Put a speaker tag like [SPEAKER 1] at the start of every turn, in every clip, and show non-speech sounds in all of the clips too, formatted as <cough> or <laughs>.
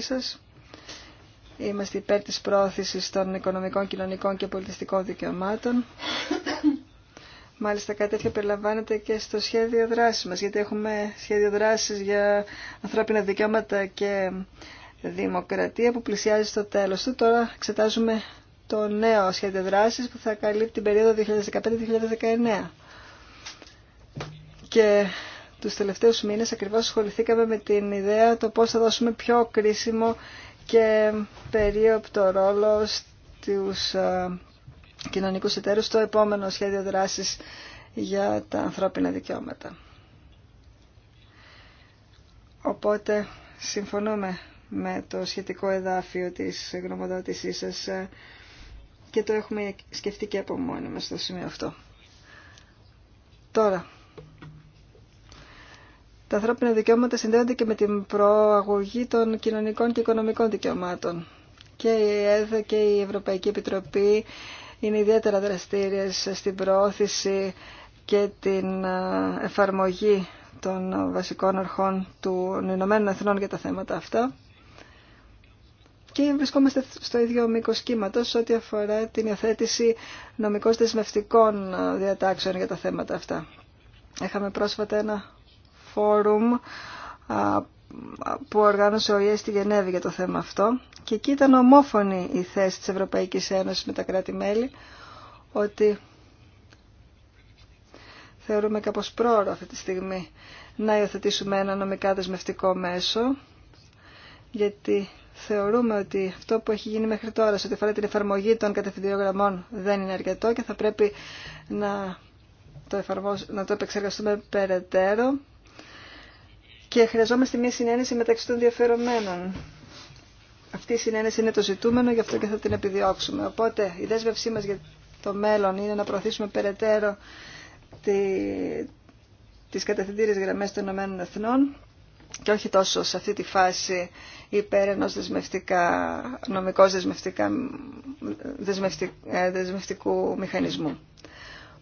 [SPEAKER 1] σας. Είμαστε υπέρ της πρόθεσης των οικονομικών, κοινωνικών και πολιτιστικών δικαιωμάτων. Μάλιστα κάτι τέτοιο περιλαμβάνεται και στο σχέδιο δράσης μας, γιατί έχουμε σχέδιο δράσης για ανθρώπινα δικαιώματα και δημοκρατία που πλησιάζει στο τέλος του. Τώρα εξετάζουμε το νέο σχέδιο δράσης που θα καλύπτει την περίοδο 2015-2019. Και τους τελευταίους μήνες ακριβώς ασχοληθήκαμε με την ιδέα το πώς θα δώσουμε πιο κρίσιμο και περίοπτο ρόλο στους ε, κοινωνικούς εταίρους στο επόμενο σχέδιο δράσης για τα ανθρώπινα δικαιώματα. Οπότε συμφωνούμε με το σχετικό εδάφιο της γνωμοδότησής σας ε, και το έχουμε σκεφτεί και από μόνοι μας στο σημείο αυτό. Τώρα, τα ανθρώπινα δικαιώματα συνδέονται και με την προαγωγή των κοινωνικών και οικονομικών δικαιωμάτων. Και η ΕΕ και η Ευρωπαϊκή Επιτροπή είναι ιδιαίτερα δραστήριες στην προώθηση και την εφαρμογή των βασικών αρχών του Ηνωμένων Εθνών για τα θέματα αυτά. Και βρισκόμαστε στο ίδιο μήκο κύματο ό,τι αφορά την υιοθέτηση νομικώς δεσμευτικών διατάξεων για τα θέματα αυτά. Έχαμε πρόσφατα ένα που οργάνωσε ο ΙΕ στη Γενέβη για το θέμα αυτό και εκεί ήταν ομόφωνη η θέση της Ευρωπαϊκής Ένωσης με τα κράτη-μέλη ότι θεωρούμε κάπως πρόωρο αυτή τη στιγμή να υιοθετήσουμε ένα νομικά δεσμευτικό μέσο γιατί θεωρούμε ότι αυτό που έχει γίνει μέχρι τώρα σε ό,τι αφορά την εφαρμογή των κατευθυντήριων δεν είναι αρκετό και θα πρέπει να το, να το επεξεργαστούμε περαιτέρω και χρειαζόμαστε μια συνένεση μεταξύ των ενδιαφερομένων. Αυτή η συνένεση είναι το ζητούμενο, γι' αυτό και θα την επιδιώξουμε. Οπότε η δέσμευσή μας για το μέλλον είναι να προωθήσουμε περαιτέρω τη, τις κατευθυντήριες γραμμές των Ηνωμένων Εθνών και όχι τόσο σε αυτή τη φάση υπέρ ενός δεσμευτικά, νομικός δεσμευτικά, ε, δεσμευτικού μηχανισμού.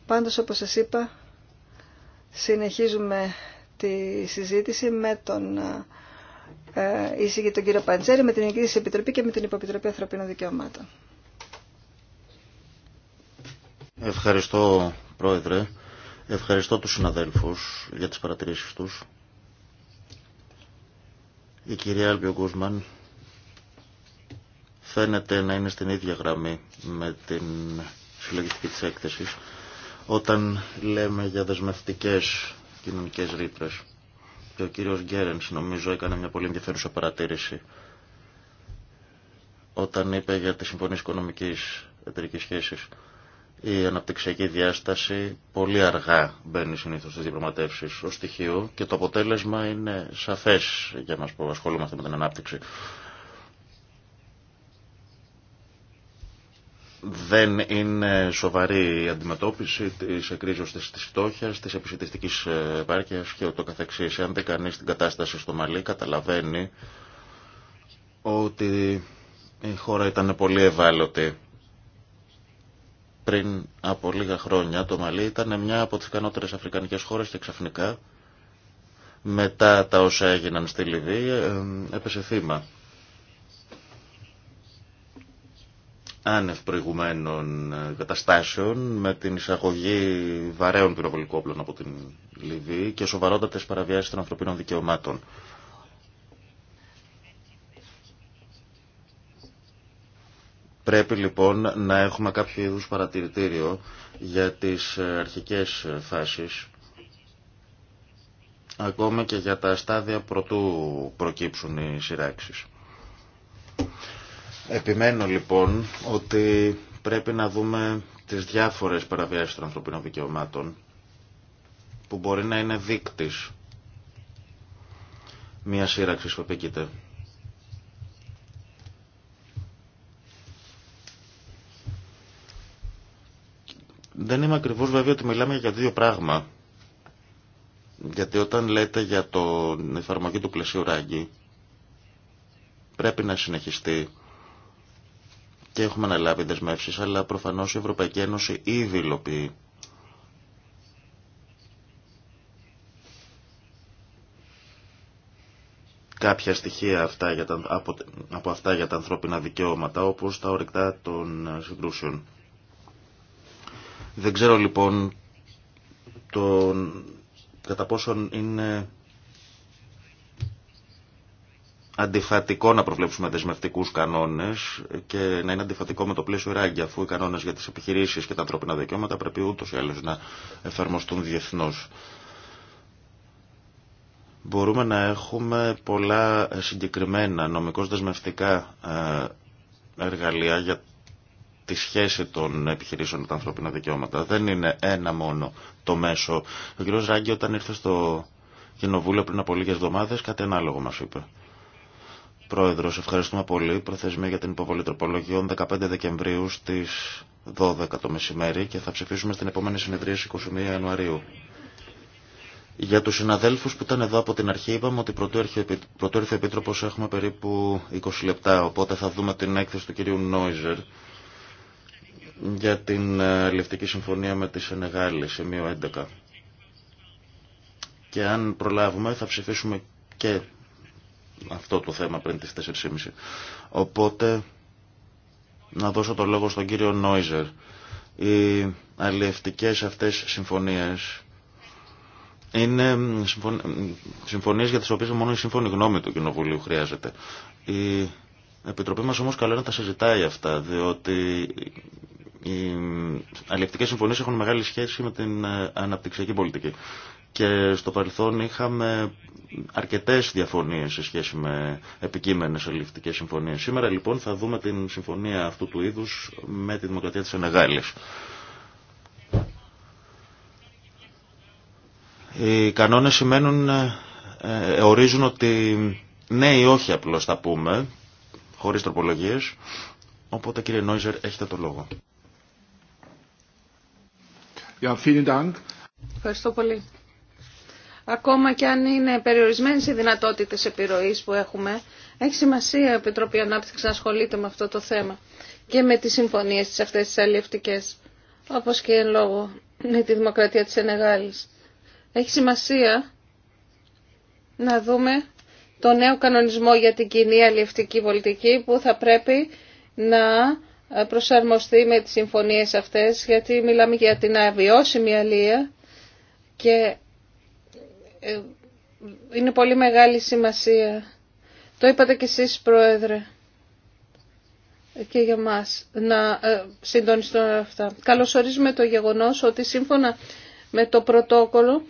[SPEAKER 1] Πάντως, όπως σας είπα, συνεχίζουμε τη συζήτηση με τον ε, εισηγητή τον κύριο Παντζέρη, με την Εγκρίση Επιτροπή και με την Υποπιτροπή Ανθρωπίνων Δικαιωμάτων.
[SPEAKER 2] Ευχαριστώ, Πρόεδρε. Ευχαριστώ τους συναδέλφους για τις παρατηρήσεις τους. Η κυρία Άλπιο Γκούσμαν φαίνεται να είναι στην ίδια γραμμή με την συλλογιστική της έκθεσης όταν λέμε για δεσμευτικές κοινωνικές ρήτρε. Και ο κύριο Γκέρεν, νομίζω έκανε μια πολύ ενδιαφέρουσα παρατήρηση όταν είπε για τη Συμφωνία οικονομική εταιρική σχέση. Η αναπτυξιακή διάσταση πολύ αργά μπαίνει συνήθω στι διαπραγματεύσει ω στοιχείο και το αποτέλεσμα είναι σαφέ για μας που ασχολούμαστε με την ανάπτυξη. δεν είναι σοβαρή η αντιμετώπιση της εκρίζωσης της φτώχειας, της επισητιστικής ε, επάρκειας και ούτω καθεξής. Αν δεν κάνει την κατάσταση στο Μαλί καταλαβαίνει ότι η χώρα ήταν πολύ ευάλωτη. Πριν από λίγα χρόνια το Μαλί ήταν μια από τις ικανότερες αφρικανικές χώρες και ξαφνικά μετά τα όσα έγιναν στη Λιβύη ε, ε, έπεσε θύμα άνευ προηγουμένων ε, καταστάσεων με την εισαγωγή βαρέων πυροβολικών όπλων από την Λιβύη και σοβαρότατες παραβιάσεις των ανθρωπίνων δικαιωμάτων. Πρέπει λοιπόν να έχουμε κάποιο είδου παρατηρητήριο για τις ε, αρχικές ε, φάσεις ακόμα και για τα στάδια προτού προκύψουν οι σειράξεις. Επιμένω λοιπόν ότι πρέπει να δούμε τις διάφορες παραβιάσεις των ανθρωπίνων δικαιωμάτων που μπορεί να είναι δείκτης μια σύραξης που επίκειται. Δεν είμαι ακριβώς βέβαιο ότι μιλάμε για δύο πράγμα. Γιατί όταν λέτε για την εφαρμογή του πλαισίου ράγκη, πρέπει να συνεχιστεί και έχουμε αναλάβει δεσμεύσει, αλλά προφανώ η Ευρωπαϊκή Ένωση ήδη υλοποιεί κάποια στοιχεία αυτά για από, από αυτά για τα ανθρώπινα δικαιώματα, όπως τα ορυκτά των ε, συγκρούσεων. Δεν ξέρω λοιπόν τον, κατά πόσον είναι αντιφατικό να προβλέψουμε δεσμευτικού κανόνε και να είναι αντιφατικό με το πλαίσιο Ράγκη αφού οι κανόνε για τι επιχειρήσει και τα ανθρώπινα δικαιώματα πρέπει ούτω ή άλλω να εφαρμοστούν διεθνώ. Μπορούμε να έχουμε πολλά συγκεκριμένα νομικώ δεσμευτικά ε, εργαλεία για τη σχέση των επιχειρήσεων με τα ανθρώπινα δικαιώματα. Δεν είναι ένα μόνο το μέσο. Ο κ. Ράγκη όταν ήρθε στο κοινοβούλιο πριν από λίγε εβδομάδε, κάτι ανάλογο μα είπε. Πρόεδρο, ευχαριστούμε πολύ. Προθεσμία για την υποβολή τροπολογιών 15 Δεκεμβρίου στι 12 το μεσημέρι και θα ψηφίσουμε στην επόμενη συνεδρίαση 21 Ιανουαρίου. Για του συναδέλφου που ήταν εδώ από την αρχή, είπαμε ότι πρωτού ήρθε ο Επίτροπο έχουμε περίπου 20 λεπτά. Οπότε θα δούμε την έκθεση του κυρίου Νόιζερ για την ε, λευτική συμφωνία με τη Σενεγάλη, σημείο 11. Και αν προλάβουμε, θα ψηφίσουμε και αυτό το θέμα πριν τις 4.30. Οπότε να δώσω το λόγο στον κύριο Νόιζερ. Οι αλλιευτικές αυτές συμφωνίες είναι συμφωνίες για τις οποίες μόνο η σύμφωνη γνώμη του Κοινοβουλίου χρειάζεται. Η Επιτροπή μας όμως καλό να τα συζητάει αυτά, διότι οι αλληλευτικές συμφωνίες έχουν μεγάλη σχέση με την ε, αναπτυξιακή πολιτική και στο παρελθόν είχαμε αρκετές διαφωνίες σε σχέση με επικείμενες ελληνικές συμφωνίες. Σήμερα λοιπόν θα δούμε την συμφωνία αυτού του είδους με τη Δημοκρατία της Ενεγάλης. Οι κανόνες σημαίνουν, ε, ε, ορίζουν ότι ναι ή όχι απλώς θα πούμε, χωρίς τροπολογίες, οπότε κύριε Νόιζερ έχετε το λόγο. Ja, vielen Dank.
[SPEAKER 3] Ευχαριστώ πολύ ακόμα και αν είναι περιορισμένε οι δυνατότητες επιρροή που έχουμε, έχει σημασία η Επιτροπή ανάπτυξη να ασχολείται με αυτό το θέμα και με τι συμφωνίε τη αυτές τις αλληλευτικές, όπως και λόγω με τη Δημοκρατία της Ενεγάλης. Έχει σημασία να δούμε το νέο κανονισμό για την κοινή αλληλευτική πολιτική που θα πρέπει να προσαρμοστεί με τις συμφωνίες αυτές, γιατί μιλάμε για την αβιώσιμη αλληλεία και ε, είναι πολύ μεγάλη σημασία. Το είπατε κι εσείς, Πρόεδρε, και για μας, να ε, συντονιστούμε αυτά. Καλωσορίζουμε το γεγονός ότι σύμφωνα με το πρωτόκολλο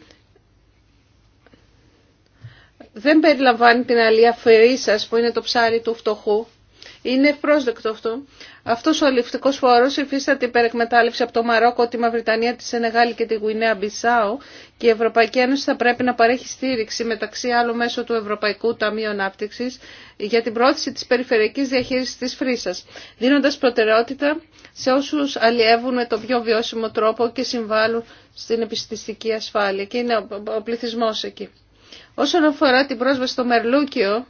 [SPEAKER 3] δεν περιλαμβάνει την αλία σας που είναι το ψάρι του φτωχού είναι ευπρόσδεκτο αυτό. Αυτό ο αληφτικό φόρο υφίσταται υπερεκμετάλλευση από το Μαρόκο, τη Μαυριτανία, τη Σενεγάλη και τη Γουινέα Μπισάου και η Ευρωπαϊκή Ένωση θα πρέπει να παρέχει στήριξη μεταξύ άλλων μέσω του Ευρωπαϊκού Ταμείου Ανάπτυξη για την πρόθεση τη περιφερειακή διαχείριση τη φρύσα, δίνοντα προτεραιότητα σε όσου αλλιεύουν με τον πιο βιώσιμο τρόπο και συμβάλλουν στην επιστημιστική ασφάλεια και είναι ο πληθυσμό εκεί. Όσον αφορά την πρόσβαση στο Μερλούκιο,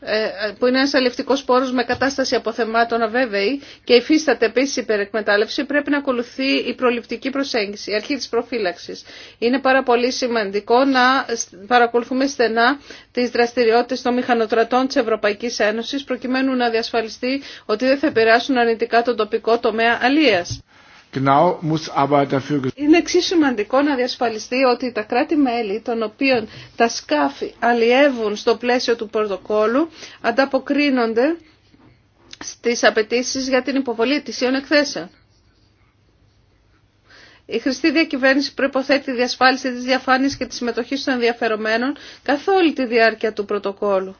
[SPEAKER 3] ε, που είναι ένας αλληλευτικός πόρος με κατάσταση αποθεμάτων αβέβαιη και υφίσταται επίσης υπερεκμετάλλευση, πρέπει να ακολουθεί η προληπτική προσέγγιση, η αρχή της προφύλαξης. Είναι πάρα πολύ σημαντικό να παρακολουθούμε στενά τις δραστηριότητες των μηχανοτρατών της Ευρωπαϊκής Ένωσης, προκειμένου να διασφαλιστεί ότι δεν θα επηρεάσουν αρνητικά τον τοπικό τομέα αλίας. Είναι εξίσου σημαντικό να διασφαλιστεί ότι τα κράτη-μέλη των οποίων τα σκάφη αλλιεύουν στο πλαίσιο του πρωτοκόλου ανταποκρίνονται στις απαιτήσει για την υποβολή ετησίων εκθέσεων. Η χρηστή διακυβέρνηση προϋποθέτει τη διασφάλιση της διαφάνειας και της συμμετοχής των ενδιαφερομένων καθ' όλη τη διάρκεια του πρωτοκόλου.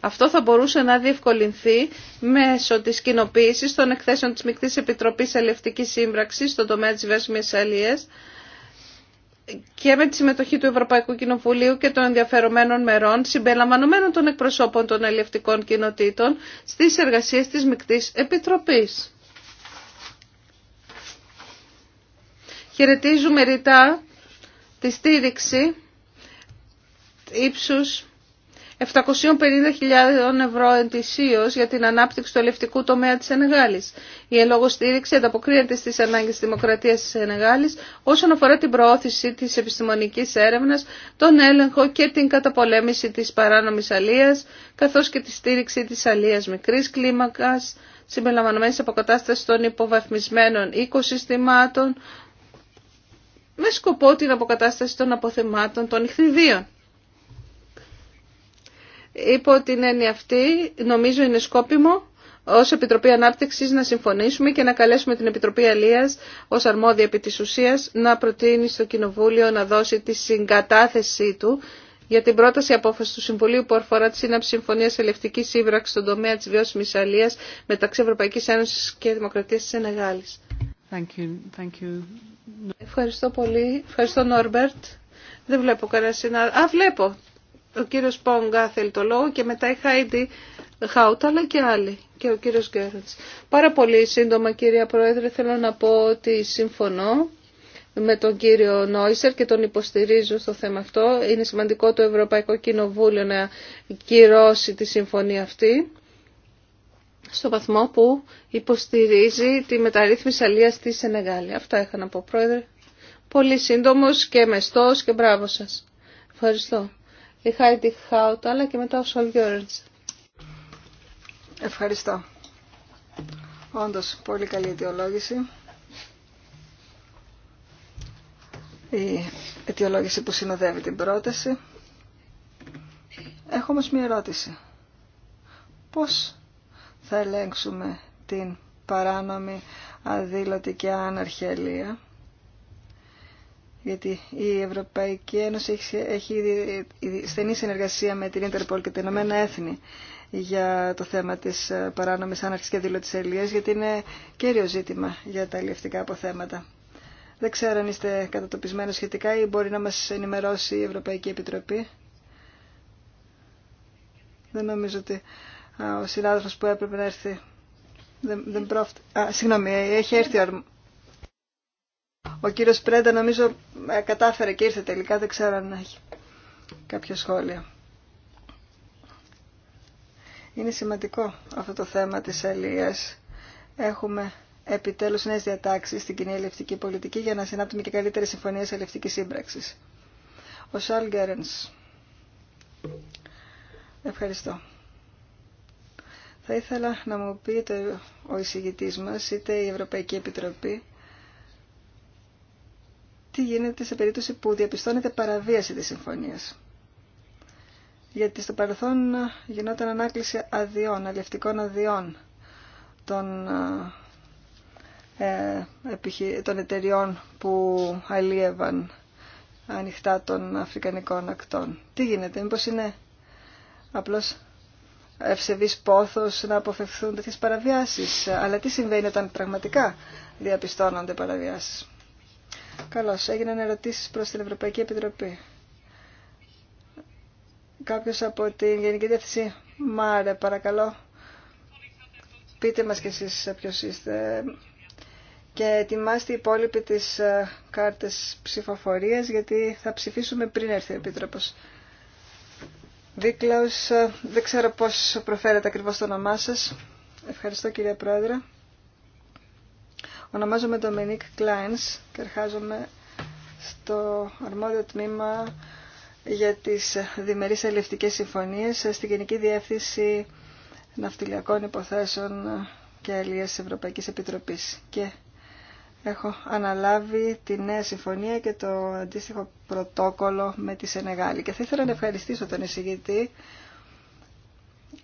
[SPEAKER 3] Αυτό θα μπορούσε να διευκολυνθεί μέσω τη κοινοποίηση των εκθέσεων τη Μικτή Επιτροπή Ελευτική Σύμπραξη στον τομέα τη Βέσμη Αλία και με τη συμμετοχή του Ευρωπαϊκού Κοινοβουλίου και των ενδιαφερομένων μερών, συμπεριλαμβανομένων των εκπροσώπων των ελευτικών κοινοτήτων, στις εργασίες τη μικτή επιτροπή. Χαιρετίζουμε ρητά τη στήριξη ύψους 750.000 ευρώ ετησίω για την ανάπτυξη του ελευτικού τομέα τη Σενεγάλης. Η ελόγω στήριξη ανταποκρίνεται στι ανάγκε τη δημοκρατία τη Σενεγάλης όσον αφορά την προώθηση τη επιστημονική έρευνα, τον έλεγχο και την καταπολέμηση τη παράνομη αλεία, καθώ και τη στήριξη τη αλεία μικρή κλίμακα, συμπεριλαμβανομένη αποκατάσταση των υποβαθμισμένων οικοσυστημάτων, με σκοπό την αποκατάσταση των αποθεμάτων των ηχθιδίων. Υπό την έννοια αυτή νομίζω είναι σκόπιμο ως Επιτροπή Ανάπτυξης να συμφωνήσουμε και να καλέσουμε την Επιτροπή Αλίας ως αρμόδια επί της ουσίας να προτείνει στο Κοινοβούλιο να δώσει τη συγκατάθεσή του για την πρόταση απόφαση του Συμβουλίου που αφορά τη σύναψη συμφωνία ελευτική σύμπραξη στον τομέα τη βιώσιμη αλεία μεταξύ Ευρωπαϊκή Ένωση και Δημοκρατία τη Σενεγάλη. Ευχαριστώ πολύ. Ευχαριστώ, Νόρμπερτ. Δεν βλέπω κανένα συνάδελφο. Α, βλέπω ο κύριος Πόγκα θέλει το λόγο και μετά η Χάιντι Χάουταλα και άλλοι και ο κύριος Γκέρντς. Πάρα πολύ σύντομα κύριε Πρόεδρε θέλω να πω ότι συμφωνώ με τον κύριο Νόισερ και τον υποστηρίζω στο θέμα αυτό. Είναι σημαντικό το Ευρωπαϊκό Κοινοβούλιο να κυρώσει τη συμφωνία αυτή στο βαθμό που υποστηρίζει τη μεταρρύθμιση αλίας στη Σενεγάλη. Αυτά είχα να πω, Πρόεδρε. Πολύ σύντομος και μεστός και μπράβο σας. Ευχαριστώ η Χάιντι Χάουτ, αλλά και μετά ο Σολ
[SPEAKER 1] Ευχαριστώ. Όντως, πολύ καλή αιτιολόγηση. Η αιτιολόγηση που συνοδεύει την πρόταση. Έχω όμως μία ερώτηση. Πώς θα ελέγξουμε την παράνομη, αδήλωτη και άναρχη γιατί η Ευρωπαϊκή Ένωση έχει, έχει στενή συνεργασία με την Ιντερπολ και τα Ηνωμένα Έθνη για το θέμα της ε, παράνομης άναρξης και δήλωτης ελίας, γιατί είναι κέριο ζήτημα για τα αλληλευτικά αποθέματα. Δεν ξέρω αν είστε κατατοπισμένοι σχετικά ή μπορεί να μας ενημερώσει η Ευρωπαϊκή Επιτροπή. Δεν νομίζω ότι ο συνάδελφος που έπρεπε να έρθει δεν, δεν πρόφτει. Α, συγγνώμη, έχει έρθει ο ο κύριος Πρέντα νομίζω ε, κατάφερε και ήρθε τελικά, δεν ξέρω αν έχει κάποιο σχόλιο. Είναι σημαντικό αυτό το θέμα της αλίας. Έχουμε επιτέλους νέες διατάξεις στην κοινή ελευτική πολιτική για να συνάπτουμε και καλύτερες συμφωνίες ελευτικής σύμπραξης. Ο Σαλ Γκέρενς. Ευχαριστώ. Θα ήθελα να μου πείτε ο εισηγητής μας, είτε η Ευρωπαϊκή Επιτροπή, τι γίνεται σε περίπτωση που διαπιστώνεται παραβίαση της συμφωνίας. Γιατί στο παρελθόν γινόταν ανάκληση αδειών, αλληλευτικών αδειών των, ε, ε των εταιριών που αλλίευαν ανοιχτά των αφρικανικών ακτών. Τι γίνεται, μήπως είναι απλώς ευσεβής πόθος να αποφευθούν τέτοιες παραβιάσεις. Αλλά τι συμβαίνει όταν πραγματικά διαπιστώνονται παραβιάσεις. Καλώ. έγιναν ερωτήσει προς την Ευρωπαϊκή Επιτροπή. Κάποιο από την Γενική Διεύθυνση Μάρε, παρακαλώ, πείτε μας κι εσείς ποιος είστε και ετοιμάστε οι υπόλοιποι τις ε, κάρτες ψηφοφορίας γιατί θα ψηφίσουμε πριν έρθει ο Επίτροπος. Δίκλαος, ε, δεν ξέρω πώς προφέρετε ακριβώς το όνομά σας. Ευχαριστώ κύριε Πρόεδρε. Ονομάζομαι Dominique Kleins και ερχάζομαι στο αρμόδιο τμήμα για τις διμερείς αλληλευτικές συμφωνίες στην Γενική Διεύθυνση Ναυτιλιακών Υποθέσεων και Αλλίας Ευρωπαϊκής Επιτροπής. Και έχω αναλάβει τη νέα συμφωνία και το αντίστοιχο πρωτόκολλο με τη Σενεγάλη. Και θα ήθελα να ευχαριστήσω τον εισηγητή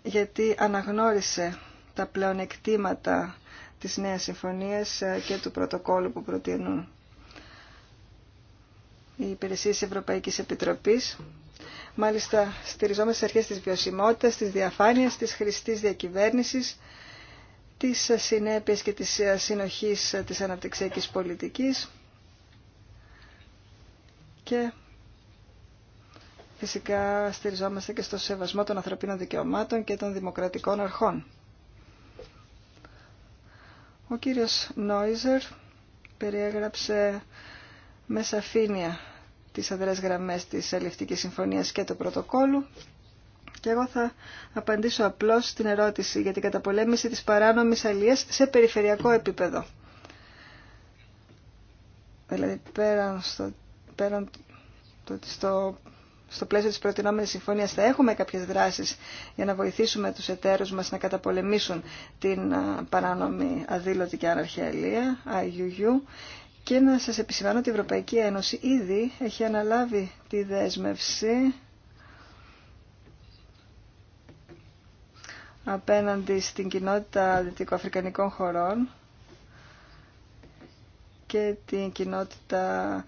[SPEAKER 1] γιατί αναγνώρισε τα πλεονεκτήματα της νέας συμφωνίας ε, και του πρωτοκόλου που προτείνουν οι υπηρεσίες Ευρωπαϊκής Επιτροπής. Μάλιστα, στηριζόμαστε στις αρχές της βιωσιμότητας, της διαφάνειας, της χρηστής διακυβέρνησης, της συνέπειας και της συνοχής της αναπτυξιακής πολιτικής και φυσικά στηριζόμαστε και στο σεβασμό των ανθρωπίνων δικαιωμάτων και των δημοκρατικών αρχών. Ο κύριος Νόιζερ περιέγραψε με σαφήνεια τις αδρές γραμμές της Αλληλευτικής Συμφωνίας και του πρωτοκόλου και εγώ θα απαντήσω απλώς στην ερώτηση για την καταπολέμηση της παράνομης αλληλείας σε περιφερειακό επίπεδο. Δηλαδή πέραν στο, πέραν το, στο στο πλαίσιο της προτινόμενης συμφωνίας θα έχουμε κάποιες δράσεις για να βοηθήσουμε τους εταίρους μας να καταπολεμήσουν την παράνομη αδήλωτη και αναρχιαλία, IUU, και να σας επισημάνω ότι η Ευρωπαϊκή Ένωση ήδη έχει αναλάβει τη δέσμευση απέναντι στην κοινότητα δυτικοαφρικανικών χωρών και την κοινότητα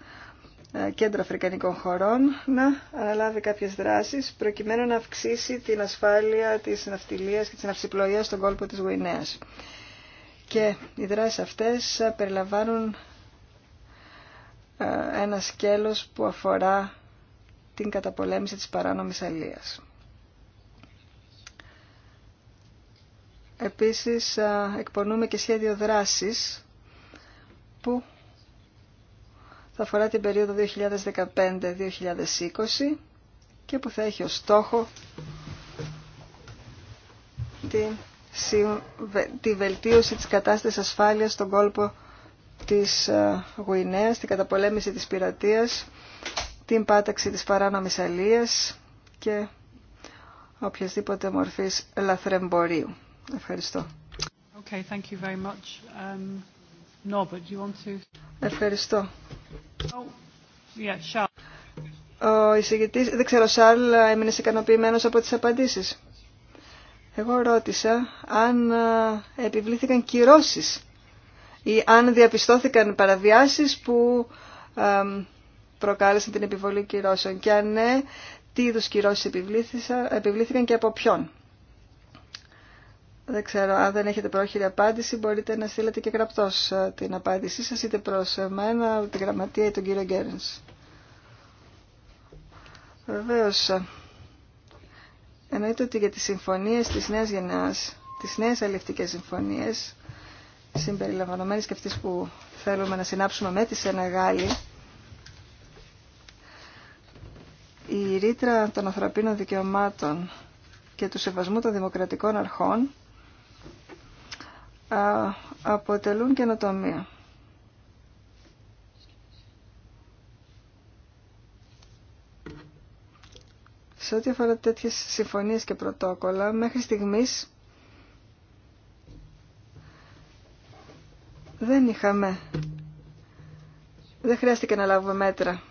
[SPEAKER 1] κέντρο αφρικανικών χωρών να αναλάβει κάποιες δράσεις προκειμένου να αυξήσει την ασφάλεια της ναυτιλίας και της ναυσιπλοείας στον κόλπο της Γουινέας. Και οι δράσεις αυτές περιλαμβάνουν ε, ένα σκέλος που αφορά την καταπολέμηση της παράνομης αλίας. Επίσης ε, εκπονούμε και σχέδιο δράσης που θα αφορά την περίοδο 2015-2020 και που θα έχει ως στόχο τη βελτίωση της κατάστασης ασφάλειας στον κόλπο της ε, Γουινέας, την καταπολέμηση της πειρατείας, την πάταξη της παράνομης αλίας και οποιασδήποτε μορφής λαθρεμπορίου. Ευχαριστώ.
[SPEAKER 2] Okay, thank you very much.
[SPEAKER 3] Um, you want to...
[SPEAKER 1] Ευχαριστώ. Ο εισηγητής, δεν ξέρω Σάρλ, έμεινε ικανοποιημένο από τις απαντήσεις. Εγώ ρώτησα αν ε, επιβλήθηκαν κυρώσεις ή αν διαπιστώθηκαν παραβιάσεις που ε, προκάλεσαν την επιβολή κυρώσεων και αν ναι, τι είδους κυρώσεις επιβλήθηκαν και από ποιον. Δεν ξέρω, αν δεν έχετε πρόχειρη απάντηση μπορείτε να στείλετε και γραπτός ε, την απάντησή σας είτε προς εμένα, τη γραμματεία ή τον κύριο Γκέρνς. Βεβαίως, ε, εννοείται ότι για τις συμφωνίες της νέας γενιάς, τις νέες αλληλευτικές συμφωνίες, συμπεριλαμβανόμενε και αυτές που θέλουμε να συνάψουμε με τη Σενεγάλη, η ρήτρα των ανθρωπίνων δικαιωμάτων και του σεβασμού των δημοκρατικών αρχών αποτελούν καινοτομία. Σε ό,τι αφορά τέτοιες συμφωνίες και πρωτόκολλα, μέχρι στιγμής δεν είχαμε, δεν χρειάστηκε να λάβουμε μέτρα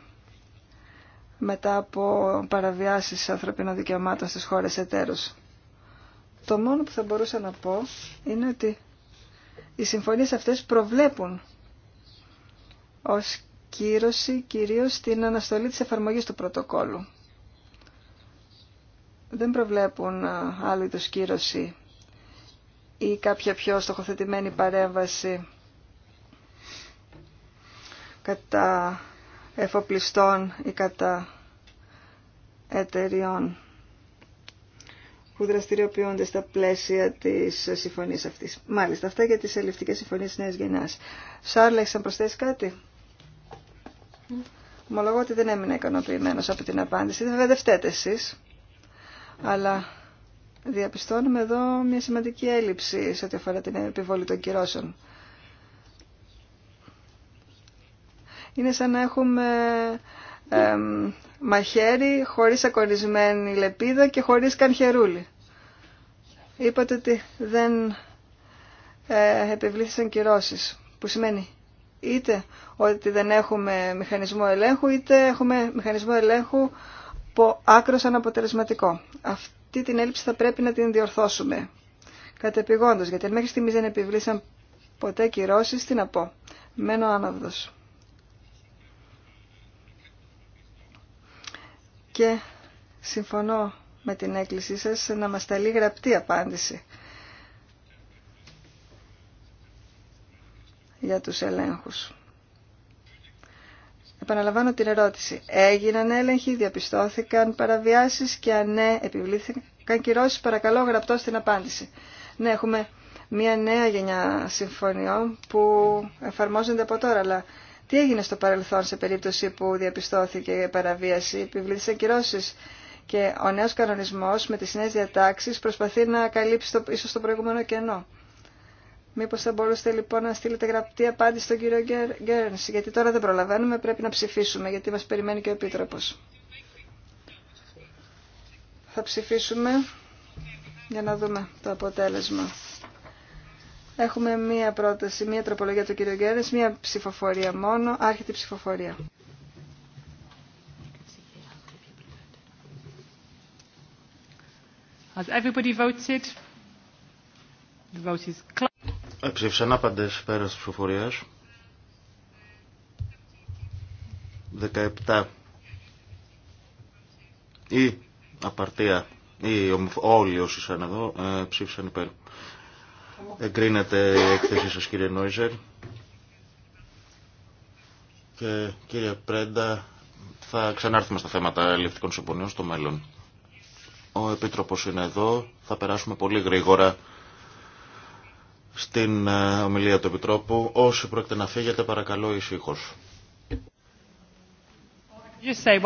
[SPEAKER 1] μετά από παραβιάσεις ανθρωπίνων δικαιωμάτων στις χώρες εταίρους. Το μόνο που θα μπορούσα να πω είναι ότι οι συμφωνίες αυτές προβλέπουν ως κύρωση κυρίως την αναστολή της εφαρμογής του πρωτοκόλου. Δεν προβλέπουν άλλη το κύρωση ή κάποια πιο στοχοθετημένη παρέμβαση κατά εφοπλιστών ή κατά εταιριών που δραστηριοποιούνται στα πλαίσια τη συμφωνία αυτή. Μάλιστα, αυτά για τις ελληνικέ συμφωνίε της Νέα Γενιά. Σάρλα, έχει να προσθέσει κάτι? Ομολογώ ότι δεν έμεινα ικανοποιημένο από την απάντηση. Βέβαια δεν φταίτε εσείς. Αλλά διαπιστώνουμε εδώ μια σημαντική έλλειψη σε ό,τι αφορά την επιβολή των κυρώσεων. Είναι σαν να έχουμε μαχαίρι, χωρίς ακορισμένη λεπίδα και χωρίς καν χερούλι. Είπατε ότι δεν ε, επιβλήθησαν κυρώσεις, που σημαίνει είτε ότι δεν έχουμε μηχανισμό ελέγχου, είτε έχουμε μηχανισμό ελέγχου που άκρος αναποτελεσματικό. Αυτή την έλλειψη θα πρέπει να την διορθώσουμε. Κατεπηγόντως, γιατί μέχρι στιγμής δεν επιβλήσαν ποτέ κυρώσεις, τι να πω. Μένω άναυδος. και συμφωνώ με την έκκλησή σας να μας ταλεί γραπτή απάντηση για τους ελέγχους. Επαναλαμβάνω την ερώτηση. Έγιναν έλεγχοι, διαπιστώθηκαν παραβιάσεις και αν ναι, επιβλήθηκαν κυρώσεις. Παρακαλώ γραπτό στην απάντηση. Ναι, έχουμε μια νέα γενιά συμφωνιών που εφαρμόζονται από τώρα, αλλά τι έγινε στο παρελθόν σε περίπτωση που διαπιστώθηκε παραβίαση, επιβλήθησαν κυρώσεις και ο νέος κανονισμός με τι νέες διατάξεις προσπαθεί να καλύψει το, ίσως το προηγούμενο κενό. Μήπως θα μπορούσατε λοιπόν να στείλετε γραπτή απάντηση στον κύριο Γκέρνς, γιατί τώρα δεν προλαβαίνουμε, πρέπει να ψηφίσουμε, γιατί μα περιμένει και ο Επίτροπο. Θα ψηφίσουμε για να δούμε το αποτέλεσμα. Έχουμε μία πρόταση, μία τροπολογία του κύριου Γκέρνης, μία ψηφοφορία μόνο, άρχεται η ψηφοφορία.
[SPEAKER 3] Has everybody voted?
[SPEAKER 2] Ψήφισαν άπαντες πέρας της ψηφοφορίας. 17. Η απαρτία, ή όλοι όσοι ήταν εδώ, ε, ψήφισαν υπέρ. Εγκρίνεται η έκθεσή σας κύριε Νόιζερ. Και κύριε Πρέντα, θα ξανάρθουμε στα θέματα ελευθερικών συμπονιών στο μέλλον. Ο Επίτροπος είναι εδώ, θα περάσουμε πολύ γρήγορα στην ε, ομιλία του Επιτρόπου. Όσοι πρόκειται να φύγετε, παρακαλώ ησύχως. Just say,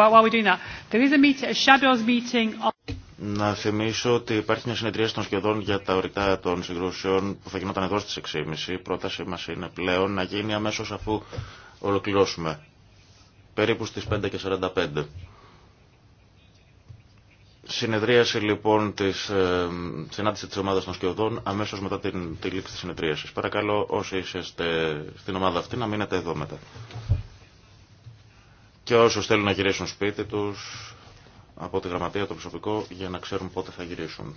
[SPEAKER 2] να θυμίσω ότι υπάρχει μια συνεδρίαση των σχεδόν για τα ορυκτά των συγκρούσεων που θα γινόταν εδώ στις 6.30. Η πρότασή μας είναι πλέον να γίνει αμέσως αφού ολοκληρώσουμε. Περίπου στις 5.45. Συνεδρίαση λοιπόν της ε, συνάντηση της ομάδας των σκιωδών αμέσως μετά την τη λήψη της συνεδρίασης. Παρακαλώ όσοι είστε στην ομάδα αυτή να μείνετε εδώ μετά. Και όσους θέλουν να γυρίσουν σπίτι τους από τη γραμματεία το προσωπικό για να ξέρουν πότε θα γυρίσουν.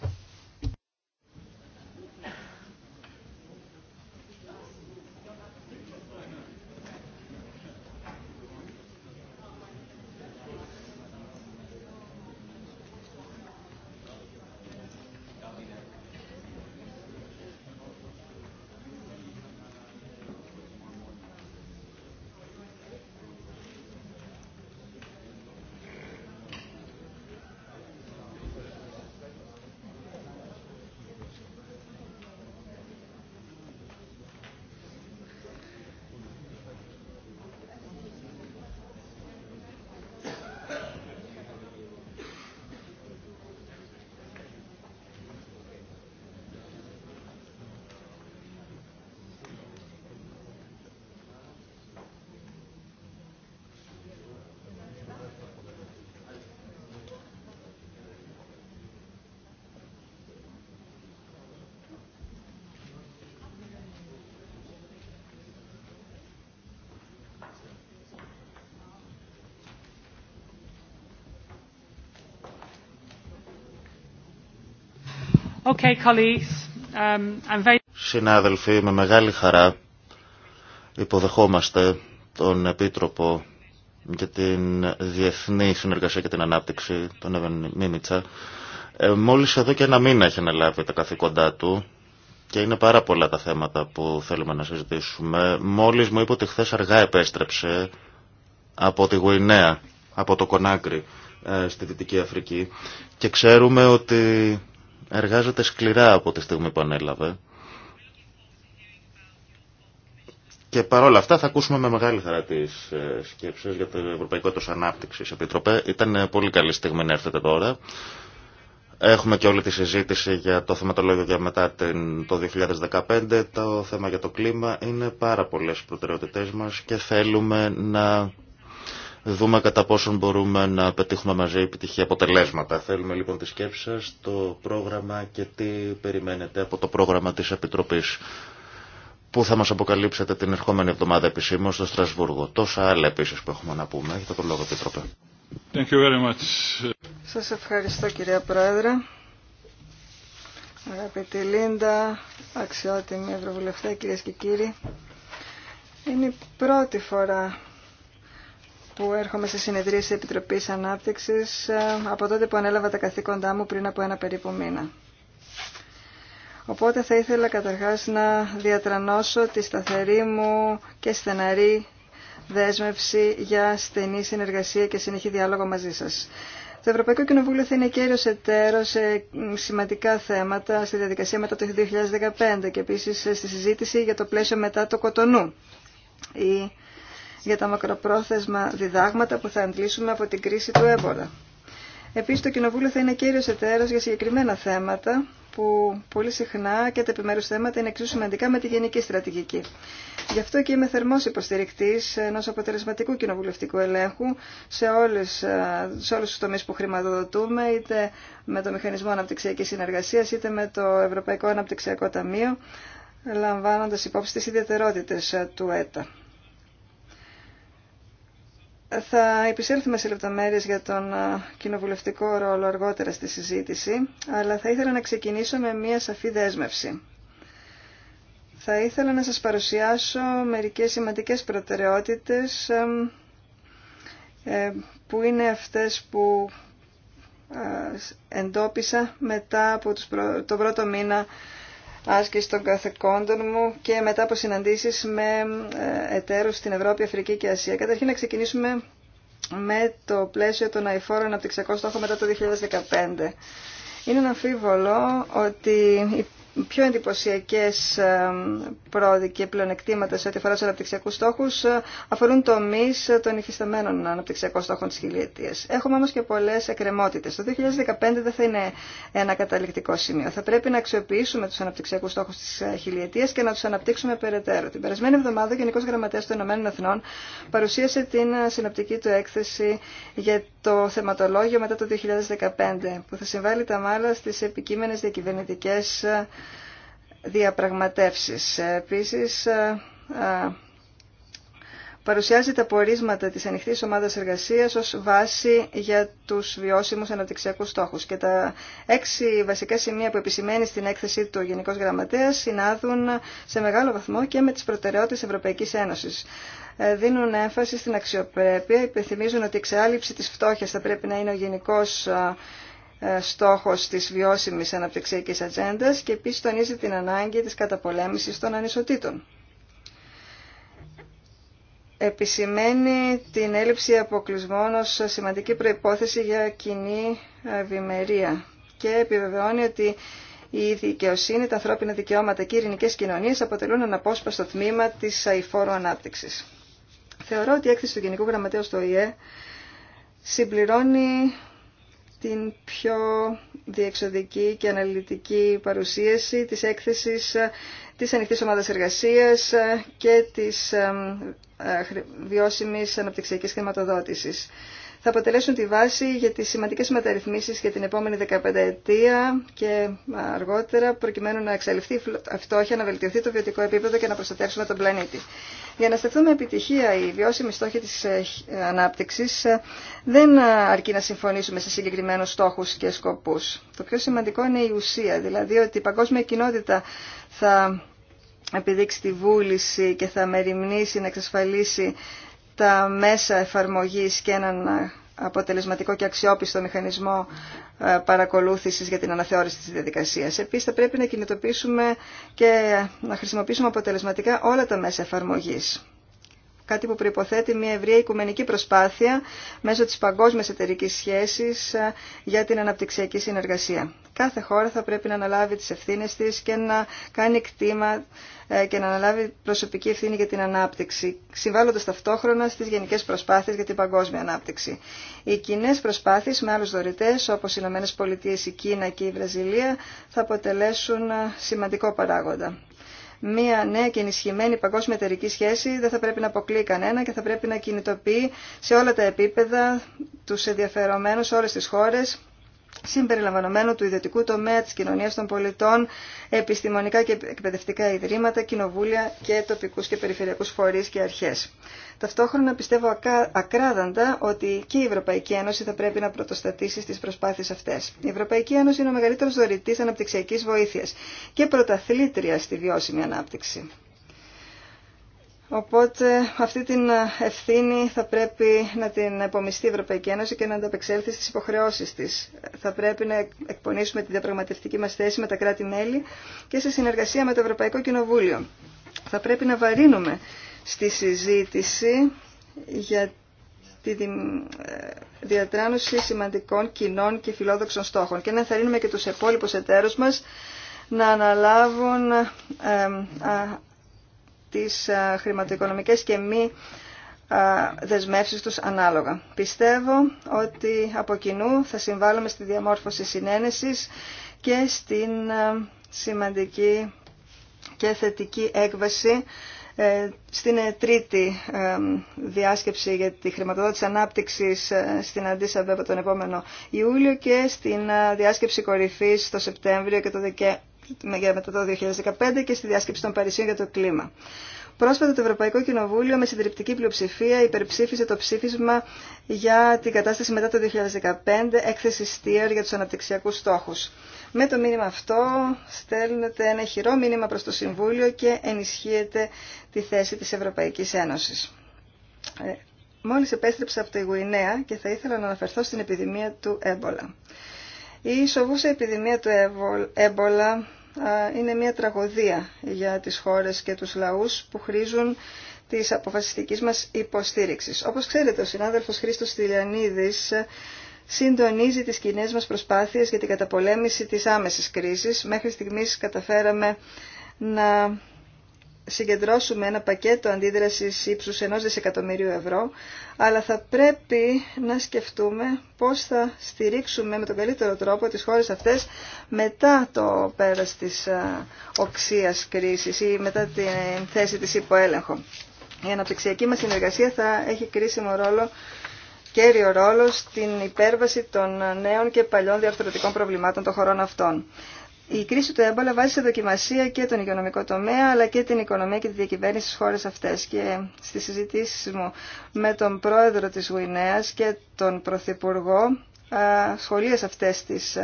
[SPEAKER 3] Um,
[SPEAKER 2] Συνάδελφοι, με μεγάλη χαρά υποδεχόμαστε τον Επίτροπο για την Διεθνή Συνεργασία και την Ανάπτυξη, τον Εύαν Μίμητσα. Ε, μόλις εδώ και ένα μήνα έχει αναλάβει τα καθήκοντά του και είναι πάρα πολλά τα θέματα που θέλουμε να συζητήσουμε. Μόλις μου είπε ότι χθε αργά επέστρεψε από τη Γουινέα, από το Κονάκρι, ε, στη Δυτική Αφρική και ξέρουμε ότι εργάζεται σκληρά από τη στιγμή που ανέλαβε. Και παρόλα αυτά θα ακούσουμε με μεγάλη χαρά τι ε, σκέψει για το Ευρωπαϊκό Έτο Ανάπτυξη. Επιτροπέ, ήταν ε, πολύ καλή στιγμή να έρθετε τώρα. Έχουμε και όλη τη συζήτηση για το θεματολόγιο για μετά το 2015. Το θέμα για το κλίμα είναι πάρα πολλές προτεραιότητές μας και θέλουμε να δούμε κατά πόσον μπορούμε να πετύχουμε μαζί επιτυχία αποτελέσματα. Θέλουμε λοιπόν τη σκέψη σα το πρόγραμμα και τι περιμένετε από το πρόγραμμα της Επιτροπής που θα μας αποκαλύψετε την ερχόμενη εβδομάδα επισήμω στο Στρασβούργο. Τόσα άλλα επίσης που έχουμε να πούμε. Έχετε τον λόγο, Επίτροπε.
[SPEAKER 3] Thank you very much.
[SPEAKER 1] Σας ευχαριστώ κυρία Πρόεδρε. Αγαπητή Λίντα, αξιότιμη ευρωβουλευτέ, κυρίες και κύριοι. Είναι η πρώτη φορά που έρχομαι σε συνεδρίες της Επιτροπής Ανάπτυξης ε, από τότε που ανέλαβα τα καθήκοντά μου πριν από ένα περίπου μήνα. Οπότε θα ήθελα καταρχάς να διατρανώσω τη σταθερή μου και στεναρή δέσμευση για στενή συνεργασία και συνεχή διάλογο μαζί σας. Το Ευρωπαϊκό Κοινοβούλιο θα είναι κέριο εταίρο σε σημαντικά θέματα στη διαδικασία μετά το 2015 και επίση στη συζήτηση για το πλαίσιο μετά το Κοτονού. Η για τα μακροπρόθεσμα διδάγματα που θα αντλήσουμε από την κρίση του έμπορα. Επίσης το Κοινοβούλιο θα είναι κύριος εταίρος για συγκεκριμένα θέματα που πολύ συχνά και τα επιμέρους θέματα είναι εξίσου σημαντικά με τη γενική στρατηγική. Γι' αυτό και είμαι θερμός υποστηρικτής ενός αποτελεσματικού κοινοβουλευτικού ελέγχου σε, όλες, σε όλους τους τομείς που χρηματοδοτούμε, είτε με το Μηχανισμό Αναπτυξιακής Συνεργασίας, είτε με το Ευρωπαϊκό Αναπτυξιακό Ταμείο, λαμβάνοντας υπόψη τις ιδιαιτερότητες του ΕΤΑ. Θα επισέλθουμε σε λεπτομέρειες για τον κοινοβουλευτικό ρόλο αργότερα στη συζήτηση, αλλά θα ήθελα να ξεκινήσω με μία σαφή δέσμευση. Θα ήθελα να σας παρουσιάσω μερικές σημαντικές προτεραιότητες ε, που είναι αυτές που εντόπισα μετά από τον πρώτο μήνα άσκηση των καθεκόντων μου και μετά από συναντήσεις με ε, εταίρους στην Ευρώπη, Αφρική και Ασία. Καταρχήν να ξεκινήσουμε με το πλαίσιο των αηφόρων αναπτυξιακών στόχων μετά το 2015. Είναι αναμφίβολο ότι πιο εντυπωσιακέ πρόοδοι και πλεονεκτήματα σε ό,τι αφορά του αναπτυξιακού στόχου ε, αφορούν τομεί ε, των υφισταμένων αναπτυξιακών στόχων τη χιλιετία. Έχουμε όμω και πολλέ εκκρεμότητε. Το 2015 δεν θα είναι ένα καταληκτικό σημείο. Θα πρέπει να αξιοποιήσουμε του αναπτυξιακού στόχου τη ε, χιλιετία και να του αναπτύξουμε περαιτέρω. Την περασμένη εβδομάδα ο Γενικό Γραμματέα των Ηνωμένων παρουσίασε την συνοπτική του έκθεση για το θεματολόγιο μετά το 2015, που θα συμβάλλει τα μάλα στι επικείμενε διακυβερνητικέ διαπραγματεύσεις. Επίσης, ε, ε, παρουσιάζει τα πορίσματα της ανοιχτής ομάδας εργασίας ως βάση για τους βιώσιμους αναπτυξιακούς στόχους. Και τα έξι βασικά σημεία που επισημαίνει στην έκθεση του Γενικός Γραμματέας συνάδουν σε μεγάλο βαθμό και με τις προτεραιότητες Ευρωπαϊκής Ένωσης. Ε, δίνουν έμφαση στην αξιοπρέπεια, υπενθυμίζουν ότι η εξάλληψη της φτώχειας θα πρέπει να είναι ο γενικός ε, στόχος της βιώσιμης αναπτυξιακής ατζέντα και επίση τονίζει την ανάγκη της καταπολέμησης των ανισοτήτων. Επισημαίνει την έλλειψη αποκλεισμών ως σημαντική προϋπόθεση για κοινή ευημερία και επιβεβαιώνει ότι η δικαιοσύνη, τα ανθρώπινα δικαιώματα και οι ειρηνικέ κοινωνίε αποτελούν αναπόσπαστο τμήμα τη αηφόρου ανάπτυξη. Θεωρώ ότι η έκθεση του Γενικού Γραμματέα στο ΙΕ συμπληρώνει την πιο διεξοδική και αναλυτική παρουσίαση της έκθεσης της Ανοιχτής Ομάδας Εργασίας και της ε, βιώσιμης αναπτυξιακής χρηματοδότησης. Θα αποτελέσουν τη βάση για τις σημαντικές μεταρρυθμίσεις για την επόμενη 15 ετία και ε, αργότερα προκειμένου να εξαλειφθεί η φτώχεια, να βελτιωθεί το βιωτικό επίπεδο και να προστατεύσουμε τον πλανήτη. Για να στεφτούμε επιτυχία οι βιώσιμοι στόχοι της ε, ε, ανάπτυξης ε, δεν αρκεί να συμφωνήσουμε σε συγκεκριμένους στόχους και σκοπούς. Το πιο σημαντικό είναι η ουσία, δηλαδή ότι η παγκόσμια κοινότητα θα επιδείξει τη βούληση και θα μεριμνήσει να εξασφαλίσει τα μέσα εφαρμογής και έναν αποτελεσματικό και αξιόπιστο μηχανισμό ε, παρακολούθησης για την αναθεώρηση της διαδικασίας. Επίσης θα πρέπει να κινητοποιήσουμε και να χρησιμοποιήσουμε αποτελεσματικά όλα τα μέσα εφαρμογής κάτι που προϋποθέτει μια ευρεία οικουμενική προσπάθεια μέσω της παγκόσμιας εταιρική σχέσης ε, για την αναπτυξιακή συνεργασία. Κάθε χώρα θα πρέπει να αναλάβει τις ευθύνες της και να κάνει κτήμα ε, και να αναλάβει προσωπική ευθύνη για την ανάπτυξη, συμβάλλοντας ταυτόχρονα στις γενικές προσπάθειες για την παγκόσμια ανάπτυξη. Οι κοινέ προσπάθειες με άλλους δωρητές, όπως οι ΗΠΑ, η Κίνα και η Βραζιλία, θα αποτελέσουν ε, σημαντικό παράγοντα. Μία νέα και ενισχυμένη παγκόσμια εταιρική σχέση δεν θα πρέπει να αποκλεί κανένα και θα πρέπει να κινητοποιεί σε όλα τα επίπεδα τους ενδιαφερομένους σε όλες τις χώρες συμπεριλαμβανομένου του ιδιωτικού τομέα, της κοινωνίας των πολιτών, επιστημονικά και εκπαιδευτικά ιδρύματα, κοινοβούλια και τοπικούς και περιφερειακούς φορείς και αρχές. Ταυτόχρονα πιστεύω ακράδαντα ότι και η Ευρωπαϊκή Ένωση θα πρέπει να πρωτοστατήσει στις προσπάθειες αυτές. Η Ευρωπαϊκή Ένωση είναι ο μεγαλύτερος δωρητής αναπτυξιακής βοήθειας και πρωταθλήτρια στη βιώσιμη ανάπτυξη. Οπότε αυτή την ευθύνη θα πρέπει να την επομιστεί η Ευρωπαϊκή Ένωση και να ανταπεξέλθει στις υποχρεώσεις της. Θα πρέπει να εκπονήσουμε τη διαπραγματευτική μας θέση με τα κράτη-μέλη και σε συνεργασία με το Ευρωπαϊκό Κοινοβούλιο. Θα πρέπει να βαρύνουμε στη συζήτηση για τη ε, διατράνωση σημαντικών κοινών και φιλόδοξων στόχων και να ενθαρρύνουμε και τους επόλοιπους εταίρους μας να αναλάβουν ε, τις χρηματοοικονομικές και μη δεσμεύσεις τους ανάλογα. Πιστεύω ότι από κοινού θα συμβάλλουμε στη διαμόρφωση συνένεσης και στην σημαντική και θετική έκβαση ε, στην ε, τρίτη ε, διάσκεψη για τη χρηματοδότηση ανάπτυξης στην Αντίσα τον επόμενο Ιούλιο και στην διάσκεψη κορυφής το Σεπτέμβριο και το μετά το 2015 και στη διάσκεψη των Παρισίων για το κλίμα. Πρόσφατα το Ευρωπαϊκό Κοινοβούλιο με συντριπτική πλειοψηφία υπερψήφισε το ψήφισμα για την κατάσταση μετά το 2015, έκθεση Steer για τους αναπτυξιακούς στόχους. Με το μήνυμα αυτό στέλνεται ένα χειρό μήνυμα προς το Συμβούλιο και ενισχύεται τη θέση της Ευρωπαϊκής Ένωσης. Ε, μόλις επέστρεψα από το Ιγουινέα και θα ήθελα να αναφερθώ στην επιδημία του έμπολα. Η σοβούσα επιδημία του έμπολα είναι μια τραγωδία για τις χώρες και τους λαούς που χρήζουν της αποφασιστικής μας υποστήριξης. Όπως ξέρετε, ο συνάδελφος Χρήστος Τηλιανίδης συντονίζει τις κοινέ μας προσπάθειες για την καταπολέμηση της άμεσης κρίσης. Μέχρι στιγμής καταφέραμε να συγκεντρώσουμε ένα πακέτο αντίδρασης ύψους ενός δισεκατομμυρίου ευρώ, αλλά θα πρέπει να σκεφτούμε πώς θα στηρίξουμε με τον καλύτερο τρόπο τις χώρες αυτές μετά το πέρας της οξίας κρίσης ή μετά την θέση της υποέλεγχο. Η αναπτυξιακή μας συνεργασία θα έχει κρίσιμο ρόλο κέριο ρόλο στην υπέρβαση των νέων και παλιών διαρθρωτικών προβλημάτων των χωρών αυτών. Η κρίση του έμπολα βάζει σε δοκιμασία και τον οικονομικό τομέα, αλλά και την οικονομία και τη διακυβέρνηση στι χώρε αυτέ. Και στι συζητήσει μου με τον πρόεδρο της Γουινέα και τον πρωθυπουργό, σχολείες αυτές τις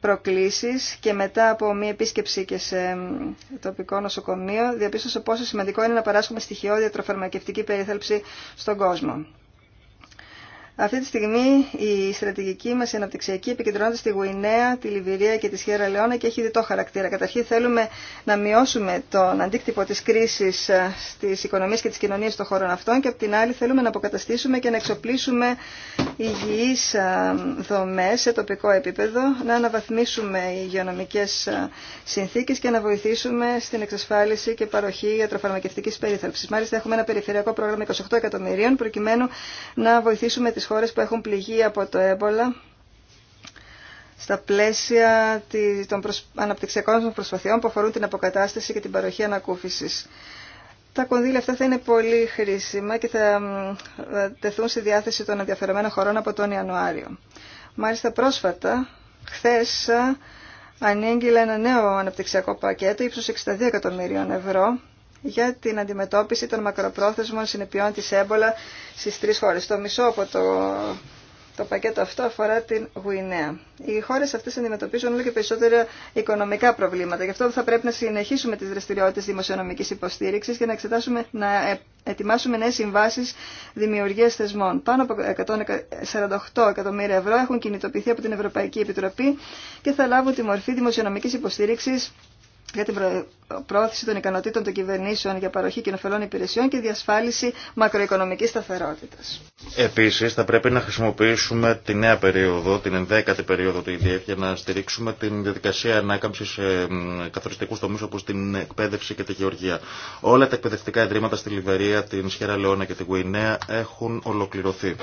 [SPEAKER 1] προκλήσεις και μετά από μία επίσκεψη και σε τοπικό νοσοκομείο διαπίστωσε πόσο σημαντικό είναι να παράσχουμε στοιχειώδη ατροφαρμακευτική περίθαλψη στον κόσμο. Αυτή τη στιγμή η στρατηγική μας αναπτυξιακή επικεντρώνεται στη Γουινέα, τη Λιβυρία και τη Σιέρα Λεόνα και έχει διτό χαρακτήρα. Καταρχήν θέλουμε να μειώσουμε τον αντίκτυπο της κρίσης ε, στις οικονομίες και τις κοινωνίες των χωρών αυτών και απ' την άλλη θέλουμε να αποκαταστήσουμε και να εξοπλίσουμε υγιείς ε, δομές σε τοπικό επίπεδο, να αναβαθμίσουμε οι υγειονομικές ε, συνθήκες και να βοηθήσουμε στην εξασφάλιση και παροχή ιατροφαρμακευτικής περίθαλψης. Μάλιστα έχουμε ένα περιφερειακό πρόγραμμα 28 εκατομμυρίων προκειμένου να βοηθήσουμε τις χώρες που έχουν πληγεί από το έμπολα στα πλαίσια των αναπτυξιακών προσπαθειών που αφορούν την αποκατάσταση και την παροχή ανακούφισης. Τα κονδύλια αυτά θα είναι πολύ χρήσιμα και θα τεθούν στη διάθεση των ενδιαφερομένων χωρών από τον Ιανουάριο. Μάλιστα πρόσφατα, χθες, ανήγγειλε ένα νέο αναπτυξιακό πακέτο ύψους 62 εκατομμυρίων ευρώ για την αντιμετώπιση των μακροπρόθεσμων συνεπειών της έμπολα στις τρεις χώρες. Το μισό από το, το πακέτο αυτό αφορά την Γουινέα. Οι χώρες αυτές αντιμετωπίζουν όλο και περισσότερα οικονομικά προβλήματα. Γι' αυτό θα πρέπει να συνεχίσουμε τις δραστηριότητες δημοσιονομικής υποστήριξης και να, εξετάσουμε, να ε, ετοιμάσουμε νέες συμβάσεις δημιουργίας θεσμών. Πάνω από 148 εκατομμύρια ευρώ έχουν κινητοποιηθεί από την Ευρωπαϊκή Επιτροπή και θα λάβουν τη μορφή δημοσιονομικής υποστήριξης για την πρόθεση των ικανοτήτων των κυβερνήσεων για παροχή κοινοφελών υπηρεσιών και διασφάλιση μακροοικονομικής σταθερότητας.
[SPEAKER 2] Επίσης θα πρέπει να χρησιμοποιήσουμε τη νέα περίοδο, την ενδέκατη περίοδο του ΙΔΕΦ, e για να στηρίξουμε την διαδικασία ανάκαμψης σε καθοριστικού τομείς όπως την εκπαίδευση και τη γεωργία. Όλα τα εκπαιδευτικά ιδρύματα στη Λιβερία, την Σχέρα Λεώνα και την Γουινέα έχουν ολοκληρωθεί.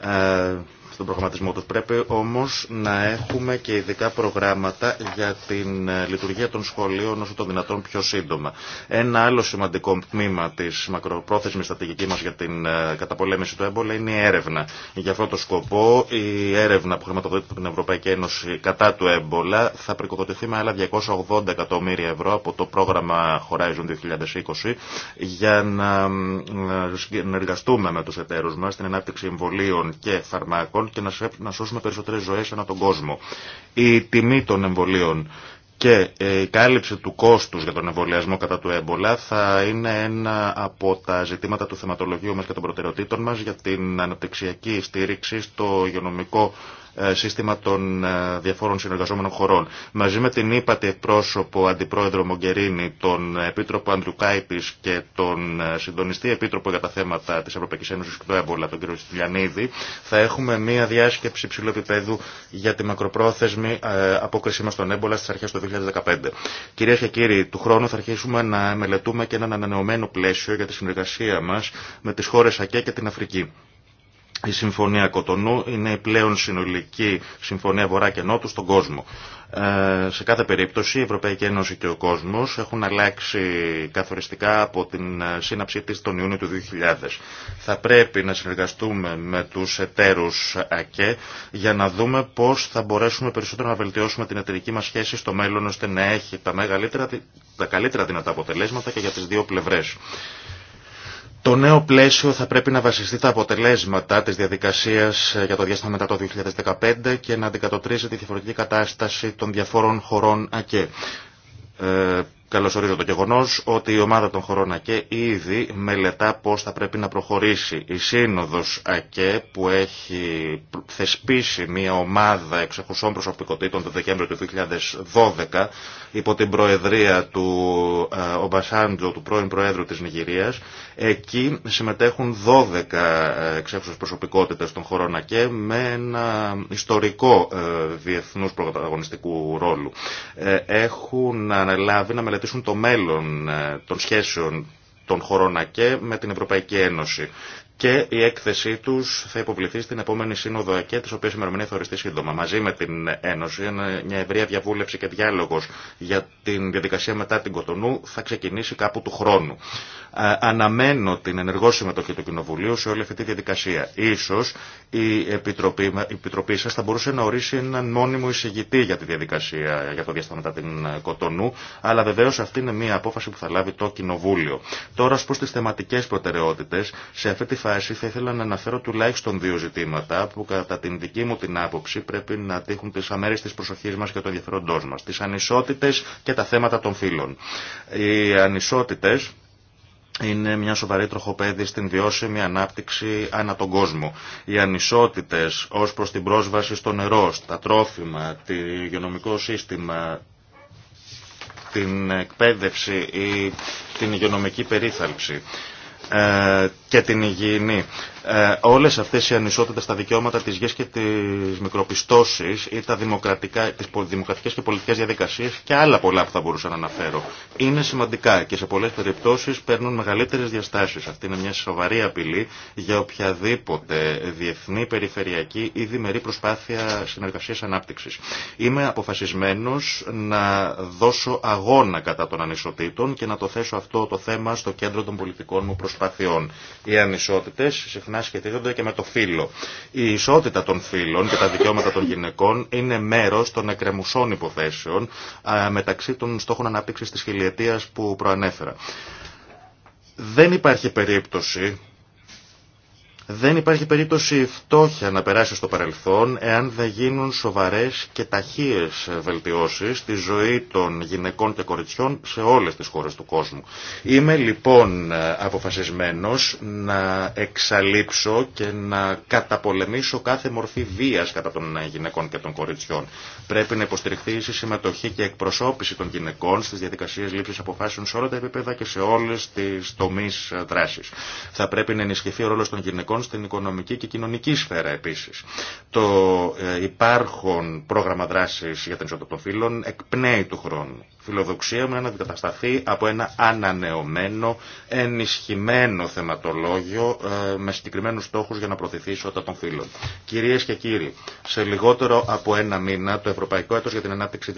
[SPEAKER 2] Ε, στον προγραμματισμό τους. Πρέπει όμως να έχουμε και ειδικά προγράμματα για την ε, λειτουργία των σχολείων όσο το δυνατόν πιο σύντομα. Ένα άλλο σημαντικό τμήμα της μακροπρόθεσμης στρατηγικής μας για την ε, καταπολέμηση του έμπολα είναι η έρευνα. Για αυτό το σκοπό η έρευνα που χρηματοδοτείται από την Ευρωπαϊκή Ένωση κατά του έμπολα θα πρικοδοτηθεί με άλλα 280 εκατομμύρια ευρώ από το πρόγραμμα Horizon 2020 για να συνεργαστούμε με τους εταίρους μας στην ανάπτυξη εμβολίων και φαρμάκων και να σώσουμε περισσότερες ζωές ανά τον κόσμο. Η τιμή των εμβολίων και ε, η κάλυψη του κόστους για τον εμβολιασμό κατά του έμπολα θα είναι ένα από τα ζητήματα του θεματολογίου μας και των προτεραιοτήτων μας για την αναπτυξιακή στήριξη στο υγειονομικό ε, σύστημα των ε, διαφόρων συνεργαζόμενων χωρών. Μαζί με την ύπατη εκπρόσωπο Αντιπρόεδρο Μογκερίνη, τον Επίτροπο Ανδρουκάητη και τον ε, Συντονιστή Επίτροπο για τα θέματα τη Ευρωπαϊκή Ένωση και του έμπολα, τον κ. Στυλιανίδη, θα έχουμε μία διάσκεψη ψηλού επίπεδου για τη μακροπρόθεσμη απόκρισή μα στον έμπολα στι αρχέ του 2015. Κυρίε και κύριοι, του χρόνου θα αρχίσουμε να μελετούμε και έναν ανανεωμένο πλαίσιο για τη συνεργασία μα με τι χώρε ΑΚΕ και την Αφρική. Η Συμφωνία Κοτονού είναι η πλέον συνολική συμφωνία Βορρά και Νότου στον κόσμο. Ε, σε κάθε περίπτωση η Ευρωπαϊκή Ένωση και ο κόσμος έχουν αλλάξει καθοριστικά από την ε, σύναψή της τον Ιούνιο του 2000. Θα πρέπει να συνεργαστούμε με τους εταίρους ΑΚΕ για να δούμε πώς θα μπορέσουμε περισσότερο να βελτιώσουμε την εταιρική μας σχέση στο μέλλον ώστε να έχει τα, τα καλύτερα δυνατά αποτελέσματα και για τις δύο πλευρές. Το νέο πλαίσιο θα πρέπει να βασιστεί τα αποτελέσματα της διαδικασίας για το διάστημα μετά το 2015 και να αντικατοπτρίζει τη διαφορετική κατάσταση των διαφόρων χωρών ΑΚΕ. Ε, καλωσορίζω το γεγονό ότι η ομάδα των χωρών ΑΚΕ ήδη μελετά πώς θα πρέπει να προχωρήσει. Η σύνοδος ΑΚΕ που έχει θεσπίσει μια ομάδα εξεχουσών προσωπικότητων το Δεκέμβριο του 2012 υπό την προεδρία του ε, Ομπασάντζο, του πρώην Προέδρου της Νιγηρίας. Εκεί συμμετέχουν 12 ε, εξέχουσες προσωπικότητες των χωρών ΑΚΕ με ένα ιστορικό ε, διεθνούς πρωταγωνιστικού ρόλου. Έχουν αναλάβει να μελετήσουν το μέλλον των σχέσεων των χωρών ΑΚΕ με την Ευρωπαϊκή Ένωση και η έκθεσή του θα υποβληθεί στην επόμενη Σύνοδο ΑΚΕ, τη οποία ημερομηνία θα οριστεί σύντομα. Μαζί με την Ένωση, μια ευρεία διαβούλευση και διάλογο για την διαδικασία μετά την Κοτονού θα ξεκινήσει κάπου του χρόνου. Ε, αναμένω την ενεργό συμμετοχή του Κοινοβουλίου σε όλη αυτή τη διαδικασία. Ίσως η Επιτροπή, σας θα μπορούσε να ορίσει έναν μόνιμο εισηγητή για τη διαδικασία για το διάστημα την Κοτονού, αλλά βεβαίως αυτή είναι μια απόφαση που θα λάβει το Κοινοβούλιο. Τώρα, ως προς τις θεματικές προτεραιότητες, σε αυτή τη φάση θα ήθελα να αναφέρω τουλάχιστον δύο ζητήματα που κατά την δική μου την άποψη πρέπει να τύχουν τις τη προσοχή μας και των ενδιαφέροντός μα. Τις ανισότητες και τα θέματα των φύλων. Οι ανισότητες είναι μια σοβαρή τροχοπέδη στην βιώσιμη ανάπτυξη ανά τον κόσμο. Οι ανισότητες ως προς την πρόσβαση στο νερό, στα τρόφιμα, το υγειονομικό σύστημα, την εκπαίδευση ή την υγειονομική περίθαλψη ε, και την υγιεινή. Ε, όλες αυτές οι ανισότητε στα δικαιώματα τη γη και τη μικροπιστώση ή τα δημοκρατικά, τις και πολιτικέ διαδικασίε και άλλα πολλά που θα μπορούσα να αναφέρω είναι σημαντικά και σε πολλέ περιπτώσει παίρνουν μεγαλύτερε διαστάσει. Αυτή είναι μια σοβαρή απειλή για οποιαδήποτε διεθνή, περιφερειακή ή διμερή προσπάθεια συνεργασία ανάπτυξη. Είμαι αποφασισμένο να δώσω αγώνα κατά των ανισοτήτων και να το θέσω αυτό το θέμα στο κέντρο των πολιτικών μου προσπαθειών. Οι ανισότητε συχνά σχετίζονται και με το φύλλο. Η ισότητα των φύλων και τα δικαιώματα των γυναικών είναι μέρο των εκκρεμουσών υποθέσεων μεταξύ των στόχων ανάπτυξη τη χιλιετία που προανέφερα. Δεν υπάρχει περίπτωση δεν υπάρχει περίπτωση φτώχεια να περάσει στο παρελθόν εάν δεν γίνουν σοβαρές και ταχείες βελτιώσεις στη ζωή των γυναικών και κοριτσιών σε όλες τις χώρες του κόσμου. Είμαι λοιπόν αποφασισμένος να εξαλείψω και να καταπολεμήσω κάθε μορφή βίας κατά των γυναικών και των κοριτσιών. Πρέπει να υποστηριχθεί η συμμετοχή και εκπροσώπηση των γυναικών στις διαδικασίες λήψης αποφάσεων σε όλα τα επίπεδα και σε όλες τις τομείς δράσης. Θα πρέπει να ενισχυθεί ο ρόλος των γυναικών στην οικονομική και κοινωνική σφαίρα επίσης. Το ε, υπάρχον πρόγραμμα δράσης για την ισότητα των φύλων εκπνέει του χρόνου. Φιλοδοξία μου είναι να αντικατασταθεί από ένα ανανεωμένο, ενισχυμένο θεματολόγιο ε, με συγκεκριμένου στόχου για να προωθηθεί η ισότητα των φύλων. Κυρίε και κύριοι, σε λιγότερο από ένα μήνα το Ευρωπαϊκό Έτο για την Ανάπτυξη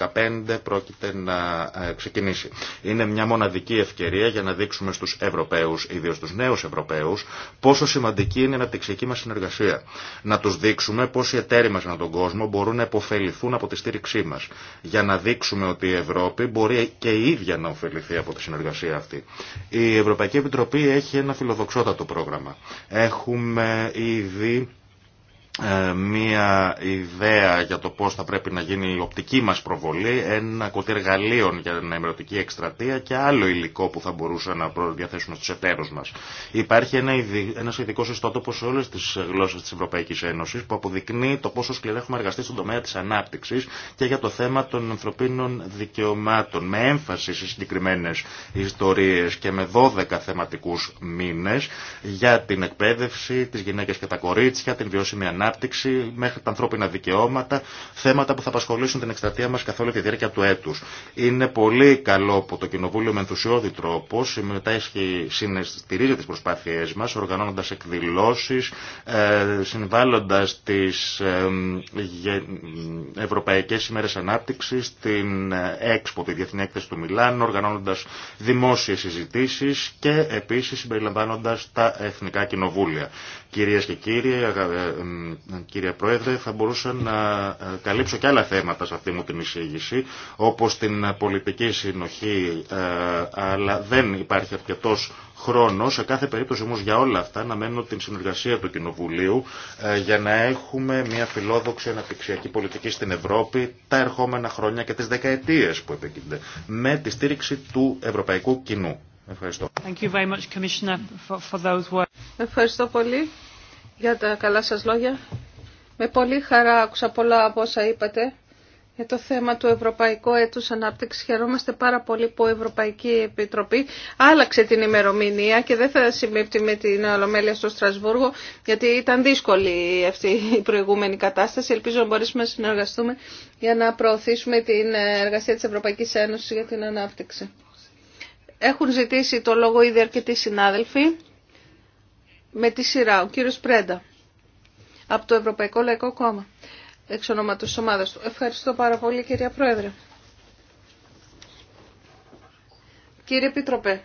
[SPEAKER 2] 2015 πρόκειται να ε, ξεκινήσει. Είναι μια μοναδική ευκαιρία για να δείξουμε στου Ευρωπαίου, ιδίω στου νέου Ευρωπαίου, πόσο σημαντική είναι η αναπτυξιακή μα συνεργασία. Να του δείξουμε πώ οι εταίροι μα ανά τον κόσμο μπορούν να υποφεληθούν από τη στήριξή μα. Για να δείξουμε ότι η Ευρώπη μπορεί και η ίδια να ωφεληθεί από τη συνεργασία αυτή. Η Ευρωπαϊκή Επιτροπή έχει ένα φιλοδοξότατο πρόγραμμα. Έχουμε ήδη ε, μία ιδέα για το πώς θα πρέπει να γίνει η οπτική μας προβολή, ένα κοτή εργαλείων για την ενημερωτική εκστρατεία και άλλο υλικό που θα μπορούσε να διαθέσουμε στους εταίρους μας. Υπάρχει ένα, ένας ειδικός ιστότοπος σε όλες τις γλώσσες της Ευρωπαϊκής Ένωσης που αποδεικνύει το πόσο σκληρά έχουμε εργαστεί στον τομέα της ανάπτυξης και για το θέμα των ανθρωπίνων δικαιωμάτων με έμφαση σε συγκεκριμένες ιστορίες και με 12 θεματικούς μήνες για την εκπαίδευση, τις γυναίκες και τα κορίτσια, την βιώσιμη ανάπτυξη ανάπτυξη μέχρι τα ανθρώπινα δικαιώματα, θέματα που θα απασχολήσουν την εκστρατεία μα καθ' όλη τη διάρκεια του έτου. Είναι πολύ καλό που το Κοινοβούλιο με ενθουσιώδη τρόπο συμμετέχει, συνεστηρίζει τι προσπάθειέ μα, οργανώνοντα εκδηλώσει, ε, συμβάλλοντα τι ε, Ευρωπαϊκέ ημέρε ανάπτυξη, την ΕΞΠΟ, τη Διεθνή Έκθεση του Μιλάνου, οργανώνοντα δημόσιε συζητήσει και επίση συμπεριλαμβάνοντα τα εθνικά κοινοβούλια. Κυρίε και κύριοι, ε, ε, κύριε Πρόεδρε. Θα μπορούσα να ε, καλύψω και άλλα θέματα σε αυτή μου την εισήγηση, όπως την πολιτική συνοχή, ε, αλλά δεν υπάρχει αρκετός χρόνο, σε κάθε περίπτωση όμως για όλα αυτά, να μένω την συνεργασία του Κοινοβουλίου για να έχουμε μια φιλόδοξη αναπτυξιακή πολιτική στην Ευρώπη τα ερχόμενα χρόνια και τις δεκαετίες που επικίνδυνται, με τη στήριξη του ευρωπαϊκού κοινού. Ευχαριστώ.
[SPEAKER 3] Ευχαριστώ πολύ για τα καλά σας λόγια. Με πολύ χαρά άκουσα πολλά από όσα είπατε. Για το θέμα του Ευρωπαϊκού Έτους Ανάπτυξης χαιρόμαστε πάρα πολύ που η Ευρωπαϊκή Επιτροπή άλλαξε την ημερομηνία και δεν θα συμπίπτει με την Ολομέλεια στο Στρασβούργο γιατί ήταν δύσκολη αυτή η προηγούμενη κατάσταση. Ελπίζω να μπορέσουμε να συνεργαστούμε για να προωθήσουμε την εργασία της Ευρωπαϊκής Ένωσης για την ανάπτυξη. Έχουν ζητήσει το λόγο ήδη αρκετοί συνάδελφοι με τη σειρά. Ο κύριος Πρέντα από το Ευρωπαϊκό Λαϊκό Κόμμα, εξ ονόματος της ομάδας του. Ευχαριστώ πάρα πολύ κυρία Πρόεδρε. Κύριε Επίτροπε,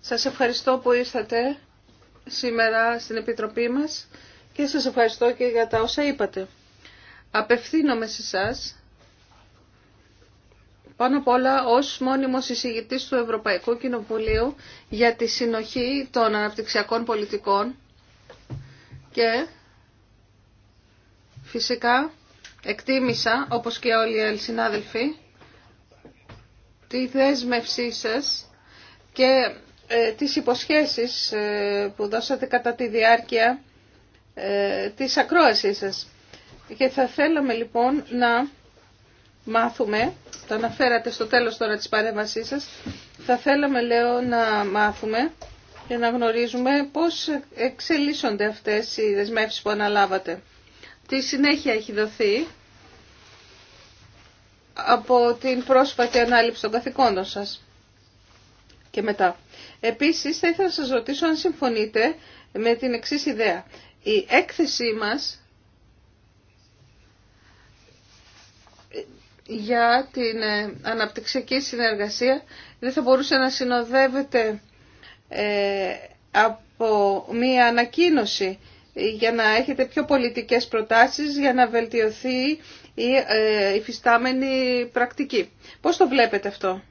[SPEAKER 3] σας ευχαριστώ που ήρθατε σήμερα στην Επιτροπή μας και σας ευχαριστώ και για τα όσα είπατε. Απευθύνομαι σε σας πάνω απ' όλα ως μόνιμος εισηγητής του Ευρωπαϊκού Κοινοβουλίου για τη συνοχή των αναπτυξιακών πολιτικών και φυσικά εκτίμησα, όπως και όλοι οι άλλοι συνάδελφοι, τη δέσμευσή σας και ε, τις υποσχέσεις ε, που δώσατε κατά τη διάρκεια ε, της ακρόασής σας. Και θα θέλαμε λοιπόν να μάθουμε, το αναφέρατε στο τέλος τώρα της παρέμβασής σας, θα θέλαμε, λέω, να μάθουμε και να γνωρίζουμε πώς εξελίσσονται αυτές οι δεσμεύσεις που αναλάβατε. Τι συνέχεια έχει δοθεί από την πρόσφατη ανάληψη των καθηκόντων σας και μετά. Επίσης, θα ήθελα να σας ρωτήσω αν συμφωνείτε με την εξής ιδέα. Η έκθεσή μας για την ε, αναπτυξιακή συνεργασία δεν θα μπορούσε να συνοδεύεται ε, από μία ανακοίνωση για να έχετε πιο πολιτικές προτάσεις για να βελτιωθεί η ε, υφιστάμενη πρακτική. Πώς το βλέπετε αυτό.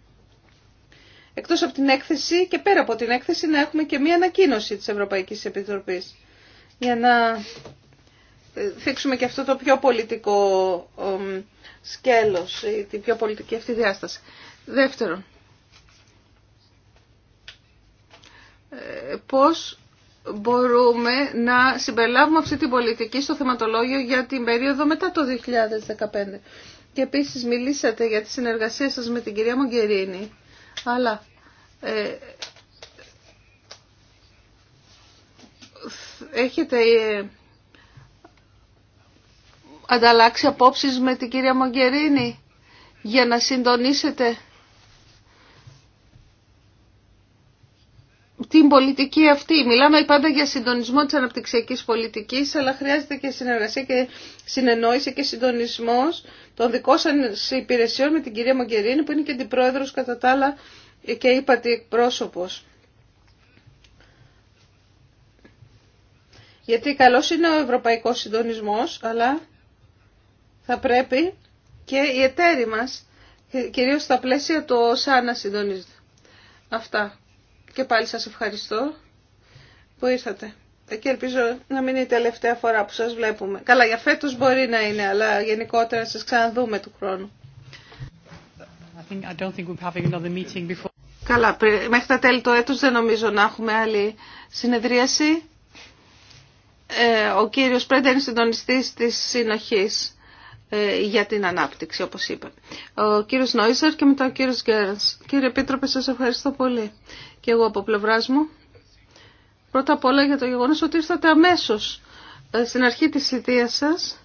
[SPEAKER 3] Εκτός από την έκθεση και πέρα από την έκθεση να έχουμε και μία ανακοίνωση της Ευρωπαϊκής Επιτροπής για να θίξουμε και αυτό το πιο πολιτικό σκέλος, την πιο πολιτική αυτή διάσταση. Δεύτερον, ε, πώς μπορούμε να συμπεριλάβουμε αυτή την πολιτική στο θεματολόγιο για την περίοδο μετά το 2015. Και επίσης μιλήσατε για τη συνεργασία σας με την κυρία Μογκερίνη, αλλά ε, έχετε ε, ανταλλάξει απόψεις με την κυρία Μογκερίνη για να συντονίσετε την πολιτική αυτή. Μιλάμε πάντα για συντονισμό της αναπτυξιακής πολιτικής, αλλά χρειάζεται και συνεργασία και συνεννόηση και συντονισμός των δικών σας υπηρεσιών με την κυρία Μογκερίνη, που είναι και την πρόεδρος κατά τα άλλα και είπατε πρόσωπος. Γιατί καλός είναι ο ευρωπαϊκός συντονισμός, αλλά θα πρέπει και οι εταίροι μας, κυρίως στα πλαίσια του ΩΣΑ να συντονίζονται. Αυτά. Και πάλι σας ευχαριστώ που ήρθατε. Και ελπίζω να μην είναι η τελευταία φορά που σας βλέπουμε. Καλά, για φέτος μπορεί να είναι, αλλά γενικότερα σας ξαναδούμε του χρόνου. Καλά, μέχρι τα τέλη του έτους δεν νομίζω να έχουμε άλλη συνεδρίαση. Ε, ο κύριος Πρέντα είναι συντονιστής της συνοχής. Ε, για την ανάπτυξη, όπως είπα. Ο κύριος Νόιζερ και μετά ο κύριος Γκέρανς. Κύριε Επίτροπε, σας ευχαριστώ πολύ. Και εγώ από πλευρά μου, πρώτα απ' όλα για το γεγονός ότι ήρθατε αμέσως ε, στην αρχή της θητείας σας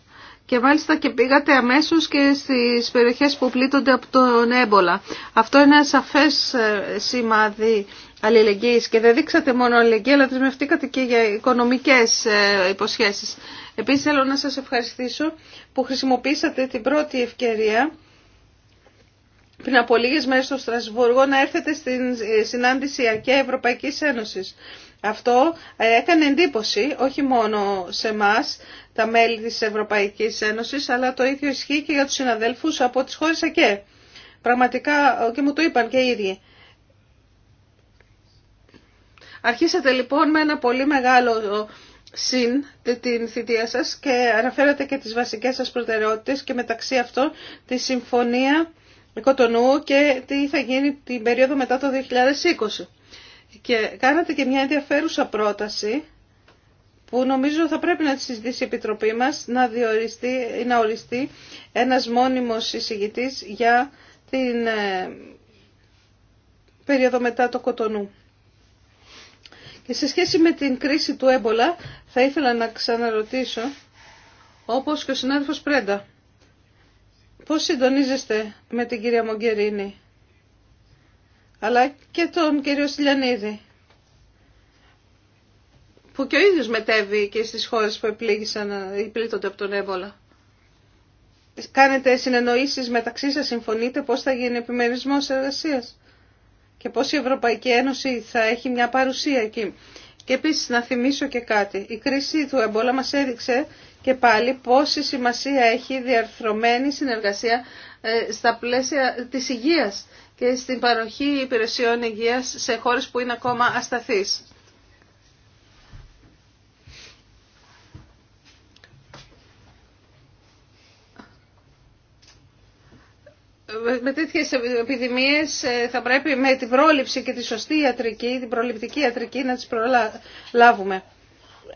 [SPEAKER 3] και μάλιστα και πήγατε αμέσως και στις περιοχές που πλήττονται από τον έμπολα. Αυτό είναι ένα σαφές ε, σημάδι αλληλεγγύης και δεν δείξατε μόνο αλληλεγγύη αλλά δεσμευτήκατε και για οικονομικές υποσχέσεις. Επίσης θέλω να σας ευχαριστήσω που χρησιμοποίησατε την πρώτη ευκαιρία πριν από λίγε μέρες στο Στρασβούργο να έρθετε στην συνάντηση ΑΚΕ Ευρωπαϊκής Ένωσης. Αυτό ε, έκανε εντύπωση όχι μόνο σε εμά, τα μέλη της Ευρωπαϊκής Ένωσης, αλλά το ίδιο ισχύει και για τους συναδέλφους από τις χώρες ΑΚΕ. Πραγματικά ε, και μου το είπαν και οι ίδιοι. Αρχίσατε λοιπόν με ένα πολύ μεγάλο συν την θητεία σας και αναφέρατε και τις βασικές σας προτεραιότητες και μεταξύ αυτών τη Συμφωνία Κοτονού και τι θα γίνει την περίοδο μετά το 2020. Και κάνατε και μια ενδιαφέρουσα πρόταση που νομίζω θα πρέπει να τη συζητήσει η Επιτροπή μας να διοριστεί να οριστεί ένας μόνιμος εισηγητής για την ε, περίοδο μετά το Κοτονού. Και σε σχέση με την κρίση του έμπολα θα ήθελα να ξαναρωτήσω, όπως και ο συνάδελφος Πρέντα, πώς συντονίζεστε με την κυρία Μογκερίνη, αλλά και τον κύριο Στυλιανίδη, που και ο ίδιος μετέβη και στις χώρες που επλήγησαν ή πλήττονται από τον έμπολα. Κάνετε συνεννοήσεις μεταξύ σας, συμφωνείτε πώς θα γίνει επιμερισμός εργασίας και πώς η Ευρωπαϊκή Ένωση θα έχει μια παρουσία εκεί. Και επίσης να θυμίσω και κάτι. Η κρίση του εμπόλα μας έδειξε και πάλι πόση σημασία έχει διαρθρωμένη συνεργασία ε, στα πλαίσια της υγείας και στην παροχή υπηρεσιών υγείας σε χώρες που είναι ακόμα ασταθείς. Ε, με τέτοιες επιδημίες ε, θα πρέπει με την πρόληψη και τη σωστή ιατρική, την προληπτική ιατρική να τις προλάβουμε.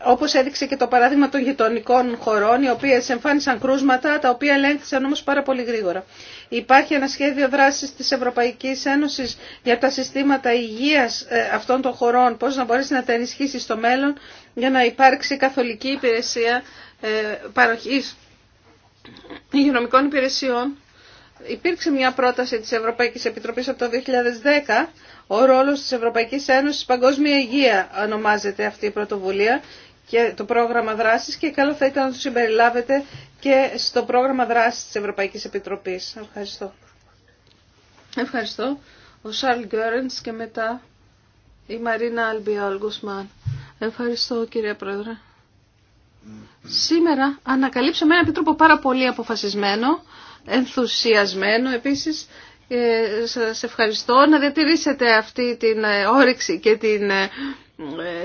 [SPEAKER 3] Όπως έδειξε και το παράδειγμα των γειτονικών χωρών, οι οποίες εμφάνισαν κρούσματα, τα οποία ελέγχθησαν όμως πάρα πολύ γρήγορα. Υπάρχει ένα σχέδιο δράσης της Ευρωπαϊκής Ένωσης για τα συστήματα υγείας ε, αυτών των χωρών, πώς να μπορέσει να τα ενισχύσει στο μέλλον για να υπάρξει καθολική υπηρεσία παροχής υγειονομικών υπηρεσιών υπήρξε μια πρόταση της Ευρωπαϊκής Επιτροπής από το 2010, ο ρόλος της Ευρωπαϊκής Ένωσης Παγκόσμια Υγεία ονομάζεται αυτή η πρωτοβουλία και το πρόγραμμα δράσης και καλό θα ήταν να το συμπεριλάβετε και στο πρόγραμμα δράσης της Ευρωπαϊκής Επιτροπής. Ευχαριστώ. Ευχαριστώ. Ο Σαρλ Γκέρντς και μετά η Μαρίνα αλμπια Γκουσμάν. Ευχαριστώ κύριε Πρόεδρε. Σήμερα ανακαλύψαμε έναν επίτροπο πάρα πολύ αποφασισμένο ενθουσιασμένο επίσης ε, σας ευχαριστώ να διατηρήσετε αυτή την ε, όρεξη και την ε,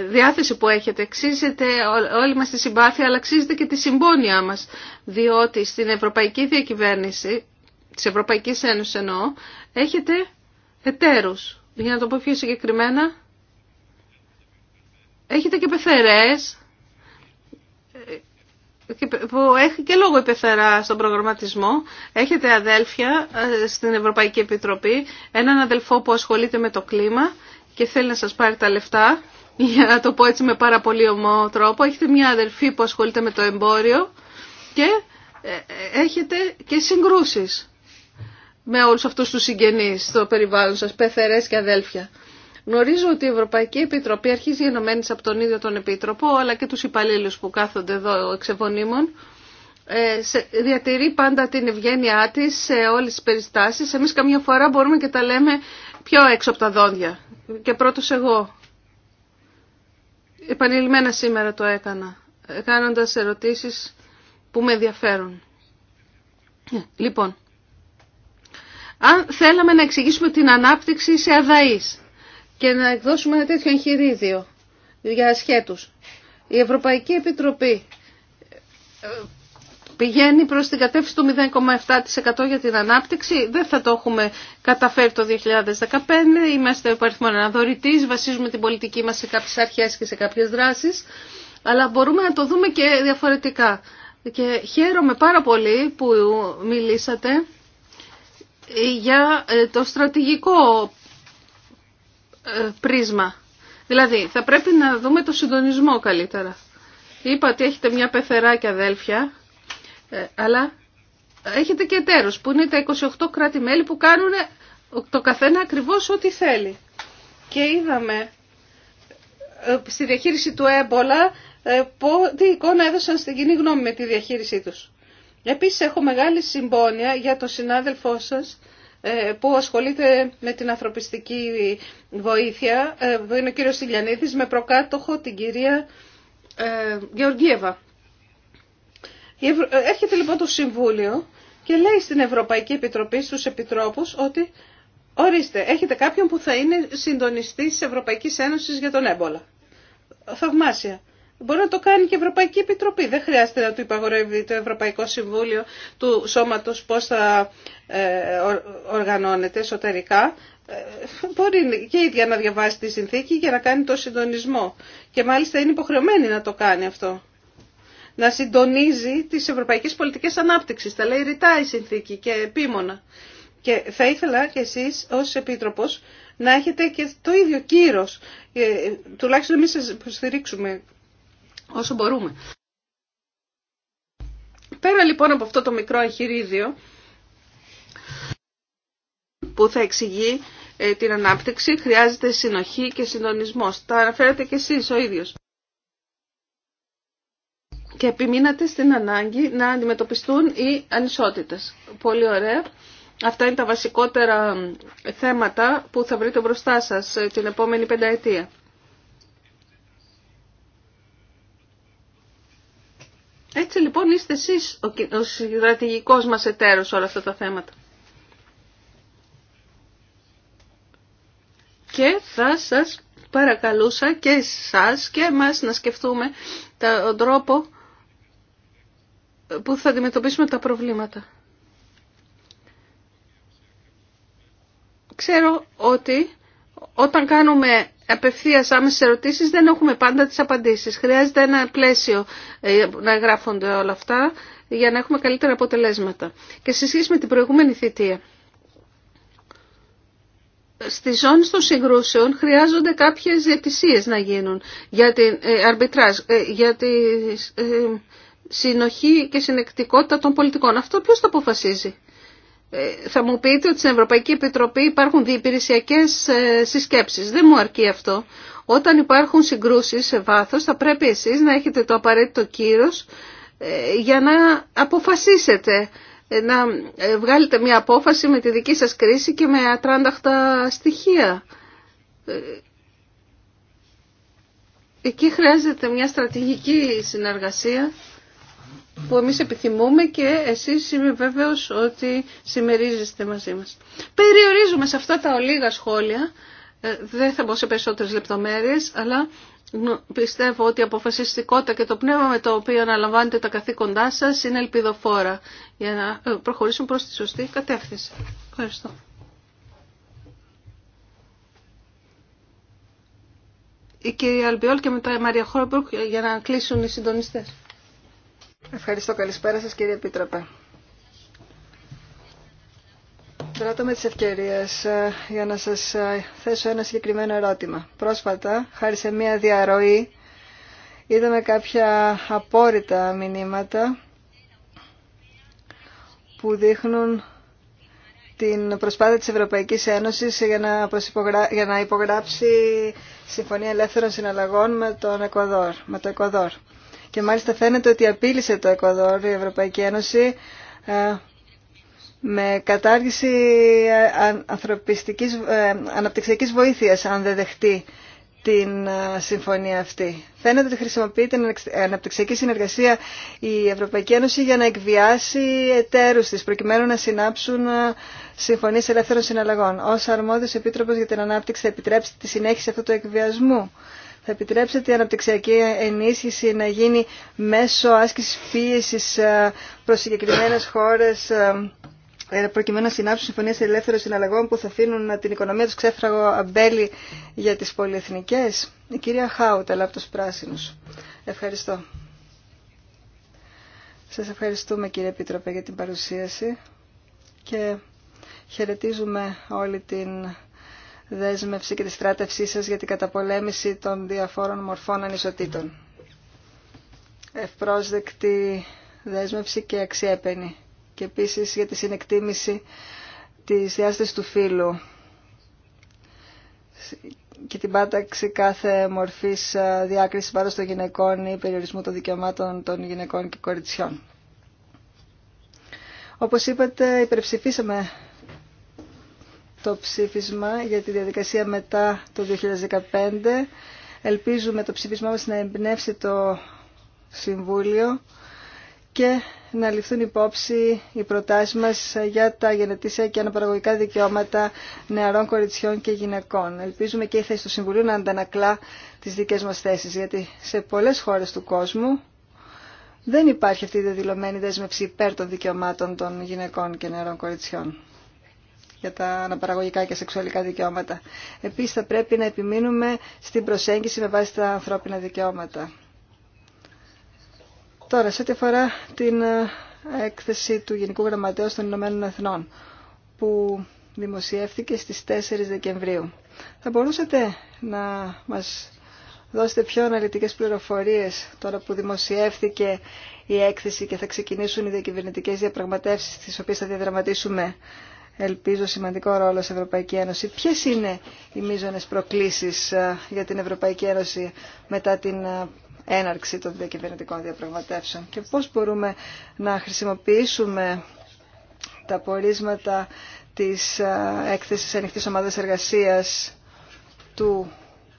[SPEAKER 3] διάθεση που έχετε. Αξίζετε όλη μας τη συμπάθεια, αλλά ξίζετε και τη συμπόνια μας. Διότι στην Ευρωπαϊκή Διακυβέρνηση, της Ευρωπαϊκής Ένωσης εννοώ, έχετε εταίρους. Για να το πω πιο συγκεκριμένα, έχετε και πεθερές που έχει και λόγο υπεθερά στον προγραμματισμό. Έχετε αδέλφια ε, στην Ευρωπαϊκή Επιτροπή, έναν αδελφό που ασχολείται με το κλίμα και θέλει να σας πάρει τα λεφτά, <laughs> για να το πω έτσι με πάρα πολύ ομό τρόπο. Έχετε μια αδελφή που ασχολείται με το εμπόριο και ε, ε, έχετε και συγκρούσεις με όλους αυτούς τους συγγενείς στο περιβάλλον σας, πεθερές και αδέλφια. Γνωρίζω ότι η Ευρωπαϊκή Επιτροπή αρχίζει ενωμένης από τον ίδιο τον Επίτροπο, αλλά και τους υπαλλήλους που κάθονται εδώ εξεβονίμων, ε, διατηρεί πάντα την ευγένειά της σε όλες τις περιστάσεις. Εμείς καμιά φορά μπορούμε και τα λέμε πιο έξω από τα δόντια. Και πρώτος εγώ. Επανειλημμένα σήμερα το έκανα, ε, κάνοντας ερωτήσεις που με ενδιαφέρουν. Λοιπόν, αν θέλαμε να εξηγήσουμε την ανάπτυξη σε αδαείς, και να εκδώσουμε ένα τέτοιο εγχειρίδιο για ασχέτους. Η Ευρωπαϊκή Επιτροπή ε, πηγαίνει προς την κατεύθυνση του 0,7% για την ανάπτυξη. Δεν θα το έχουμε καταφέρει το 2015. Είμαστε ο να αναδορητής, βασίζουμε την πολιτική μας σε κάποιες αρχές και σε κάποιες δράσεις. Αλλά μπορούμε να το δούμε και διαφορετικά. Και χαίρομαι πάρα πολύ που μιλήσατε για ε, το στρατηγικό ε, πρίσμα. Δηλαδή, θα πρέπει να δούμε το συντονισμό καλύτερα. Είπα ότι έχετε μια πεθερά και αδέλφια, ε, αλλά έχετε και εταίρους που είναι τα 28 κράτη-μέλη που κάνουν ε, το καθένα ακριβώς ό,τι θέλει. Και είδαμε στη διαχείριση του έμπολα τι εικόνα έδωσαν στην κοινή γνώμη με τη διαχείρισή τους. Επίσης έχω μεγάλη συμπόνια για τον συνάδελφό σας ε, που ασχολείται με την ανθρωπιστική βοήθεια, ε, που είναι ο κύριος Ηλιανίδης, με προκάτοχο την κυρία ε, Γεωργίεβα. Έρχεται λοιπόν το Συμβούλιο και λέει στην Ευρωπαϊκή Επιτροπή, στους επιτρόπους, ότι ορίστε, έχετε κάποιον που θα είναι συντονιστής της Ευρωπαϊκής Ένωσης για τον έμπολα. Θαυμάσια. Μπορεί να το κάνει και η Ευρωπαϊκή Επιτροπή. Δεν χρειάζεται να του υπαγορεύει το Ευρωπαϊκό Συμβούλιο του σώματος πώς θα ε, οργανώνεται εσωτερικά. Ε, μπορεί και η ίδια να διαβάσει τη συνθήκη για να κάνει το συντονισμό. Και μάλιστα είναι υποχρεωμένη να το κάνει αυτό. Να συντονίζει τις ευρωπαϊκές πολιτικές ανάπτυξης. Τα λέει ρητά η συνθήκη και επίμονα. Και θα ήθελα κι εσείς ως Επίτροπος να έχετε και το ίδιο κύρος. Ε, τουλάχιστον εμείς σας υποστηρίξουμε όσο μπορούμε. Πέρα λοιπόν από αυτό το μικρό εγχειρίδιο που θα εξηγεί ε, την ανάπτυξη χρειάζεται συνοχή και συντονισμός. Τα αναφέρατε και εσείς ο ίδιος. Και επιμείνατε στην ανάγκη να αντιμετωπιστούν οι ανισότητες. Πολύ ωραία. Αυτά είναι τα βασικότερα θέματα που θα βρείτε μπροστά σας ε, την επόμενη πενταετία. Έτσι λοιπόν είστε εσείς ο στρατηγικός μας εταίρος όλα αυτά τα θέματα. Και θα σας παρακαλούσα και εσάς και εμάς να σκεφτούμε τον τρόπο που θα αντιμετωπίσουμε τα προβλήματα. Ξέρω ότι όταν κάνουμε απευθεία άμεσε ερωτήσει, δεν έχουμε πάντα τις απαντήσεις. Χρειάζεται ένα πλαίσιο ε, να γράφονται όλα αυτά για να έχουμε καλύτερα αποτελέσματα. Και σε σχέση με την προηγούμενη θητεία, Στι ζώνες των συγκρούσεων χρειάζονται κάποιες διαιτησίες να γίνουν για την ε, αρμπιτράζ, ε, για τη συνοχή και συνεκτικότητα των πολιτικών. Αυτό ποιος το αποφασίζει. Ε, θα μου πείτε ότι στην Ευρωπαϊκή Επιτροπή υπάρχουν διυπηρεσιακές ε, συσκέψεις. Δεν μου αρκεί αυτό. Όταν υπάρχουν συγκρούσεις σε βάθος θα πρέπει εσείς να έχετε το απαραίτητο κύρος ε, για να αποφασίσετε να βγάλετε μια απόφαση με τη δική σας κρίση και με ατράνταχτα στοιχεία. Εκεί χρειάζεται μια στρατηγική συνεργασία που εμείς επιθυμούμε και εσείς είμαι βέβαιος ότι συμμερίζεστε μαζί μας. Περιορίζουμε σε αυτά τα ολίγα σχόλια, ε, δεν θα μπω σε περισσότερες λεπτομέρειες, αλλά πιστεύω ότι η αποφασιστικότητα και το πνεύμα με το οποίο αναλαμβάνετε τα καθήκοντά σας είναι ελπιδοφόρα για να ε, προχωρήσουμε προς τη σωστή κατεύθυνση. Ευχαριστώ. Η κυρία Αλμπιόλ και μετά η Μαρία Χόρμπουργκ για να κλείσουν οι συντονιστές.
[SPEAKER 1] Ευχαριστώ. Καλησπέρα σας κύριε Επίτροπε. Τράτω με τις ευκαιρίες ε, για να σας ε, θέσω ένα συγκεκριμένο ερώτημα. Πρόσφατα, χάρη σε μία διαρροή, είδαμε κάποια απόρριτα μηνύματα που δείχνουν την προσπάθεια της Ευρωπαϊκής Ένωσης για να, για να υπογράψει Συμφωνία Ελεύθερων Συναλλαγών με, με το Εκοδόρ. Και μάλιστα φαίνεται ότι απείλησε το Εκοδόρ η Ευρωπαϊκή Ένωση ε, με κατάργηση ε, ανθρωπιστικής, ε, αναπτυξιακής βοήθειας αν δεν δεχτεί την συμφωνία αυτή. Φαίνεται ότι χρησιμοποιεί την αναπτυξιακή συνεργασία η Ευρωπαϊκή Ένωση για να εκβιάσει εταίρους της προκειμένου να συνάψουν συμφωνίες ελεύθερων συναλλαγών. Ως αρμόδιος επίτροπος για την ανάπτυξη θα επιτρέψει τη συνέχιση αυτού του εκβιασμού θα επιτρέψετε η αναπτυξιακή ενίσχυση να γίνει μέσω άσκησης πίεσης ε, προς συγκεκριμένες χώρες ε, ε, προκειμένου να συνάψουν συμφωνίες ελεύθερων συναλλαγών που θα αφήνουν την οικονομία τους ξέφραγο αμπέλι για τις πολυεθνικές. Η κυρία αλλά από Πράσινους. Ευχαριστώ. Σας ευχαριστούμε κύριε Επίτροπε για την παρουσίαση και χαιρετίζουμε όλη την δέσμευση και τη στράτευσή σας για την καταπολέμηση των διαφόρων μορφών ανισοτήτων. Ευπρόσδεκτη δέσμευση και αξιέπαινη. Και επίσης για τη συνεκτίμηση της διάστασης του φύλου και την πάταξη κάθε μορφής διάκρισης βάρος των γυναικών ή περιορισμού των δικαιωμάτων των γυναικών και κοριτσιών. Όπως είπατε, υπερψηφίσαμε το ψήφισμα για τη διαδικασία μετά το 2015. Ελπίζουμε το ψήφισμά μας να εμπνεύσει το Συμβούλιο και να ληφθούν υπόψη οι προτάσεις μας για τα γενετήσια και αναπαραγωγικά δικαιώματα νεαρών κοριτσιών και γυναικών. Ελπίζουμε και η θέση του Συμβουλίου να αντανακλά τις δικές μας θέσεις, γιατί σε πολλές χώρες του κόσμου δεν υπάρχει αυτή η δεδηλωμένη δέσμευση υπέρ των δικαιωμάτων των γυναικών και νεαρών κοριτσιών για τα αναπαραγωγικά και σεξουαλικά δικαιώματα. Επίσης θα πρέπει να επιμείνουμε στην προσέγγιση με βάση τα ανθρώπινα δικαιώματα. Τώρα, σε ό,τι αφορά την ε, έκθεση του Γενικού Γραμματέου των Ηνωμένων Εθνών, που δημοσιεύθηκε στις 4 Δεκεμβρίου. Θα μπορούσατε να μας δώσετε πιο αναλυτικές πληροφορίες τώρα που δημοσιεύθηκε η έκθεση και θα ξεκινήσουν οι διακυβερνητικές διαπραγματεύσεις τι οποίες θα διαδραματίσουμε ελπίζω σημαντικό ρόλο στην Ευρωπαϊκή Ένωση. Ποιε είναι οι μείζονε προκλήσει ε, για την Ευρωπαϊκή Ένωση μετά την ε, έναρξη των διακυβερνητικών διαπραγματεύσεων και πώς μπορούμε να χρησιμοποιήσουμε τα πορίσματα της ε, έκθεσης ανοιχτής ομάδας εργασίας του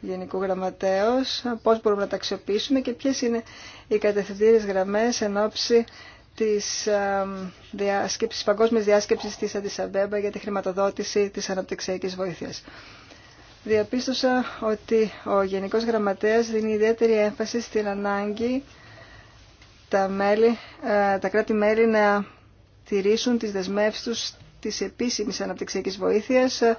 [SPEAKER 1] Γενικού Γραμματέως, πώς μπορούμε να τα αξιοποιήσουμε και ποιες είναι οι κατευθυντήριες γραμμές εν ώψη της διάσκεψης, παγκόσμιας διάσκεψης της Αντισαμπέμπα για τη χρηματοδότηση της αναπτυξιακής βοήθειας. Διαπίστωσα ότι ο Γενικός Γραμματέας δίνει ιδιαίτερη έμφαση στην ανάγκη τα, μέλη, ε, τα κράτη-μέλη να τηρήσουν τις δεσμεύσεις τους της επίσημης αναπτυξιακής βοήθειας, ε,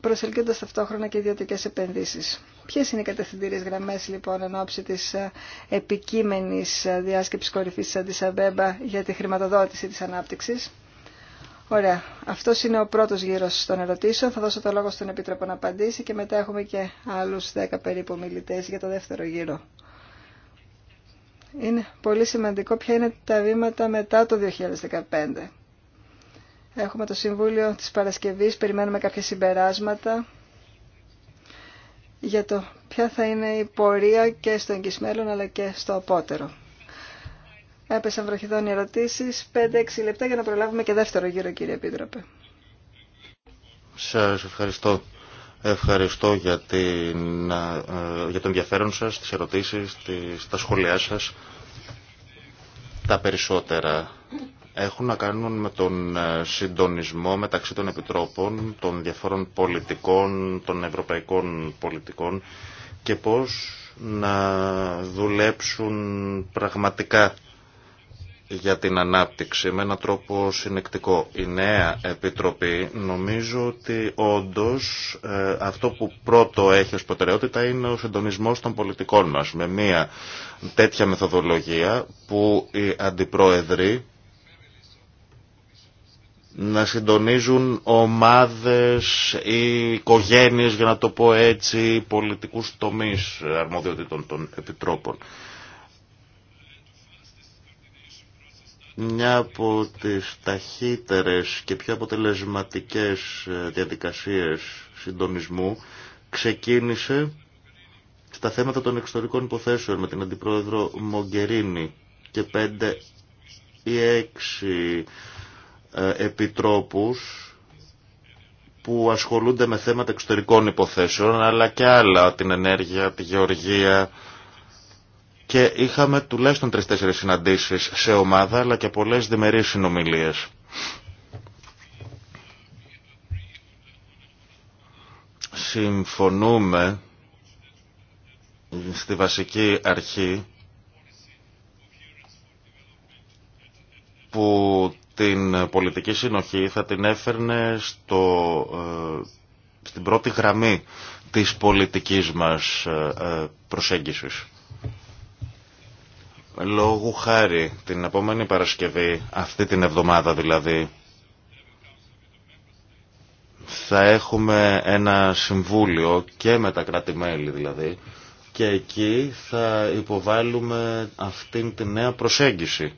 [SPEAKER 1] προσελκύοντας ταυτόχρονα και ιδιωτικές επενδύσεις. Ποιε είναι οι κατευθυντήριε γραμμέ λοιπόν εν ώψη της ε, επικείμενης ε, διάσκεψη κορυφή τη Αντισαμπέμπα για τη χρηματοδότηση τη ανάπτυξη. Ωραία. Αυτό είναι ο πρώτο γύρο των ερωτήσεων. Θα δώσω το λόγο στον Επίτροπο να απαντήσει και μετά έχουμε και άλλου 10 περίπου μιλητέ για το δεύτερο γύρο. Είναι πολύ σημαντικό ποια είναι τα βήματα μετά το 2015. Έχουμε το Συμβούλιο της Παρασκευής, περιμένουμε κάποια συμπεράσματα για το ποια θα είναι η πορεία και στο εγκυσμένο, αλλά και στο απότερο. Έπεσαν βροχηδόν οι ερωτησει 5 5-6 λεπτά για να προλάβουμε και δεύτερο γύρο κύριε Επίτροπε.
[SPEAKER 2] Σας ευχαριστώ. Ευχαριστώ για, την, ε, για το ενδιαφέρον σα, τι ερωτήσεις, τα σχόλιά σας. Τα περισσότερα έχουν να κάνουν με τον ε, συντονισμό μεταξύ των επιτρόπων, των διαφόρων πολιτικών, των ευρωπαϊκών πολιτικών και πώς να δουλέψουν πραγματικά για την ανάπτυξη με έναν τρόπο συνεκτικό. Η νέα Επιτροπή νομίζω ότι όντως ε, αυτό που πρώτο έχει ως προτεραιότητα είναι ο συντονισμός των πολιτικών μας με μια τέτοια μεθοδολογία που οι αντιπρόεδροι να συντονίζουν ομάδες ή οικογένειες, για να το πω έτσι, πολιτικούς τομείς αρμοδιοτήτων των επιτρόπων. Μια από τις ταχύτερες και πιο αποτελεσματικές ε, διαδικασίες συντονισμού ξεκίνησε στα θέματα των εξωτερικών υποθέσεων με την Αντιπρόεδρο Μογκερίνη και πέντε ή έξι ε, επιτρόπους που ασχολούνται με θέματα εξωτερικών υποθέσεων αλλά και άλλα, την ενέργεια, τη γεωργία και είχαμε τουλάχιστον τρεις-τέσσερις συναντήσεις σε ομάδα αλλά και πολλές διμερείς συνομιλίες. Συμφωνούμε στη βασική αρχή που την πολιτική συνοχή θα την έφερνε στο, ε, στην πρώτη γραμμή της πολιτικής μας ε, ε, προσέγγισης. Λόγου χάρη την επόμενη Παρασκευή, αυτή την εβδομάδα δηλαδή, θα έχουμε ένα συμβούλιο και με τα κράτη-μέλη δηλαδή και εκεί θα υποβάλουμε αυτήν την νέα προσέγγιση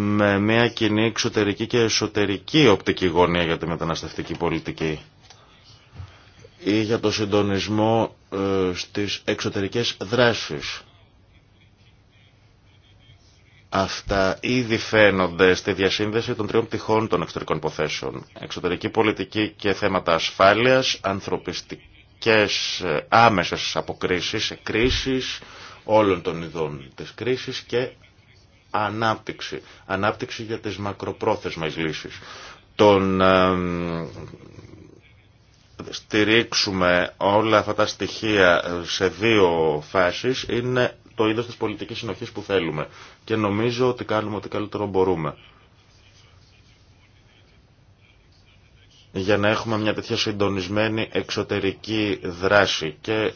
[SPEAKER 2] με μια κοινή εξωτερική και εσωτερική οπτική γωνία για τη μεταναστευτική πολιτική ή για το συντονισμό ε, στις εξωτερικές δράσεις. Αυτά ήδη φαίνονται στη διασύνδεση των τριών πτυχών των εξωτερικών υποθέσεων. Εξωτερική πολιτική και θέματα ασφάλειας, ανθρωπιστικές ε, άμεσες αποκρίσεις, ε, κρίσεις όλων των ειδών της κρίσης και ανάπτυξη. Ανάπτυξη για τις μακροπρόθεσμες λύσεις. Τον στηρίξουμε όλα αυτά τα στοιχεία ε, σε δύο φάσεις είναι το είδος της πολιτικής συνοχής που θέλουμε. Και νομίζω ότι κάνουμε ό,τι καλύτερο μπορούμε. για να έχουμε μια τέτοια συντονισμένη εξωτερική δράση και ε,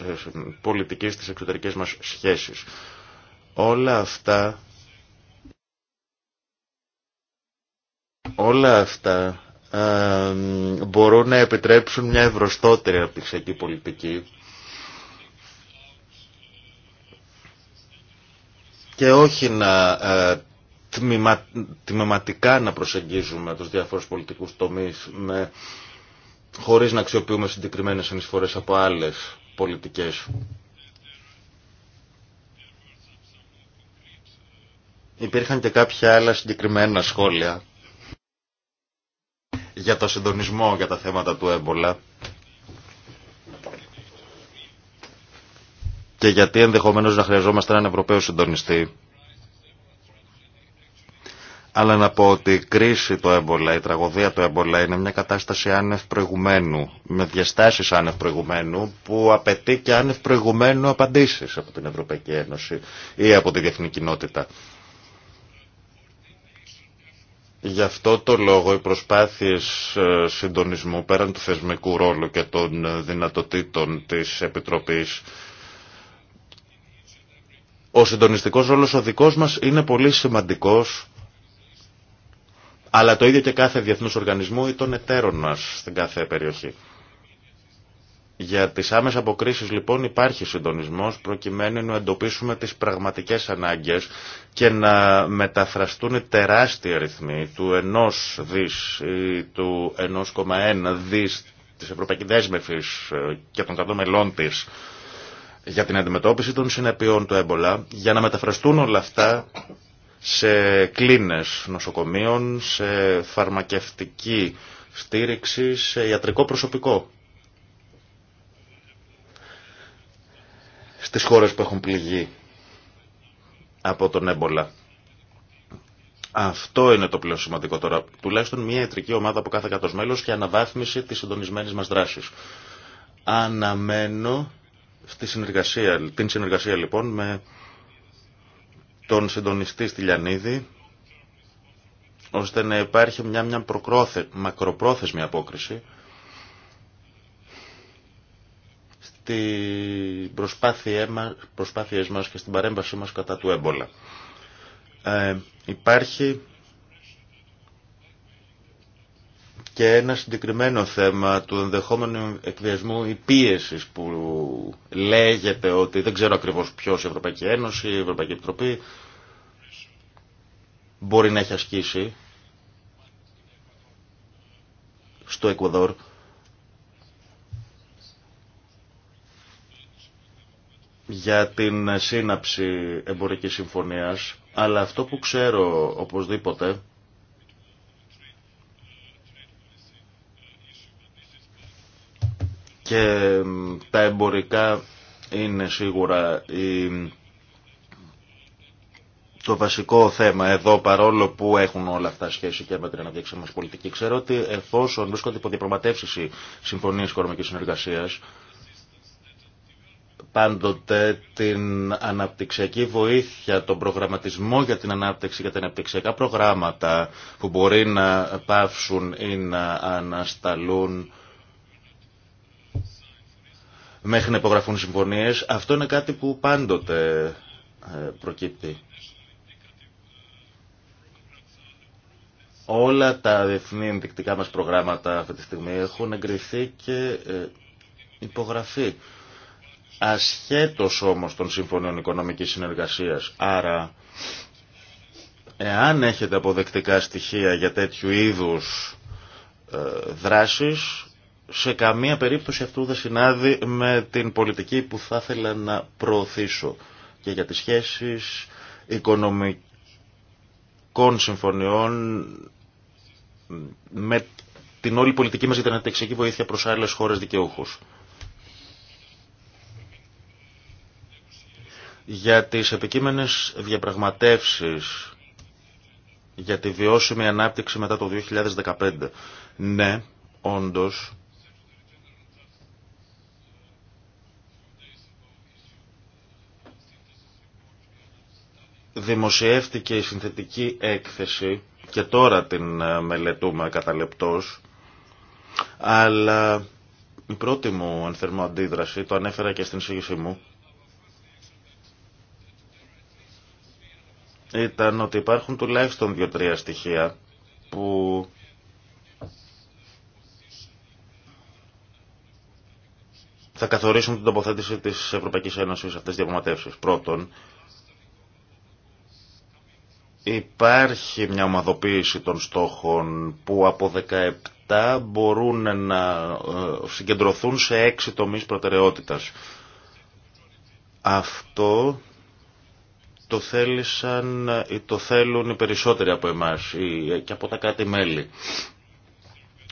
[SPEAKER 2] πολιτική στις εξωτερικές μας σχέσεις. Όλα αυτά Όλα αυτά ε, μπορούν να επιτρέψουν μια ευρωστότερη αναπτυξιακή πολιτική και όχι να ε, τμημα, τμηματικά να προσεγγίζουμε τους διάφορους πολιτικούς τομείς με, χωρίς να αξιοποιούμε συγκεκριμένες ενισφορές από άλλες πολιτικές. Υπήρχαν και κάποια άλλα συγκεκριμένα σχόλια για το συντονισμό για τα θέματα του έμπολα και γιατί ενδεχομένως να χρειαζόμαστε έναν Ευρωπαίο συντονιστή. Αλλά να πω ότι η κρίση του έμπολα, η τραγωδία του έμπολα είναι μια κατάσταση άνευ προηγουμένου, με διαστάσεις άνευ προηγουμένου που απαιτεί και άνευ προηγουμένου απαντήσεις από την Ευρωπαϊκή Ένωση ή από τη διεθνή κοινότητα. Γι' αυτό το λόγο οι προσπάθειες ε, συντονισμού πέραν του θεσμικού ρόλου και των ε, δυνατοτήτων της Επιτροπής ο συντονιστικός ρόλος ο δικός μας είναι πολύ σημαντικός αλλά το ίδιο και κάθε διεθνούς οργανισμού ή των εταίρων μας στην κάθε περιοχή. Για τις άμεσα αποκρίσεις λοιπόν υπάρχει συντονισμός προκειμένου να εντοπίσουμε τις πραγματικές ανάγκες και να μεταφραστούν οι τεράστιοι αριθμοί του 1 δις ή του 1,1 δις της Ευρωπαϊκής Δέσμευσης ε, και των κρατών μελών της για την αντιμετώπιση των συνεπειών του έμπολα για να μεταφραστούν όλα αυτά σε κλίνες νοσοκομείων, σε φαρμακευτική στήριξη, σε ιατρικό προσωπικό στις χώρες που έχουν πληγεί από τον έμπολα. Αυτό είναι το πλέον σημαντικό τώρα. Τουλάχιστον μια ιατρική ομάδα από κάθε κατός μέλος και αναβάθμιση της συντονισμένης μας δράσης. Αναμένω στη συνεργασία, την συνεργασία λοιπόν με τον συντονιστή Στυλιανίδη ώστε να υπάρχει μια, μια μακροπρόθεσμη απόκριση στην προσπάθειές μας και στην παρέμβασή μας κατά του έμπολα. Ε, υπάρχει και ένα συγκεκριμένο θέμα του ενδεχόμενου εκβιασμού ή πίεση που λέγεται ότι δεν ξέρω ακριβώς ποιος η Ευρωπαϊκή Ένωση, η Ευρωπαϊκή Επιτροπή μπορεί να έχει ασκήσει στο Εκουαδόρ για την σύναψη εμπορικής συμφωνίας, αλλά αυτό που ξέρω οπωσδήποτε και τα εμπορικά είναι σίγουρα το βασικό θέμα εδώ παρόλο που έχουν όλα αυτά σχέση και με την αναδείξη πολιτική. Ξέρω ότι εφόσον βρίσκονται υπό διαπραγματεύσεις οι συμφωνίες οικονομικής συνεργασίας πάντοτε την αναπτυξιακή βοήθεια, τον προγραμματισμό για την ανάπτυξη, για τα αναπτυξιακά προγράμματα που μπορεί να πάυσουν ή να ανασταλούν μέχρι να υπογραφούν συμφωνίες. Αυτό είναι κάτι που πάντοτε ε, προκύπτει. Όλα τα διεθνή ενδεικτικά μας προγράμματα αυτή τη στιγμή έχουν εγκριθεί και ε, υπογραφεί ασχέτως όμως των συμφωνιών οικονομικής συνεργασίας. Άρα, εάν έχετε αποδεκτικά στοιχεία για τέτοιου είδους ε, δράσεις, σε καμία περίπτωση αυτού δεν συνάδει με την πολιτική που θα ήθελα να προωθήσω και για τις σχέσεις οικονομικών συμφωνιών με την όλη πολιτική μας για την βοήθεια προς άλλες χώρες δικαιούχους. για τις επικείμενες διαπραγματεύσεις για τη βιώσιμη ανάπτυξη μετά το 2015. Ναι, όντως, δημοσιεύτηκε η συνθετική έκθεση και τώρα την ε, μελετούμε κατά αλλά η πρώτη μου ενθερμό αντίδραση, το ανέφερα και στην σύγχυση μου, ήταν ότι υπάρχουν τουλάχιστον δύο-τρία στοιχεία που θα καθορίσουν την τοποθέτηση της Ευρωπαϊκής Ένωσης σε αυτές τις διαπραγματεύσεις. Πρώτον, υπάρχει μια ομαδοποίηση των στόχων που από 17 μπορούν να ε, συγκεντρωθούν σε έξι τομείς προτεραιότητας. Αυτό το θέλησαν το θέλουν οι περισσότεροι από εμάς και από τα κάτι μέλη.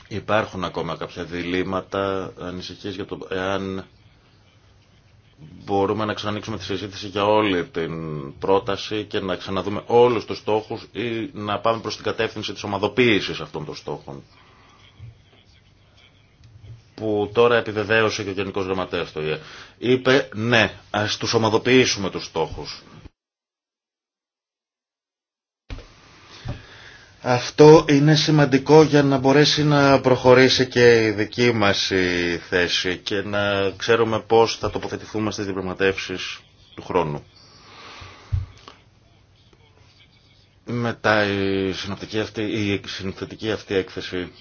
[SPEAKER 2] Υπάρχουν ακόμα κάποια διλήμματα, ανησυχίες για το εάν μπορούμε να ξανανοίξουμε τη συζήτηση για όλη την πρόταση και να ξαναδούμε όλους τους στόχους ή να πάμε προς την κατεύθυνση της ομαδοποίησης αυτών των στόχων που τώρα επιβεβαίωσε και ο Γενικός Γραμματέας το ΙΕ. Είπε ναι, ας τους ομαδοποιήσουμε τους στόχους Αυτό είναι σημαντικό για να μπορέσει να προχωρήσει και η δική μας η θέση και να ξέρουμε πώς θα τοποθετηθούμε στις διπλωματεύσεις του χρόνου. Μετά η, συνοπτική αυτή, η συνθετική αυτή έκθεση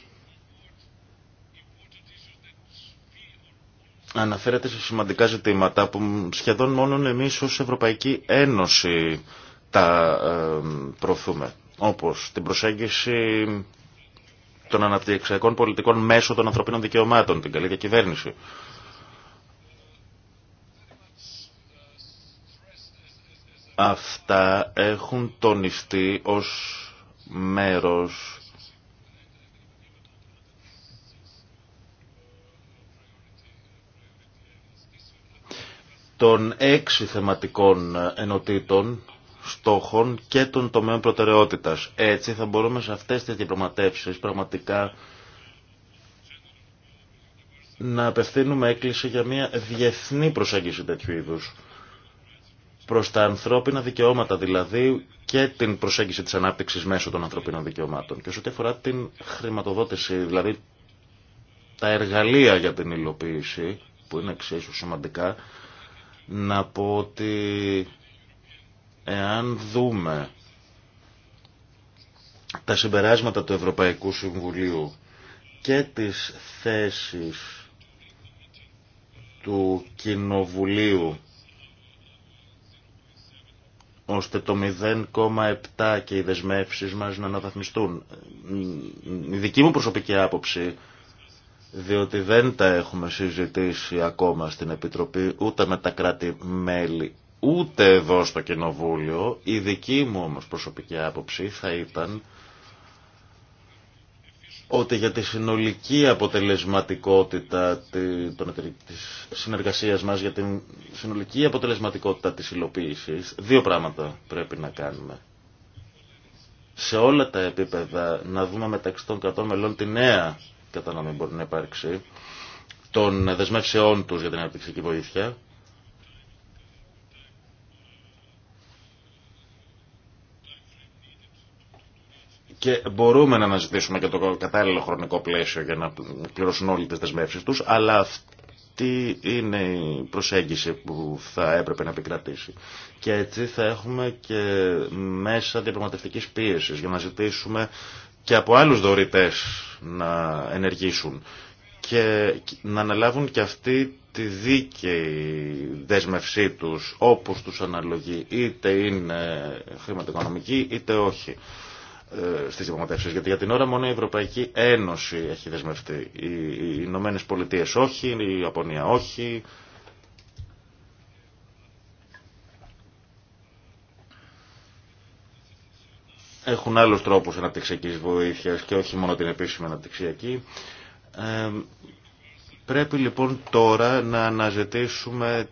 [SPEAKER 2] αναφέρεται σε σημαντικά ζητήματα που σχεδόν μόνο εμείς ως Ευρωπαϊκή Ένωση τα ε, προωθούμε όπως την προσέγγιση των αναπτυξιακών πολιτικών μέσω των ανθρωπίνων δικαιωμάτων, την καλή διακυβέρνηση. Αυτά έχουν τονιστεί ως μέρος των έξι θεματικών ενωτήτων στόχων και των τομέων προτεραιότητας. Έτσι θα μπορούμε σε αυτές τις διαπραγματεύσεις πραγματικά να απευθύνουμε έκκληση για μια διεθνή προσέγγιση τέτοιου είδους προς τα ανθρώπινα δικαιώματα δηλαδή και την προσέγγιση της ανάπτυξης μέσω των ανθρωπίνων δικαιωμάτων και σε ό,τι αφορά την χρηματοδότηση, δηλαδή τα εργαλεία για την υλοποίηση που είναι εξίσου σημαντικά να πω ότι Εάν δούμε τα συμπεράσματα του Ευρωπαϊκού Συμβουλίου και τις θέσεις του Κοινοβουλίου ώστε το 0,7 και οι δεσμεύσει μας να αναβαθμιστούν. Η δική μου προσωπική άποψη, διότι δεν τα έχουμε συζητήσει ακόμα στην Επιτροπή, ούτε με τα κράτη-μέλη ούτε εδώ στο Κοινοβούλιο. Η δική μου όμως προσωπική άποψη θα ήταν ότι για τη συνολική αποτελεσματικότητα της συνεργασίας μας, για την συνολική αποτελεσματικότητα της υλοποίησης, δύο πράγματα πρέπει να κάνουμε. Σε όλα τα επίπεδα να δούμε μεταξύ των κρατών μελών τη νέα κατανομή μπορεί να υπάρξει, των δεσμεύσεών τους για την αναπτυξική βοήθεια, και μπορούμε να αναζητήσουμε και το κατάλληλο χρονικό πλαίσιο για να πληρώσουν όλοι τις δεσμεύσεις τους, αλλά αυτή είναι η προσέγγιση που θα έπρεπε να επικρατήσει. Και έτσι θα έχουμε και μέσα διαπραγματευτικής πίεσης για να ζητήσουμε και από άλλους δωρητές να ενεργήσουν και να αναλάβουν και αυτοί τη δίκαιη δέσμευσή τους όπως τους αναλογεί, είτε είναι χρηματοοικονομική είτε όχι. Ε, στις διαπραγματεύσεις, γιατί για την ώρα μόνο η Ευρωπαϊκή Ένωση έχει δεσμευτεί. Οι Ηνωμένε Πολιτείε όχι, η Ιαπωνία όχι. Έχουν άλλους τρόπους αναπτυξιακής βοήθειας και όχι μόνο την επίσημη αναπτυξιακή. Ε, πρέπει λοιπόν τώρα να αναζητήσουμε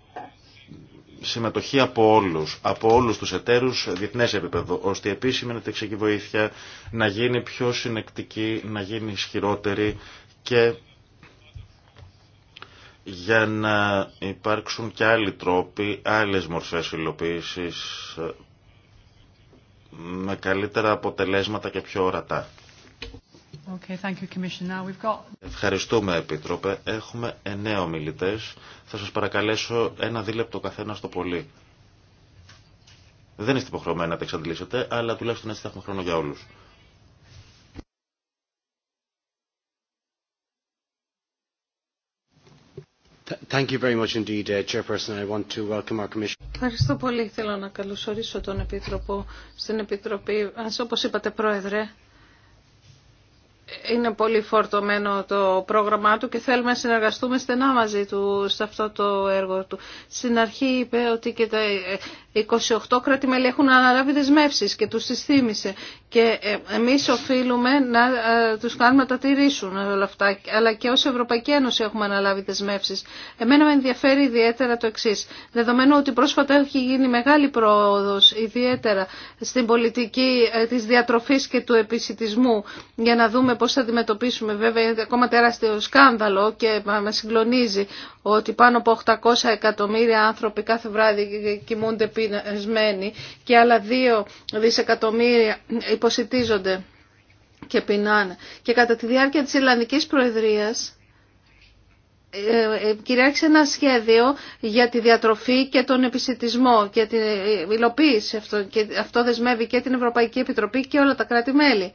[SPEAKER 2] συμμετοχή από όλους, από όλους τους εταίρους διεθνέ επίπεδο, ώστε η επίσημη βοήθεια να γίνει πιο συνεκτική, να γίνει ισχυρότερη και για να υπάρξουν και άλλοι τρόποι, άλλες μορφές υλοποίησης με καλύτερα αποτελέσματα και πιο ορατά. Ευχαριστούμε, Επίτροπε. Έχουμε εννέα ομιλητέ. Θα σα παρακαλέσω ένα δίλεπτο καθένα στο πολύ. Δεν είστε υποχρεωμένοι να τα εξαντλήσετε, αλλά τουλάχιστον έτσι θα έχουμε χρόνο για όλου. Uh,
[SPEAKER 3] Ευχαριστώ πολύ. Θέλω να καλωσορίσω τον Επίτροπο στην Επιτροπή. Όπως είπατε, Πρόεδρε, είναι πολύ φορτωμένο το πρόγραμμά του και θέλουμε να συνεργαστούμε στενά μαζί του σε αυτό το έργο του. Στην αρχή είπε ότι και τα 28 κράτη-μέλη έχουν αναλάβει δεσμεύσει και τους τις θύμισε. Και ε, εμείς οφείλουμε να ε, τους κάνουμε να τα τηρήσουν όλα αυτά. Αλλά και ως Ευρωπαϊκή Ένωση έχουμε αναλάβει δεσμεύσει. Εμένα με ενδιαφέρει ιδιαίτερα το εξή. Δεδομένου ότι πρόσφατα έχει γίνει μεγάλη πρόοδος ιδιαίτερα στην πολιτική ε, της διατροφής και του επισητισμού για να δούμε πώς θα αντιμετωπίσουμε. Βέβαια είναι ακόμα τεράστιο σκάνδαλο και με συγκλονίζει ότι πάνω από 800 εκατομμύρια άνθρωποι κάθε βράδυ κοιμούνται πεινασμένοι και άλλα 2 δισεκατομμύρια υποσυτίζονται και πεινάνε. Και κατά τη διάρκεια της Ιλλανδικής Προεδρίας ε, ε, κυριάρχησε ένα σχέδιο για τη διατροφή και τον επισητισμό και την ε, υλοποίηση αυτό, και αυτό δεσμεύει και την Ευρωπαϊκή Επιτροπή και όλα τα κράτη-μέλη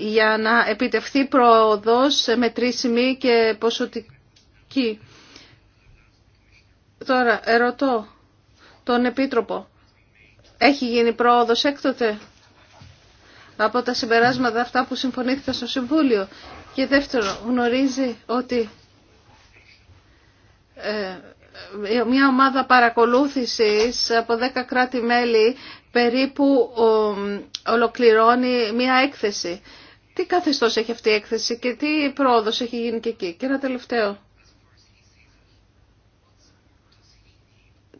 [SPEAKER 3] για να επιτευχθεί προοδός μετρήσιμη και ποσοτική. Τώρα ερωτώ τον Επίτροπο. Έχει γίνει πρόοδος έκτοτε από τα συμπεράσματα αυτά που συμφωνήθηκαν στο Συμβούλιο. Και δεύτερο, γνωρίζει ότι ε, ε, μια ομάδα παρακολούθησης από 10 κράτη-μέλη περίπου ολοκληρώνει μια έκθεση. Τι καθεστώς έχει αυτή η έκθεση και τι πρόοδος έχει γίνει και εκεί. Και ένα τελευταίο.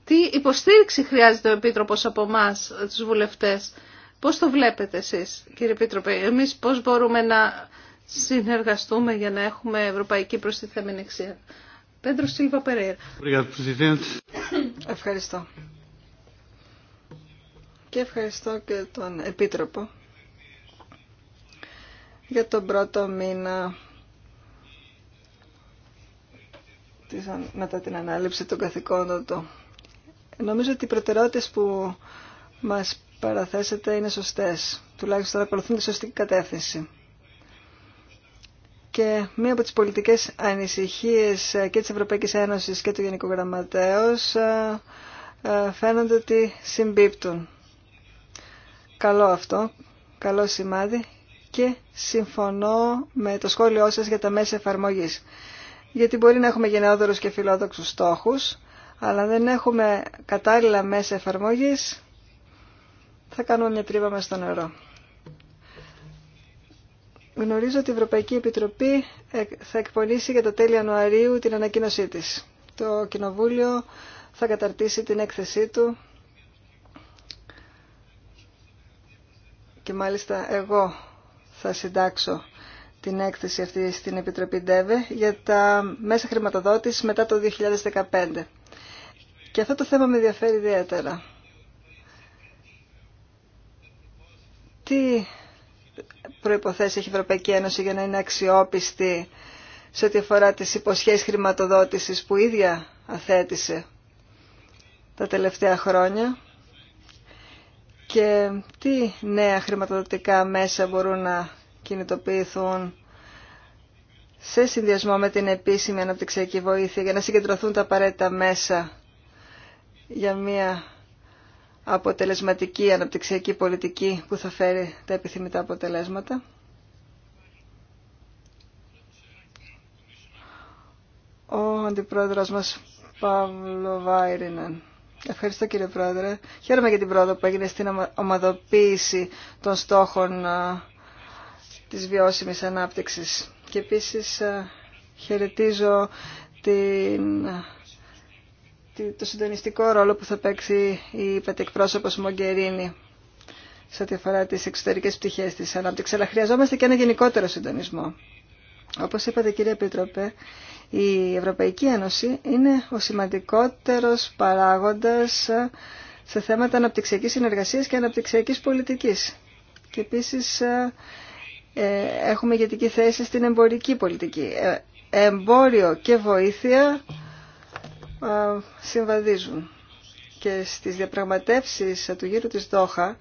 [SPEAKER 3] Τι υποστήριξη χρειάζεται ο Επίτροπος από εμά, τους βουλευτές. Πώς το βλέπετε εσείς, κύριε Επίτροπε. Εμείς πώς μπορούμε να συνεργαστούμε για να έχουμε ευρωπαϊκή προστιθέμενη Πέντρο Σίλβα Περέιρα. Ευχαριστώ.
[SPEAKER 1] Και ευχαριστώ και τον Επίτροπο για τον πρώτο μήνα μετά την ανάληψη των καθηκόντων του. Νομίζω ότι οι προτεραιότητες που μας παραθέσετε είναι σωστές. Τουλάχιστον ακολουθούν τη σωστή κατεύθυνση. Και μία από τις πολιτικές ανησυχίες ε, και της Ευρωπαϊκής Ένωσης και του Γενικού Γραμματέως ε, ε, φαίνονται ότι συμπίπτουν. Καλό αυτό, καλό σημάδι και συμφωνώ με το σχόλιο σας για τα μέσα εφαρμογής. Γιατί μπορεί να έχουμε γενναιόδορους και φιλόδοξους στόχους, αλλά δεν έχουμε κατάλληλα μέσα εφαρμογής, θα κάνουμε μια τρύπα στο νερό. Γνωρίζω ότι η Ευρωπαϊκή Επιτροπή ε, θα εκπονήσει για το τέλη Ιανουαρίου την ανακοίνωσή της. Το Κοινοβούλιο θα καταρτήσει την έκθεσή του και μάλιστα εγώ θα συντάξω την έκθεση αυτή στην Επιτροπή ΝΤΕΒΕ για τα μέσα χρηματοδότηση μετά το 2015. Και αυτό το θέμα με ενδιαφέρει ιδιαίτερα. Τι προϋποθέσεις έχει η Ευρωπαϊκή Ένωση για να είναι αξιόπιστη σε ό,τι αφορά τις υποσχέσεις χρηματοδότησης που ίδια αθέτησε τα τελευταία χρόνια και τι νέα χρηματοδοτικά μέσα μπορούν να κινητοποιηθούν σε συνδυασμό με την επίσημη αναπτυξιακή βοήθεια για να συγκεντρωθούν τα απαραίτητα μέσα για μια αποτελεσματική αναπτυξιακή πολιτική που θα φέρει τα επιθυμητά αποτελέσματα. Ο αντιπρόεδρος μας Παύλο Βάιρινεν. Ευχαριστώ κύριε Πρόεδρε. Χαίρομαι για την πρόοδο που έγινε στην ομαδοποίηση των στόχων της βιώσιμης ανάπτυξης. Και επίσης χαιρετίζω την το συντονιστικό ρόλο που θα παίξει η πατεκπρόσωπος Μογκερίνη σε ό,τι αφορά τις εξωτερικές πτυχές της ανάπτυξης. Αλλά χρειαζόμαστε και ένα γενικότερο συντονισμό. Όπως είπατε κύριε Επίτροπε, η Ευρωπαϊκή Ένωση είναι ο σημαντικότερος παράγοντας σε θέματα αναπτυξιακής συνεργασίας και αναπτυξιακής πολιτικής. Και επίσης ε, ε, έχουμε ηγετική θέση στην εμπορική πολιτική. Ε, εμπόριο και βοήθεια συμβαδίζουν. Και στις διαπραγματεύσεις του γύρου της Δόχα,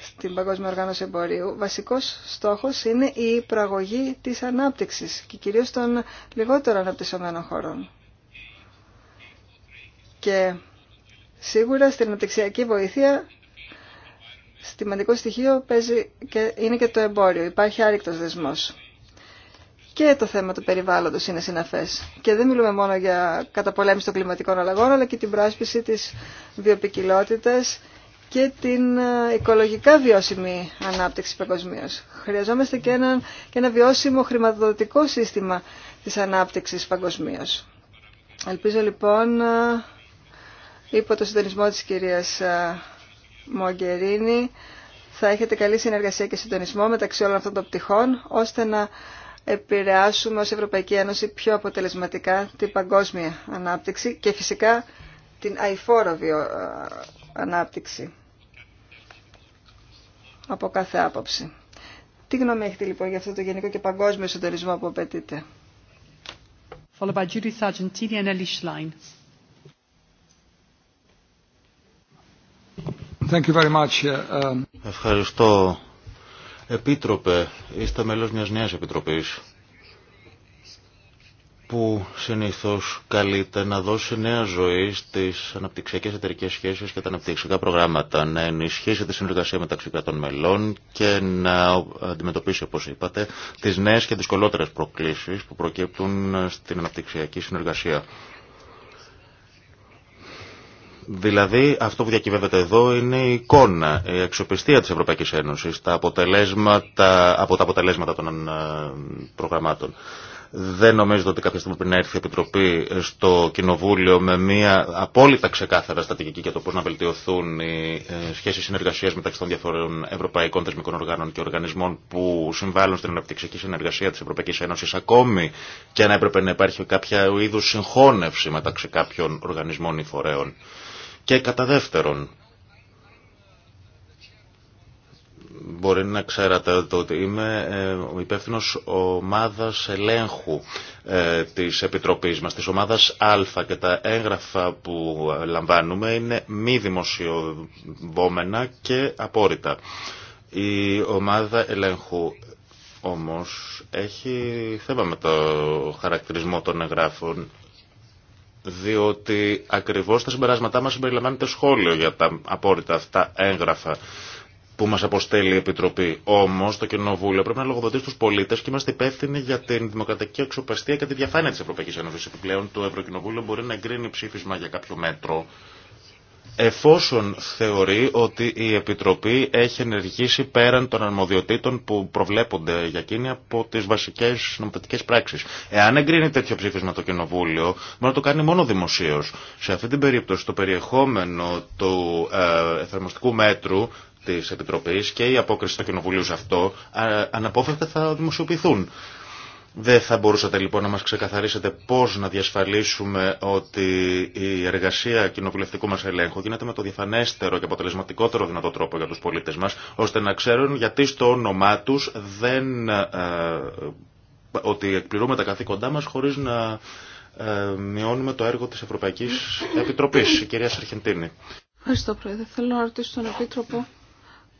[SPEAKER 1] στην Παγκόσμια Οργάνωση Εμπορίου, βασικός στόχος είναι η προαγωγή της ανάπτυξης και κυρίως των λιγότερων αναπτυσσομένων χωρών. Και σίγουρα στην αναπτυξιακή βοήθεια σημαντικό στοιχείο παίζει και, είναι και το εμπόριο. Υπάρχει άρρηκτος δεσμός και το θέμα του περιβάλλοντος είναι συναφές. Και δεν μιλούμε μόνο για καταπολέμηση των κλιματικών αλλαγών, αλλά και την πρόσπιση της βιοπικιλότητας και την ε, οικολογικά βιώσιμη ανάπτυξη παγκοσμίω. Χρειαζόμαστε και ένα, και ένα βιώσιμο χρηματοδοτικό σύστημα της ανάπτυξης παγκοσμίω. Ελπίζω λοιπόν ε, υπό το συντονισμό της κυρίας ε, Μογκερίνη θα έχετε καλή συνεργασία και συντονισμό μεταξύ όλων αυτών των πτυχών ώστε να επηρεάσουμε ως Ευρωπαϊκή Ένωση πιο αποτελεσματικά την παγκόσμια ανάπτυξη και φυσικά την αηφόρο ε, ανάπτυξη από κάθε άποψη. Τι γνώμη έχετε λοιπόν για αυτό το γενικό και παγκόσμιο εσωτερισμό που απαιτείται.
[SPEAKER 3] Uh,
[SPEAKER 2] um, Ευχαριστώ Επίτροπε, είστε μέλος μιας νέας επιτροπής που συνήθως καλείται να δώσει νέα ζωή στις αναπτυξιακές εταιρικές σχέσεις και τα αναπτυξιακά προγράμματα, να ενισχύσει τη συνεργασία μεταξύ κρατών μελών και να αντιμετωπίσει, όπως είπατε, τις νέες και δυσκολότερες προκλήσεις που προκύπτουν στην αναπτυξιακή συνεργασία. Δηλαδή αυτό που διακυβεύεται εδώ είναι η εικόνα, η αξιοπιστία της Ευρωπαϊκής Ένωσης, τα αποτελέσματα, από τα αποτελέσματα των ε, προγραμμάτων. Δεν νομίζω ότι κάποια στιγμή να έρθει η Επιτροπή στο Κοινοβούλιο με μια απόλυτα ξεκάθαρα στρατηγική για το πώ να βελτιωθούν οι ε, σχέσει συνεργασία μεταξύ των διαφορών ευρωπαϊκών θεσμικών οργάνων και οργανισμών που συμβάλλουν στην αναπτυξιακή συνεργασία τη Ευρωπαϊκή Ένωση, ακόμη και αν έπρεπε να υπάρχει κάποια είδου συγχώνευση μεταξύ κάποιων οργανισμών ή φορέων. Και κατά δεύτερον, μπορεί να ξέρατε ότι είμαι ε, ο υπεύθυνο ομάδα ελέγχου ε, τη Επιτροπή μα, τη ομάδα Α και τα έγγραφα που λαμβάνουμε είναι μη δημοσιοβομενά και απόρριτα. Η ομάδα ελέγχου όμως έχει θέμα με το χαρακτηρισμό των εγγράφων διότι ακριβώς στα συμπεράσματά μας συμπεριλαμβάνεται σχόλιο για τα απόρριτα αυτά έγγραφα που μας αποστέλει η Επιτροπή. Όμως το Κοινοβούλιο πρέπει να λογοδοτεί στους πολίτες και είμαστε υπεύθυνοι για την δημοκρατική αξιοπαστία και τη διαφάνεια της Ευρωπαϊκής Ένωσης. Επιπλέον το Ευρωκοινοβούλιο μπορεί να εγκρίνει ψήφισμα για κάποιο μέτρο εφόσον θεωρεί ότι η Επιτροπή έχει ενεργήσει πέραν των αρμοδιοτήτων που προβλέπονται για εκείνη από τις βασικές νομοθετικές πράξεις. Εάν εγκρίνει τέτοιο ψήφισμα το Κοινοβούλιο, μπορεί να το κάνει μόνο δημοσίως. Σε αυτή την περίπτωση το περιεχόμενο του ε, εφαρμοστικού μέτρου της Επιτροπής και η απόκριση του Κοινοβουλίου σε αυτό ε, αναπόφευκτα θα δημοσιοποιηθούν. Δεν θα μπορούσατε λοιπόν να μας ξεκαθαρίσετε πώς να διασφαλίσουμε ότι η εργασία κοινοβουλευτικού μας ελέγχου γίνεται με το διαφανέστερο και αποτελεσματικότερο δυνατό τρόπο για τους πολίτες μας, ώστε να ξέρουν γιατί στο όνομά τους δεν, ε, ότι εκπληρούμε τα καθήκοντά μας χωρίς να ε, μειώνουμε το έργο της Ευρωπαϊκής Επιτροπής, η κυρία Σαρχεντίνη.
[SPEAKER 3] Ευχαριστώ Πρόεδρε. Θέλω να ρωτήσω τον Επίτροπο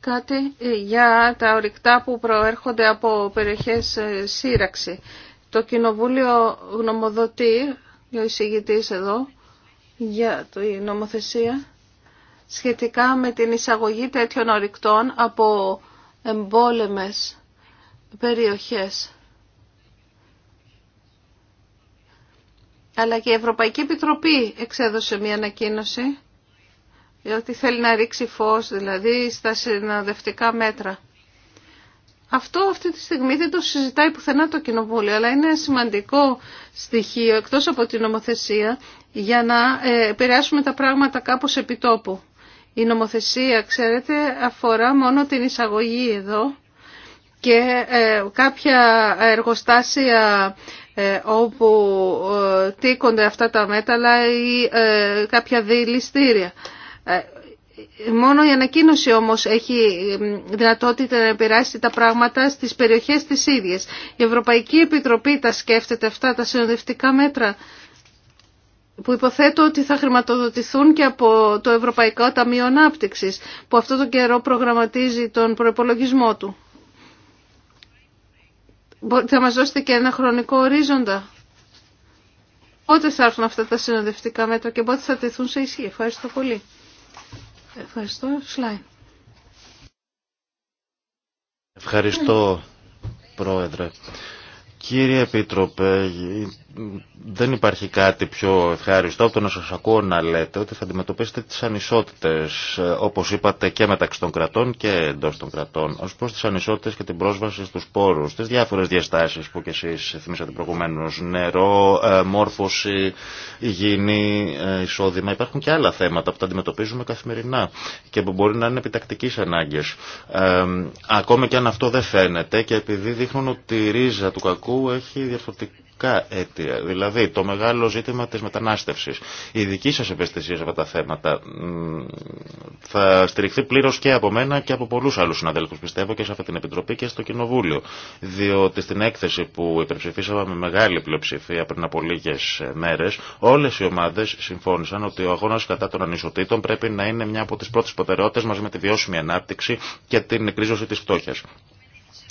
[SPEAKER 3] κάτι ε, για τα ορυκτά που προέρχονται από περιοχές ε, σύραξη. Το Κοινοβούλιο γνωμοδοτεί, ο εισηγητής εδώ, για τη νομοθεσία σχετικά με την εισαγωγή τέτοιων ορυκτών από εμπόλεμες περιοχές. Αλλά και η Ευρωπαϊκή Επιτροπή εξέδωσε μια ανακοίνωση ε, ότι θέλει να ρίξει φως δηλαδή στα συναδευτικά μέτρα. Αυτό αυτή τη στιγμή δεν το συζητάει πουθενά το Κοινοβούλιο, αλλά είναι σημαντικό στοιχείο εκτός από την νομοθεσία για να ε, επηρεάσουμε τα πράγματα κάπως επιτόπου. Η νομοθεσία, ξέρετε, αφορά μόνο την εισαγωγή εδώ και ε, κάποια εργοστάσια όπου τίκονται αυτά τα μέταλλα ή κάποια δηληστήρια. Ε, μόνο η ανακοίνωση όμως έχει δυνατότητα να επηρεάσει τα πράγματα στις περιοχές της ίδιας. Η Ευρωπαϊκή Επιτροπή τα σκέφτεται αυτά τα συνοδευτικά μέτρα που υποθέτω ότι θα χρηματοδοτηθούν και από το Ευρωπαϊκό Ταμείο Ανάπτυξης που αυτό το καιρό προγραμματίζει τον προπολογισμό του. Θα μας δώσετε και ένα χρονικό ορίζοντα. Πότε θα έρθουν αυτά τα συνοδευτικά μέτρα και πότε θα τεθούν σε ισχύ. Ευχαριστώ πολύ. Ευχαριστώ. Σλάι.
[SPEAKER 2] Ευχαριστώ, Πρόεδρε. Κύριε Επίτροπε, δεν υπάρχει κάτι πιο ευχάριστο από το να σας ακούω να λέτε ότι θα αντιμετωπίσετε τις ανισότητες, ε, όπως είπατε και μεταξύ των κρατών και εντός των κρατών, ως προς τις ανισότητες και την πρόσβαση στους πόρους, τις διάφορες διαστάσεις που κι εσείς θυμήσατε προηγουμένως, νερό, ε, μόρφωση, υγιεινή, ε, εισόδημα, υπάρχουν και άλλα θέματα που τα αντιμετωπίζουμε καθημερινά και που μπορεί να είναι επιτακτικής ε, ακόμα και αν αυτό δεν φαίνεται και επειδή δείχνουν ότι η ρίζα του κακού έχει διαφορετική αίτια, δηλαδή το μεγάλο ζήτημα της μετανάστευσης. Η δική σας ευαισθησία σε αυτά τα θέματα θα στηριχθεί πλήρως και από μένα και από πολλούς άλλους συναδέλφους πιστεύω και σε αυτή την Επιτροπή και στο Κοινοβούλιο. Διότι στην έκθεση που υπερψηφίσαμε με μεγάλη πλειοψηφία πριν από λίγες μέρες, όλες οι ομάδες συμφώνησαν ότι ο αγώνας κατά των ανισοτήτων πρέπει να είναι μια από τις πρώτες προτεραιότητες μαζί με τη βιώσιμη ανάπτυξη και την εκρίζωση της φτώχειας.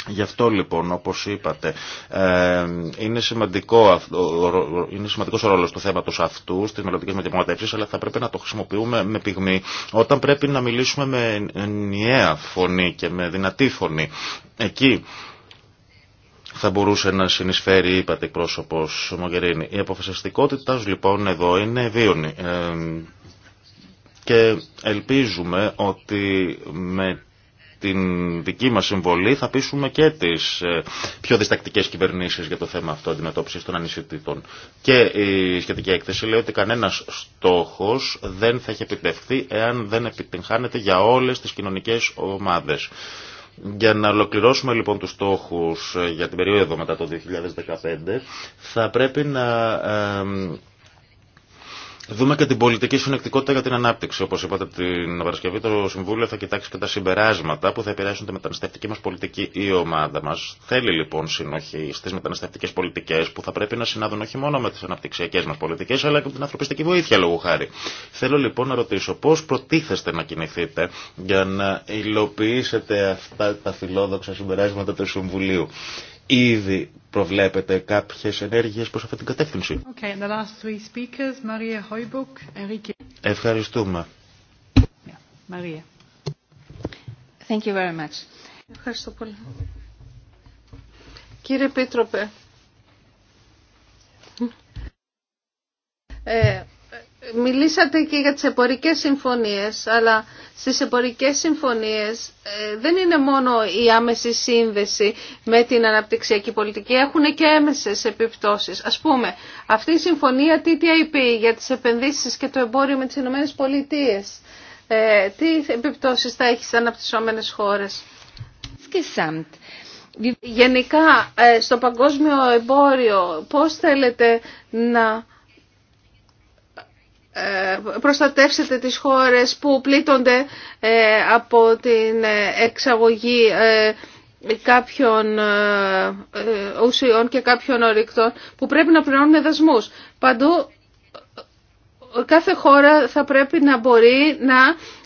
[SPEAKER 2] Γι' αυτό λοιπόν, όπως είπατε, ε, είναι, σημαντικό, είναι σημαντικός ο ρόλος του θέματος αυτού στις μελλοντικές μεταπραγματεύσεις, αλλά θα πρέπει να το χρησιμοποιούμε με πυγμή όταν πρέπει να μιλήσουμε με ενιαία φωνή και με δυνατή φωνή. Εκεί θα μπορούσε να συνεισφέρει, είπατε, εκπρόσωπος Μογκερίνη. Η αποφασιστικότητα λοιπόν εδώ είναι βίωνη. Ε, και ελπίζουμε ότι με την δική μας συμβολή θα πείσουμε και τις ε, πιο διστακτικές κυβερνήσεις για το θέμα αυτό αντιμετώπιση των ανησυχητήτων. Και η σχετική έκθεση λέει ότι κανένας στόχος δεν θα έχει επιτευχθεί εάν δεν επιτυγχάνεται για όλες τις κοινωνικές ομάδες. Για να ολοκληρώσουμε λοιπόν τους στόχους ε, για την περίοδο μετά το 2015 θα πρέπει να ε, δούμε και την πολιτική συνεκτικότητα για την ανάπτυξη. Όπω είπατε την Παρασκευή, το Συμβούλιο θα κοιτάξει και τα συμπεράσματα που θα επηρεάσουν τη μεταναστευτική μα πολιτική ή η ομαδα μα. Θέλει λοιπόν συνοχή στι μεταναστευτικέ πολιτικέ που θα πρέπει να συνάδουν όχι μόνο με τι αναπτυξιακέ μα πολιτικέ, αλλά και με την ανθρωπιστική βοήθεια λόγου χάρη. Θέλω λοιπόν να ρωτήσω πώ προτίθεστε να κινηθείτε για να υλοποιήσετε αυτά τα φιλόδοξα συμπεράσματα του Συμβουλίου. Ήδη προβλέπετε κάποιες ενέργειες προς αυτή την κατεύθυνση.
[SPEAKER 3] Okay, the last three speakers, Maria Heubuck, Enrique.
[SPEAKER 2] Ευχαριστούμε.
[SPEAKER 3] Yeah, Maria. Thank you very much. Ευχαριστώ πολύ. Κύριε Πίτροπε, ε, Μιλήσατε και για τις εμπορικές συμφωνίες, αλλά στις εμπορικές συμφωνίες ε, δεν είναι μόνο η άμεση σύνδεση με την αναπτυξιακή πολιτική, έχουν και έμεσες επιπτώσεις. Ας πούμε, αυτή η συμφωνία TTIP για τις επενδύσεις και το εμπόριο με τις Ηνωμένες Πολιτείες, ε, τι επιπτώσεις θα έχει στις αναπτυσσόμενες χώρες. Γενικά, ε, στο παγκόσμιο εμπόριο, πώς θέλετε να ε, προστατεύσετε τις χώρες που πλήττονται ε, από την ε, εξαγωγή κάποιων ουσιών και κάποιων ορυκτών που πρέπει να πληρώνουν δασμούς. Παντού κάθε χώρα θα πρέπει να μπορεί να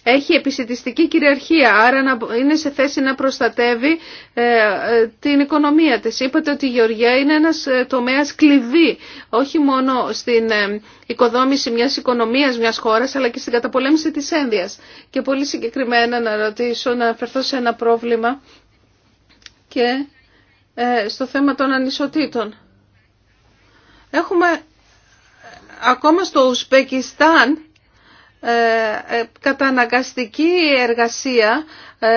[SPEAKER 3] έχει επισητιστική κυριαρχία, άρα να είναι σε θέση να προστατεύει ε, ε, την οικονομία της. Είπατε ότι η Γεωργία είναι ένας ε, τομέας κλειδί, όχι μόνο στην οικοδόμηση μιας οικονομίας μιας χώρας, αλλά και στην καταπολέμηση της ένδυας. Και πολύ συγκεκριμένα να ρωτήσω, να αναφερθώ σε ένα πρόβλημα και στο θέμα των ανισοτήτων. Έχουμε ακόμα στο Ουσπεκιστάν ε, ε, καταναγκαστική εργασία ε,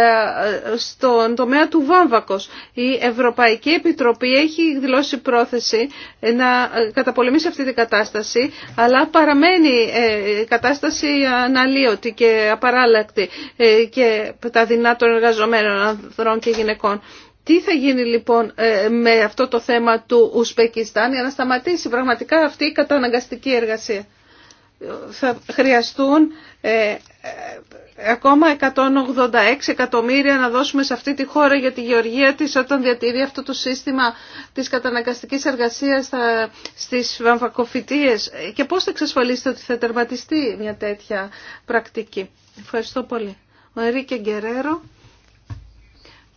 [SPEAKER 3] στον τομέα του βάμβακος. Η Ευρωπαϊκή Επιτροπή έχει δηλώσει πρόθεση να καταπολεμήσει αυτή την κατάσταση, αλλά παραμένει η κατάσταση αναλύωτη και απαράλλακτη και τα δεινά των εργαζομένων ανδρών και γυναικών. Τι θα γίνει λοιπόν ε, με αυτό το θέμα του Ουσπεκιστάν για να σταματήσει πραγματικά αυτή η καταναγκαστική εργασία. Θα χρειαστούν ε, ε, ακόμα 186 εκατομμύρια να δώσουμε σε αυτή τη χώρα για τη γεωργία της όταν διατηρεί αυτό το σύστημα της καταναγκαστικής εργασίας στα, στις βαμβακοφυτίες. Και πώς θα εξασφαλίσετε ότι θα τερματιστεί μια τέτοια πρακτική. Ευχαριστώ πολύ. Ο Ερίκε Γκερέρο.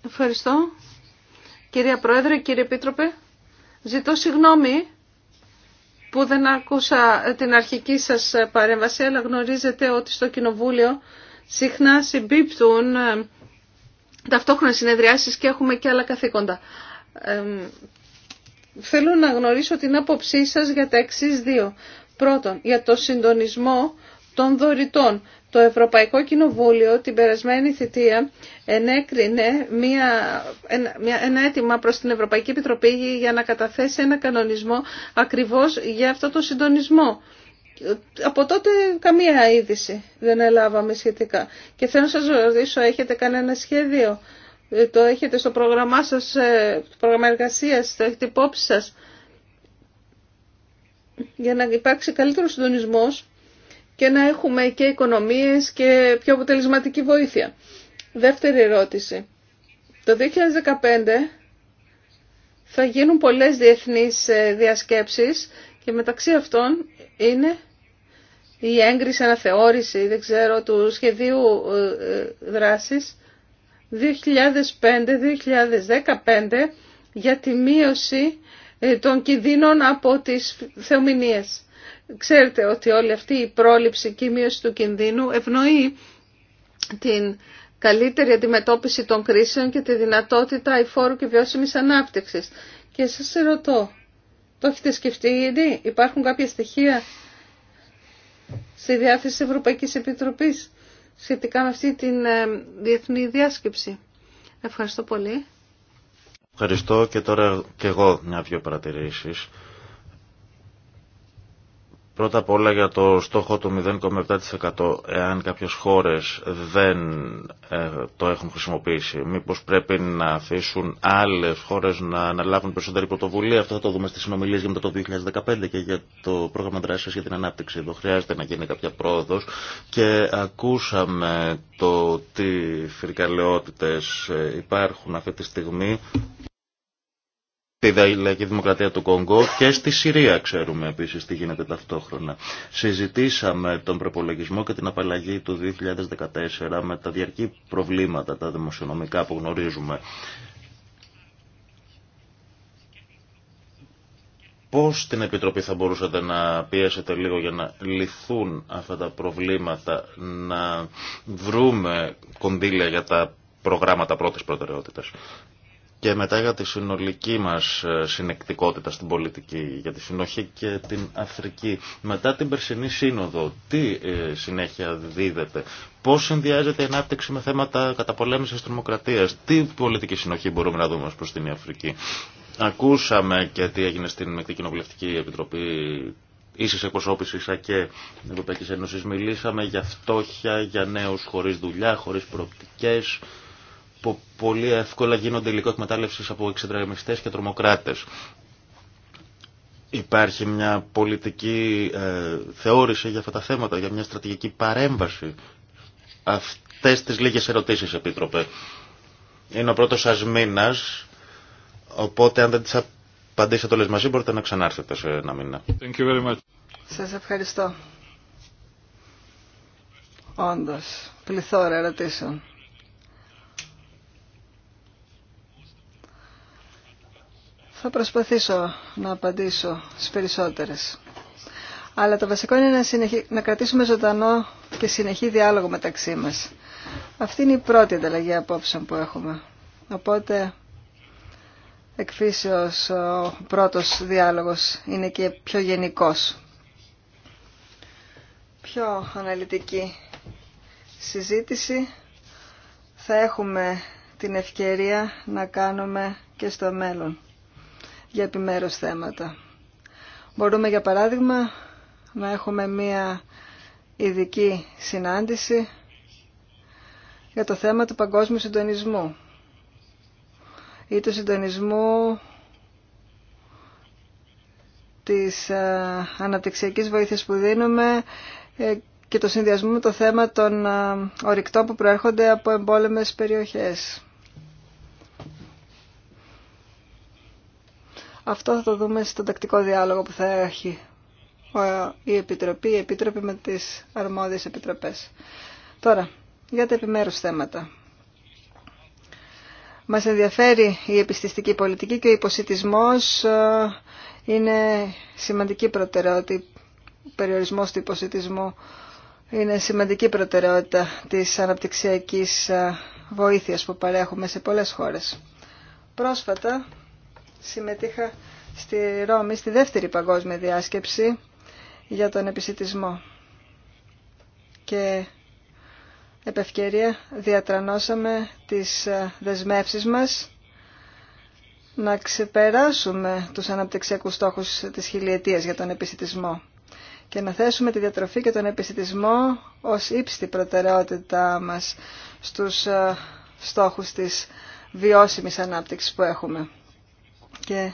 [SPEAKER 3] Ευχαριστώ. Κυρία Πρόεδρε, κύριε Επίτροπε, ζητώ συγγνώμη που δεν άκουσα την αρχική σας παρέμβαση, αλλά γνωρίζετε ότι στο Κοινοβούλιο συχνά συμπίπτουν ε, ταυτόχρονα συνεδριάσεις και έχουμε και άλλα καθήκοντα. Ε, θέλω να γνωρίσω την άποψή σας για τα εξής δύο. Πρώτον, για το συντονισμό των δωρητών. Το Ευρωπαϊκό Κοινοβούλιο την περασμένη θητεία ενέκρινε μια, μια, ένα αίτημα προς την Ευρωπαϊκή Επιτροπή για να καταθέσει ένα κανονισμό ακριβώς για αυτό το συντονισμό. Από τότε καμία είδηση δεν έλαβαμε σχετικά. Και θέλω να σας ρωτήσω, έχετε κανένα σχέδιο, το έχετε στο πρόγραμμά σας, ε, το πρόγραμμα εργασίας, το έχετε υπόψη σας, για να υπάρξει καλύτερο συντονισμός και να έχουμε και οικονομίες και πιο αποτελεσματική βοήθεια. Δεύτερη ερώτηση. Το 2015 θα γίνουν πολλές διεθνείς ε, διασκέψεις και μεταξύ αυτών είναι η έγκριση αναθεώρηση, δεν ξέρω, του σχεδίου ε, ε, δράσης 2005-2015 για τη μείωση των κινδύνων από τις θεομηνίες. Ξέρετε ότι όλη αυτή η πρόληψη και η μείωση του κινδύνου ευνοεί την καλύτερη αντιμετώπιση των κρίσεων και τη δυνατότητα υφόρου και βιώσιμης ανάπτυξης. Και σας ρωτώ, το έχετε σκεφτεί ήδη, υπάρχουν κάποια στοιχεία στη διάθεση της Ευρωπαϊκής Επιτροπής σχετικά με αυτή την ε, διεθνή διάσκεψη. Ευχαριστώ πολύ.
[SPEAKER 2] Ευχαριστώ και τώρα και εγώ μια-δυο παρατηρήσεις. Πρώτα απ' όλα για το στόχο του 0,7% εάν κάποιες χώρες δεν ε, το έχουν χρησιμοποιήσει. Μήπως πρέπει να αφήσουν άλλες χώρες να αναλάβουν περισσότερη πρωτοβουλία. Αυτό θα το δούμε στις συνομιλίες για μετά το 2015 και για το πρόγραμμα δράσης για την ανάπτυξη. Εδώ χρειάζεται να γίνει κάποια πρόοδος και ακούσαμε το τι φρικαλαιότητες ε, υπάρχουν αυτή τη στιγμή τη Δημοκρατία του Κονγκό και στη Συρία ξέρουμε επίσης τι γίνεται ταυτόχρονα. Συζητήσαμε τον προπολογισμό και την απαλλαγή του 2014 με τα διαρκή προβλήματα, τα δημοσιονομικά που γνωρίζουμε. Πώς την Επιτροπή θα μπορούσατε να πιέσετε λίγο για να λυθούν αυτά τα προβλήματα, να βρούμε κονδύλια για τα προγράμματα πρώτης προτεραιότητας και μετά για τη συνολική μας ε, συνεκτικότητα στην πολιτική, για τη συνοχή και την Αφρική. Μετά την περσινή σύνοδο, τι ε, συνέχεια δίδεται, πώς συνδυάζεται η ανάπτυξη με θέματα καταπολέμησης τρομοκρατίας, τι πολιτική συνοχή μπορούμε να δούμε προς την Αφρική. Ακούσαμε και τι έγινε στην Μεκτή Κοινοβουλευτική Επιτροπή ίση εκπροσώπηση και Ευρωπαϊκή Ένωση. Μιλήσαμε για φτώχεια, για νέου χωρί δουλειά, χωρί προοπτικέ, που πολύ εύκολα γίνονται υλικό εκμετάλλευση από μεστές και τρομοκράτες. Υπάρχει μια πολιτική ε, θεώρηση για αυτά τα θέματα, για μια στρατηγική παρέμβαση. Αυτές τις λίγες ερωτήσεις, Επίτροπε. Είναι ο πρώτος σας μήνας, οπότε αν δεν τις απαντήσετε όλες μαζί μπορείτε να ξανάρθετε σε ένα μήνα. Thank
[SPEAKER 1] Σας ευχαριστώ. Όντως, πληθώρα ερωτήσεων. Θα προσπαθήσω να απαντήσω στις περισσότερες. Αλλά το βασικό είναι να, να κρατήσουμε ζωντανό και συνεχή διάλογο μεταξύ μας. Αυτή είναι η πρώτη ανταλλαγή απόψεων που έχουμε. Οπότε εκφύσεως ο πρώτος διάλογος είναι και πιο γενικός. Πιο αναλυτική συζήτηση θα έχουμε την ευκαιρία να κάνουμε και στο μέλλον για επιμέρους θέματα. Μπορούμε για παράδειγμα να έχουμε μία ειδική συνάντηση για το θέμα του παγκόσμιου συντονισμού ή του συντονισμού της ε, αναπτυξιακής βοήθειας που δίνουμε ε, και το συνδυασμό με το θέμα των ε, ορυκτών που προέρχονται από εμπόλεμες περιοχές. Αυτό θα το δούμε στον τακτικό διάλογο που θα έχει ε, η Επιτροπή, η Επίτροπη με τις αρμόδιες επιτροπές. Τώρα, για τα επιμέρους θέματα. Μας ενδιαφέρει η επιστηστική πολιτική και ο υποσυτισμός ε, είναι σημαντική προτεραιότητα. Ο περιορισμός του υποσυτισμού είναι σημαντική προτεραιότητα της αναπτυξιακής ε, βοήθειας που παρέχουμε σε πολλές χώρες. Πρόσφατα συμμετείχα στη Ρώμη, στη δεύτερη παγκόσμια διάσκεψη για τον επισητισμό. Και επ' ευκαιρία διατρανώσαμε τις ε, δεσμεύσεις μας να ξεπεράσουμε τους αναπτυξιακούς στόχους της χιλιετίας για τον επισητισμό και να θέσουμε τη διατροφή και τον επισητισμό ως ύψητη προτεραιότητά μας στους ε, στόχους της βιώσιμης ανάπτυξης που έχουμε και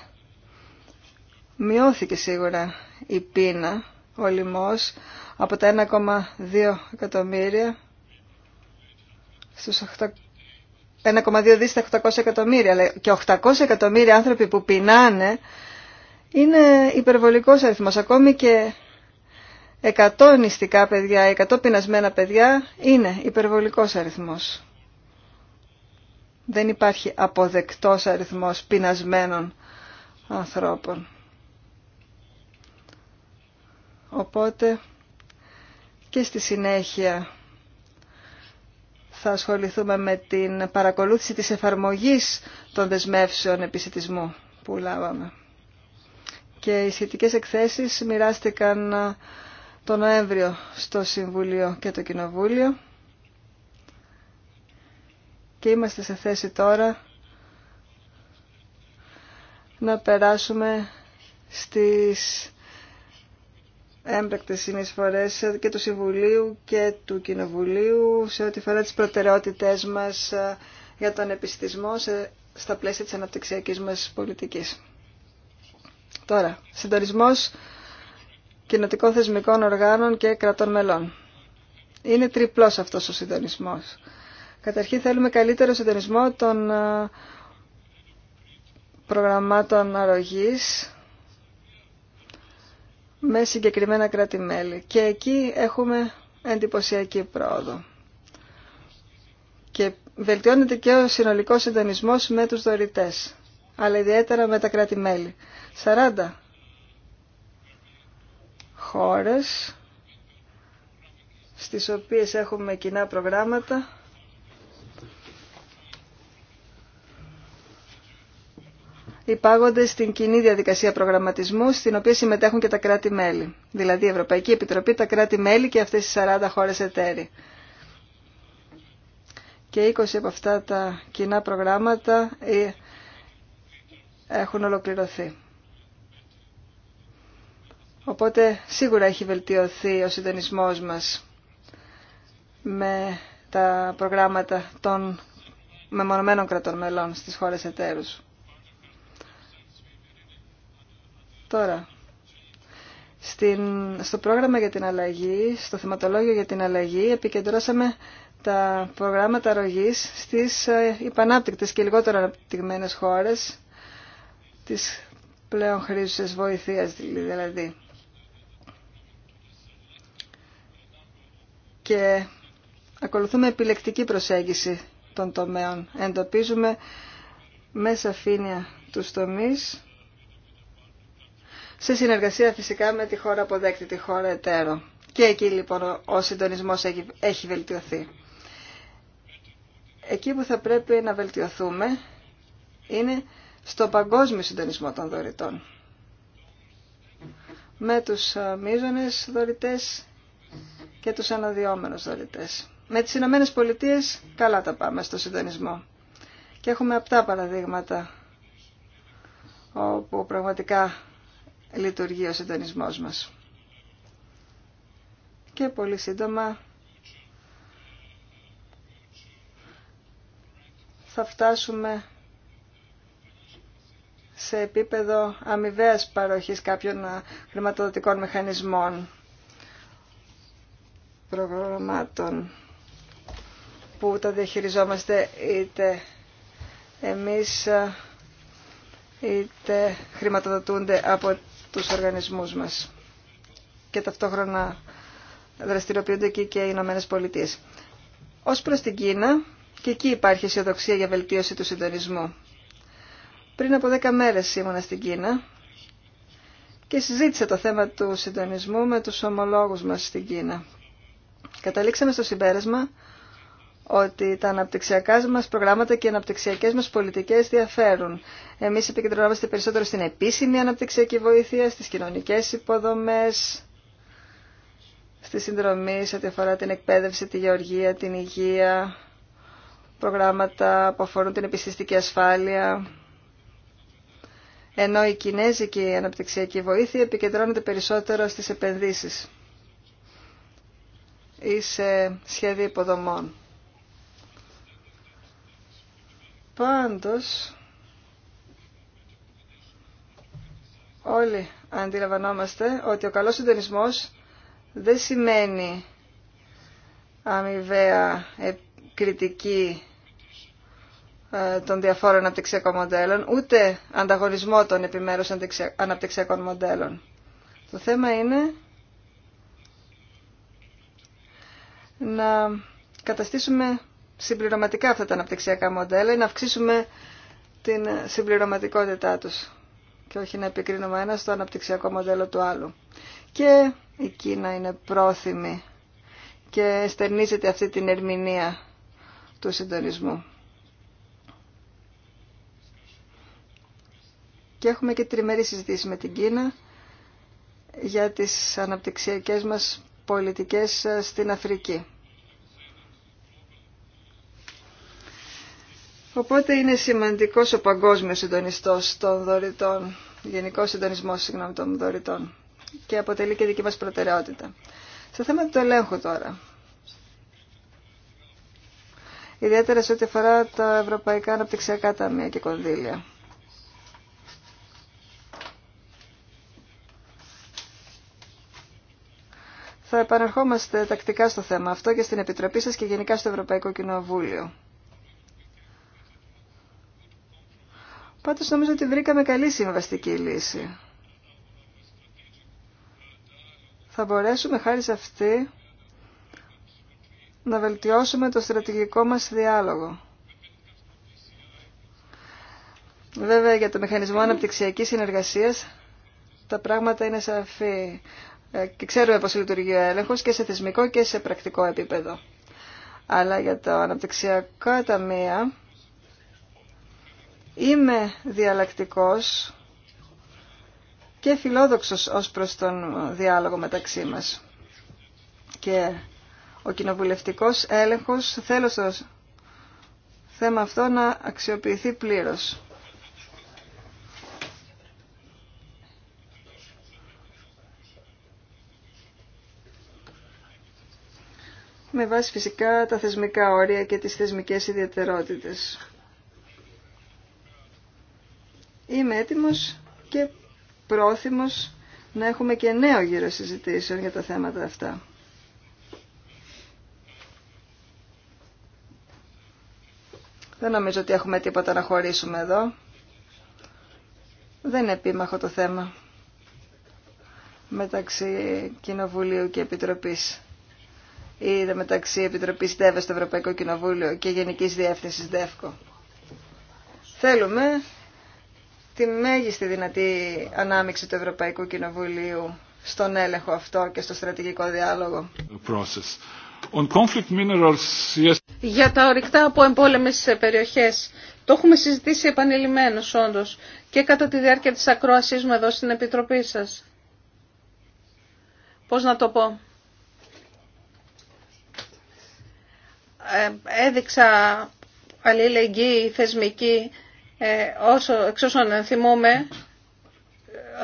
[SPEAKER 1] μειώθηκε σίγουρα η πείνα, ο λοιμός, από τα 1,2 εκατομμύρια στους 1,2 δις 800 εκατομμύρια. Αλλά και 800 εκατομμύρια άνθρωποι που πεινάνε είναι υπερβολικός αριθμός. Ακόμη και 100 νηστικά παιδιά, 100 πεινασμένα παιδιά είναι υπερβολικός αριθμός. Δεν υπάρχει αποδεκτός αριθμός πεινασμένων ανθρώπων. Οπότε και στη συνέχεια θα ασχοληθούμε με την παρακολούθηση της εφαρμογής των δεσμεύσεων επισητισμού που λάβαμε. Και οι σχετικές εκθέσεις μοιράστηκαν το Νοέμβριο στο Συμβούλιο και το Κοινοβούλιο και είμαστε σε θέση τώρα να περάσουμε στις έμπρακτες συνεισφορές και του Συμβουλίου και του Κοινοβουλίου σε ό,τι φορά τις προτεραιότητές μας για τον επιστησμό στα πλαίσια της αναπτυξιακής μας πολιτικής. Τώρα, συντονισμός κοινοτικών θεσμικών οργάνων και κρατών μελών. Είναι τριπλός αυτός ο συντονισμός. Καταρχήν θέλουμε καλύτερο συντονισμό των ε, προγραμμάτων αρρωγής με συγκεκριμένα κράτη-μέλη. Και εκεί έχουμε εντυπωσιακή πρόοδο. Και βελτιώνεται και ο συνολικός συντονισμός με τους δωρητές, αλλά ιδιαίτερα με τα κράτη-μέλη. 40 χώρες στις οποίες έχουμε κοινά προγράμματα υπάγονται στην κοινή διαδικασία προγραμματισμού στην οποία συμμετέχουν και τα κράτη-μέλη. Δηλαδή η Ευρωπαϊκή Επιτροπή, τα κράτη-μέλη και αυτές οι 40 χώρες εταίροι. Και 20 από αυτά τα κοινά προγράμματα ε, έχουν ολοκληρωθεί. Οπότε σίγουρα έχει βελτιωθεί ο συντονισμός μας με τα προγράμματα των μεμονωμένων κρατών μελών στις χώρες εταίρους. Τώρα, στην, στο πρόγραμμα για την αλλαγή, στο θεματολόγιο για την αλλαγή, επικεντρώσαμε τα προγράμματα αρρωγής στις ε, υπανάπτυκτες και λιγότερο αναπτυγμένες χώρες, της πλέον χρήσης βοηθείας δηλαδή. Και ακολουθούμε επιλεκτική προσέγγιση των τομέων. Εντοπίζουμε μέσα αφήνεια τους τομείς σε συνεργασία φυσικά με τη χώρα αποδέκτη, τη χώρα εταίρο. Και εκεί λοιπόν ο συντονισμός έχει, έχει βελτιωθεί. Εκεί που θα πρέπει να βελτιωθούμε είναι στο παγκόσμιο συντονισμό των δωρητών. Με τους ε, μίζωνες δωρητές και τους αναδυόμενους δωρητές. Με τις Ηνωμένε Πολιτείε καλά τα πάμε στο συντονισμό. Και έχουμε απτά παραδείγματα όπου πραγματικά λειτουργεί ο συντονισμός μας. Και πολύ σύντομα θα φτάσουμε σε επίπεδο αμοιβαία παροχής κάποιων χρηματοδοτικών μηχανισμών προγραμμάτων που τα διαχειριζόμαστε είτε εμείς είτε χρηματοδοτούνται από τους οργανισμούς μας. Και ταυτόχρονα δραστηριοποιούνται εκεί και οι Ηνωμένε Πολιτείε. Ως προς την Κίνα, και εκεί υπάρχει αισιοδοξία για βελτίωση του συντονισμού. Πριν από 10 μέρες ήμουνα στην Κίνα και συζήτησα το θέμα του συντονισμού με τους ομολόγους μας στην Κίνα. Καταλήξαμε στο συμπέρασμα ότι τα αναπτυξιακά μας προγράμματα και οι αναπτυξιακές μας πολιτικές διαφέρουν. Εμείς επικεντρωνόμαστε περισσότερο στην επίσημη αναπτυξιακή βοήθεια, στις κοινωνικές υποδομές, στη συνδρομή σε ό,τι αφορά την εκπαίδευση, τη γεωργία, την υγεία, προγράμματα που αφορούν την επιστηστική ασφάλεια. Ενώ η κινέζικη αναπτυξιακή βοήθεια επικεντρώνεται περισσότερο στις επενδύσεις ή σε σχέδια υποδομών. Πάντως, όλοι αντιλαμβανόμαστε ότι ο καλός συντονισμό δεν σημαίνει αμοιβαία ε, κριτική ε, των διαφόρων αναπτυξιακών μοντέλων, ούτε ανταγωνισμό των επιμέρους αναπτυξιακών μοντέλων. Το θέμα είναι να καταστήσουμε συμπληρωματικά αυτά τα αναπτυξιακά μοντέλα ή να αυξήσουμε την συμπληρωματικότητά τους και όχι να επικρίνουμε ένα στο αναπτυξιακό μοντέλο του άλλου. Και η Κίνα είναι πρόθυμη και στερνίζεται αυτή την ερμηνεία του συντονισμού. Και έχουμε και τριμερή συζήτηση με την Κίνα για τις αναπτυξιακές μας πολιτικές ε, στην Αφρική. Οπότε είναι σημαντικός ο παγκόσμιος συντονιστός των δωρητών, γενικό συντονισμό των δωρητών και αποτελεί και δική μας προτεραιότητα. Στο θέμα του ελέγχου τώρα. Ιδιαίτερα σε ό,τι αφορά τα ευρωπαϊκά αναπτυξιακά ταμεία και κονδύλια. Θα επαναρχόμαστε τακτικά στο θέμα αυτό και στην Επιτροπή σας και γενικά στο Ευρωπαϊκό Κοινοβούλιο. Πάντως νομίζω ότι βρήκαμε καλή συμβαστική λύση. Θα μπορέσουμε χάρη σε αυτή να βελτιώσουμε το στρατηγικό μας διάλογο. Βέβαια για το μηχανισμό αναπτυξιακής συνεργασίας τα πράγματα είναι σαφή ε, και ξέρουμε πώς λειτουργεί ο έλεγχος και σε θεσμικό και σε πρακτικό επίπεδο. Αλλά για το Αναπτυξιακό ταμεία Είμαι διαλεκτικός και φιλόδοξος ως προς τον διάλογο μεταξύ μας. Και ο κοινοβουλευτικός έλεγχος θέλω στο θέμα αυτό να αξιοποιηθεί πλήρως. Με βάση φυσικά τα θεσμικά όρια και τις θεσμικές ιδιαιτερότητες είμαι έτοιμος και πρόθυμος να έχουμε και νέο γύρο συζητήσεων για τα θέματα αυτά. Δεν νομίζω ότι έχουμε τίποτα να χωρίσουμε εδώ. Δεν είναι επίμαχο το θέμα μεταξύ Κοινοβουλίου και Επιτροπής ή μεταξύ Επιτροπής ΔΕΒΕ στο Ευρωπαϊκό Κοινοβούλιο και Γενικής Διεύθυνσης ΔΕΦΚΟ. Θέλουμε τη μέγιστη δυνατή ανάμειξη του Ευρωπαϊκού Κοινοβουλίου στον έλεγχο αυτό και στο στρατηγικό διάλογο.
[SPEAKER 3] minerals, yes. Για τα ορυκτά από εμπόλεμες περιοχές. Το έχουμε συζητήσει επανειλημμένως όντως και κατά τη διάρκεια της ακρόασής μου εδώ στην Επιτροπή σας. Πώς να το πω. Ε, έδειξα αλληλεγγύη θεσμική ε, όσο, εξ όσων θυμούμε,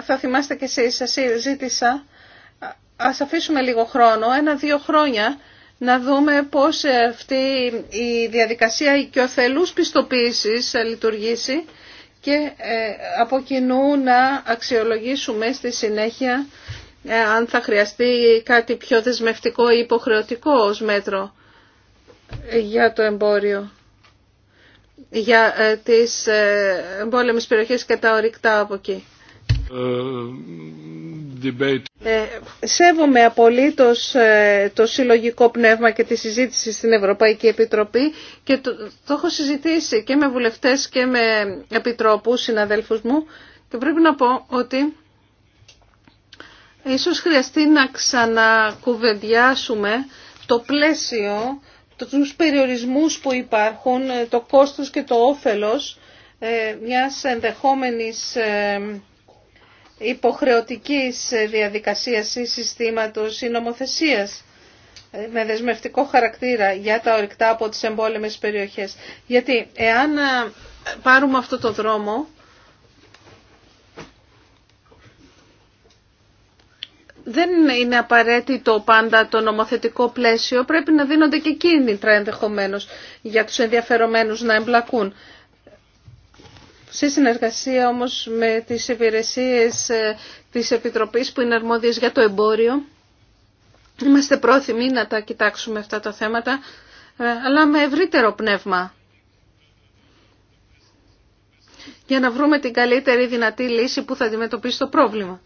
[SPEAKER 3] θα θυμάστε και εσείς, σας ζήτησα, ας αφήσουμε λίγο χρόνο, ένα-δύο χρόνια, να δούμε πώς αυτή η διαδικασία οικειοθελούς πιστοποίησης θα λειτουργήσει και ε, από κοινού να αξιολογήσουμε στη συνέχεια ε, αν θα χρειαστεί κάτι πιο δεσμευτικό ή υποχρεωτικό ως μέτρο για το εμπόριο για ε, τις ε, πόλεμες περιοχές και τα ορυκτά από εκεί. Ε, ε σέβομαι απολύτως το συλλογικό πνεύμα και τη συζήτηση στην Ευρωπαϊκή Επιτροπή και το, το έχω συζητήσει και με βουλευτές και με επιτρόπους, συναδέλφους μου και πρέπει να πω ότι ίσως χρειαστεί να ξανακουβεντιάσουμε το πλαίσιο τους περιορισμούς που υπάρχουν, ε, το κόστος και το όφελος ε, μιας ενδεχόμενης ε, υποχρεωτικής διαδικασίας ή συστήματος ή νομοθεσίας με δεσμευτικό χαρακτήρα για τα ορυκτά από τις εμπόλεμες περιοχές. Γιατί εάν πάρουμε αυτό το δρόμο, δεν είναι απαραίτητο πάντα το νομοθετικό πλαίσιο, πρέπει να δίνονται και κίνητρα ενδεχομένω για τους ενδιαφερομένους να εμπλακούν. Σε συνεργασία όμως με τις υπηρεσίες ε, της Επιτροπής που είναι αρμόδιες για το εμπόριο, είμαστε πρόθυμοι να τα κοιτάξουμε αυτά τα θέματα, ε, αλλά με ευρύτερο πνεύμα για να βρούμε την καλύτερη δυνατή λύση που θα αντιμετωπίσει το πρόβλημα.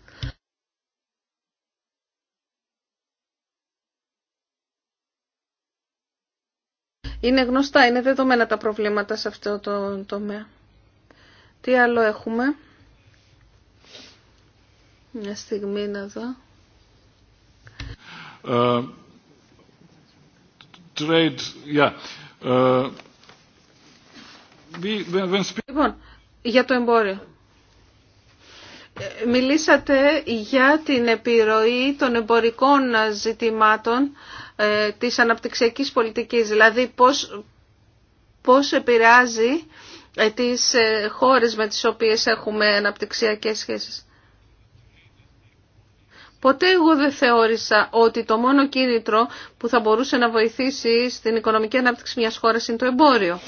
[SPEAKER 3] Είναι γνωστά, είναι δεδομένα τα προβλήματα σε αυτό το τομέα. Τι άλλο έχουμε. Μια στιγμή να δω.
[SPEAKER 2] Ε, trade, ε,
[SPEAKER 3] Λοιπόν, για το εμπόριο. Ε, μιλήσατε για την επιρροή των εμπορικών ζητημάτων ε, της αναπτυξιακής πολιτικής, δηλαδή πώς, πώς επηρεάζει ε, τις ε, χώρες με τις οποίες έχουμε αναπτυξιακές σχέσεις. Ποτέ εγώ δεν θεώρησα ότι το μόνο κίνητρο που θα μπορούσε να βοηθήσει στην οικονομική ανάπτυξη μιας χώρας είναι το εμπόριο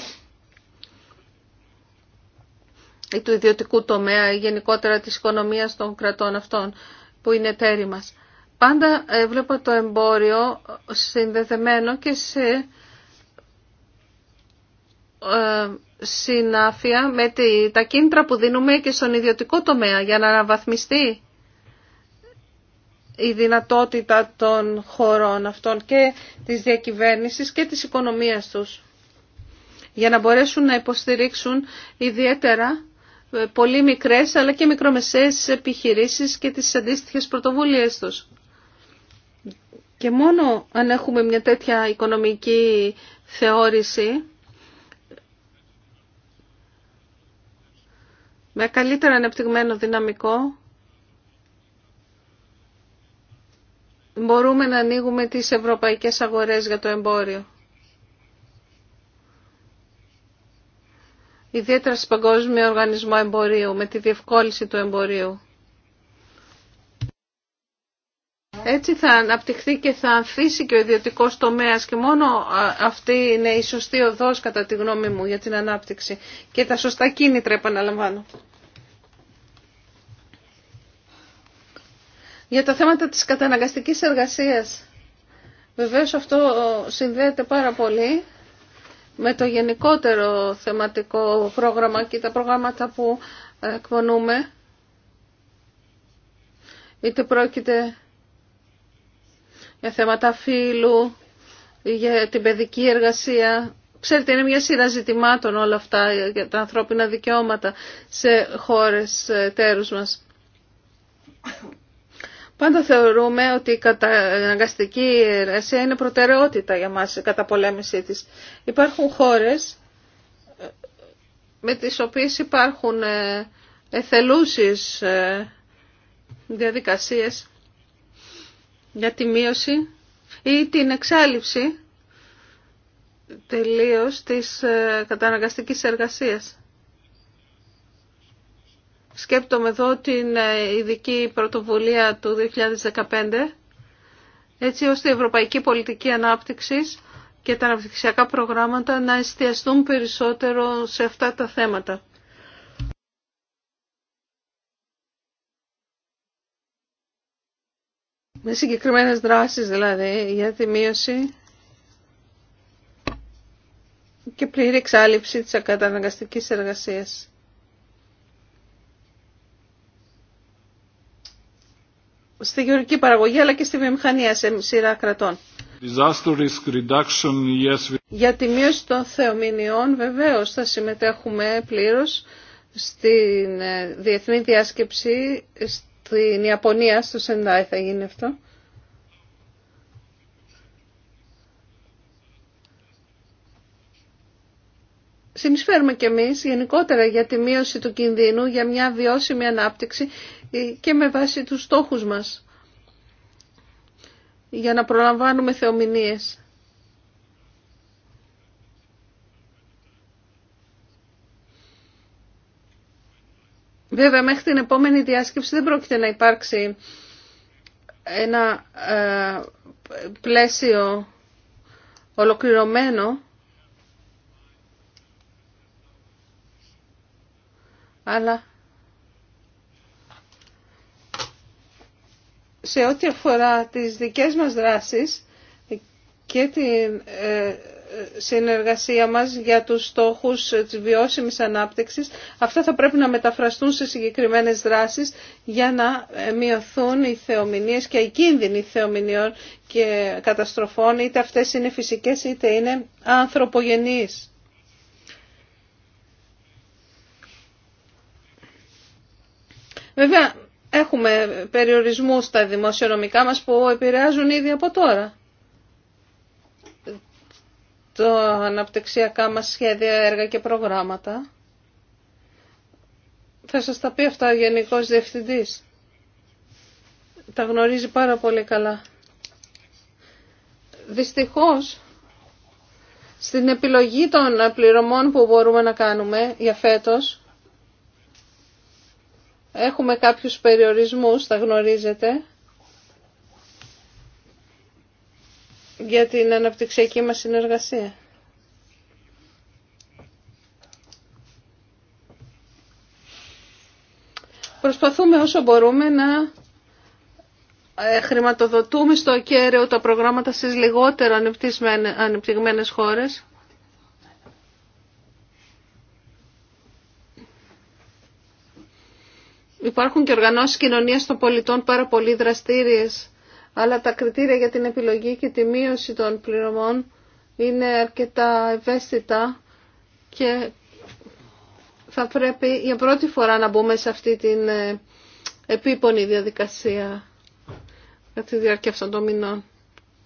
[SPEAKER 3] ή του ιδιωτικού τομέα ή γενικότερα της οικονομίας των κρατών αυτών που είναι εταίροι μας. Πάντα ε, βλέπω το εμπόριο συνδεδεμένο και σε ε, συνάφεια με τα κίνητρα που δίνουμε και στον ιδιωτικό τομέα για να αναβαθμιστεί η δυνατότητα των χωρών αυτών και της διακυβέρνησης και της οικονομίας τους για να μπορέσουν να υποστηρίξουν ιδιαίτερα ε, πολύ μικρές αλλά και μικρομεσαίες επιχειρήσεις και τις αντίστοιχες πρωτοβουλίες τους. Και μόνο αν έχουμε μια τέτοια οικονομική θεώρηση, με καλύτερα ανεπτυγμένο δυναμικό, μπορούμε να ανοίγουμε τις ευρωπαϊκές αγορές για το εμπόριο. Ιδιαίτερα στο Παγκόσμιο Οργανισμό Εμπορίου, με τη διευκόλυνση του εμπορίου. Έτσι θα αναπτυχθεί και θα ανθίσει και ο ιδιωτικό τομέα και μόνο αυτή είναι η σωστή οδό κατά τη γνώμη μου για την ανάπτυξη και τα σωστά κίνητρα επαναλαμβάνω. Για τα θέματα της καταναγκαστικής εργασίας. Βεβαίως αυτό συνδέεται πάρα πολύ με το γενικότερο θεματικό πρόγραμμα και τα προγράμματα που ε, εκπονούμε. Είτε πρόκειται για θέματα φύλου, για την παιδική εργασία. Ξέρετε, είναι μια σειρά ζητημάτων όλα αυτά για τα ανθρώπινα δικαιώματα σε χώρες ε, τέρους μας. Πάντα θεωρούμε ότι η καταναγκαστική εργασία είναι προτεραιότητα για μας, η καταπολέμησή της. Υπάρχουν χώρες ε, με τις οποίες υπάρχουν ε, εθελούσεις διαδικασίες για τη μείωση ή την εξάλληψη τελείως της ε, καταναγκαστικής εργασίας. Σκέπτομαι εδώ την ε, ειδική πρωτοβουλία του 2015, έτσι ώστε η Ευρωπαϊκή Πολιτική Ανάπτυξης και τα αναπτυξιακά προγράμματα να εστιαστούν περισσότερο σε αυτά τα θέματα. με συγκεκριμένες δράσεις δηλαδή για τη μείωση και πλήρη εξάλληψη της ακαταναγκαστικής εργασίας. Στη γεωργική παραγωγή αλλά και στη βιομηχανία σε σειρά κρατών. Για τη μείωση των θεομηνιών βεβαίως θα συμμετέχουμε πλήρως στην ε, διεθνή διάσκεψη στην Ιαπωνία, στο Σεντάι θα γίνει αυτό. Συνεισφέρουμε κι εμείς γενικότερα για τη μείωση του κινδύνου, για μια βιώσιμη ανάπτυξη και με βάση τους στόχους μας για να προλαμβάνουμε θεομηνίες. Βέβαια, μέχρι την επόμενη διάσκεψη δεν πρόκειται να υπάρξει ένα ε, πλαίσιο ολοκληρωμένο, αλλά σε ό,τι αφορά τις δικές μας δράσεις και την ε, συνεργασία μας για τους στόχους της βιώσιμης ανάπτυξης. Αυτά θα πρέπει να μεταφραστούν σε συγκεκριμένες δράσεις για να μειωθούν οι θεομηνίες και οι κίνδυνοι θεομηνιών και καταστροφών, είτε αυτές είναι φυσικές είτε είναι ανθρωπογενείς. Βέβαια, έχουμε περιορισμού στα δημοσιονομικά μας που επηρεάζουν ήδη από τώρα το αναπτυξιακά μας σχέδια, έργα και προγράμματα. Θα σας τα πει αυτά ο Γενικός Διευθυντής. Τα γνωρίζει πάρα πολύ καλά. Δυστυχώς, στην επιλογή των πληρωμών που μπορούμε να κάνουμε για φέτος, έχουμε κάποιους περιορισμούς, τα γνωρίζετε, για την αναπτυξιακή μας συνεργασία. Προσπαθούμε όσο μπορούμε να ε, χρηματοδοτούμε στο ακέραιο τα προγράμματα στις λιγότερο ανεπτυγμένες χώρες. Υπάρχουν και οργανώσεις κοινωνίας των πολιτών πάρα πολύ δραστήριες αλλά τα κριτήρια για την επιλογή και τη μείωση των πληρωμών είναι αρκετά ευαίσθητα και θα πρέπει για πρώτη φορά να μπούμε σε αυτή την ε, επίπονη διαδικασία κατά τη διάρκεια αυτών των μηνών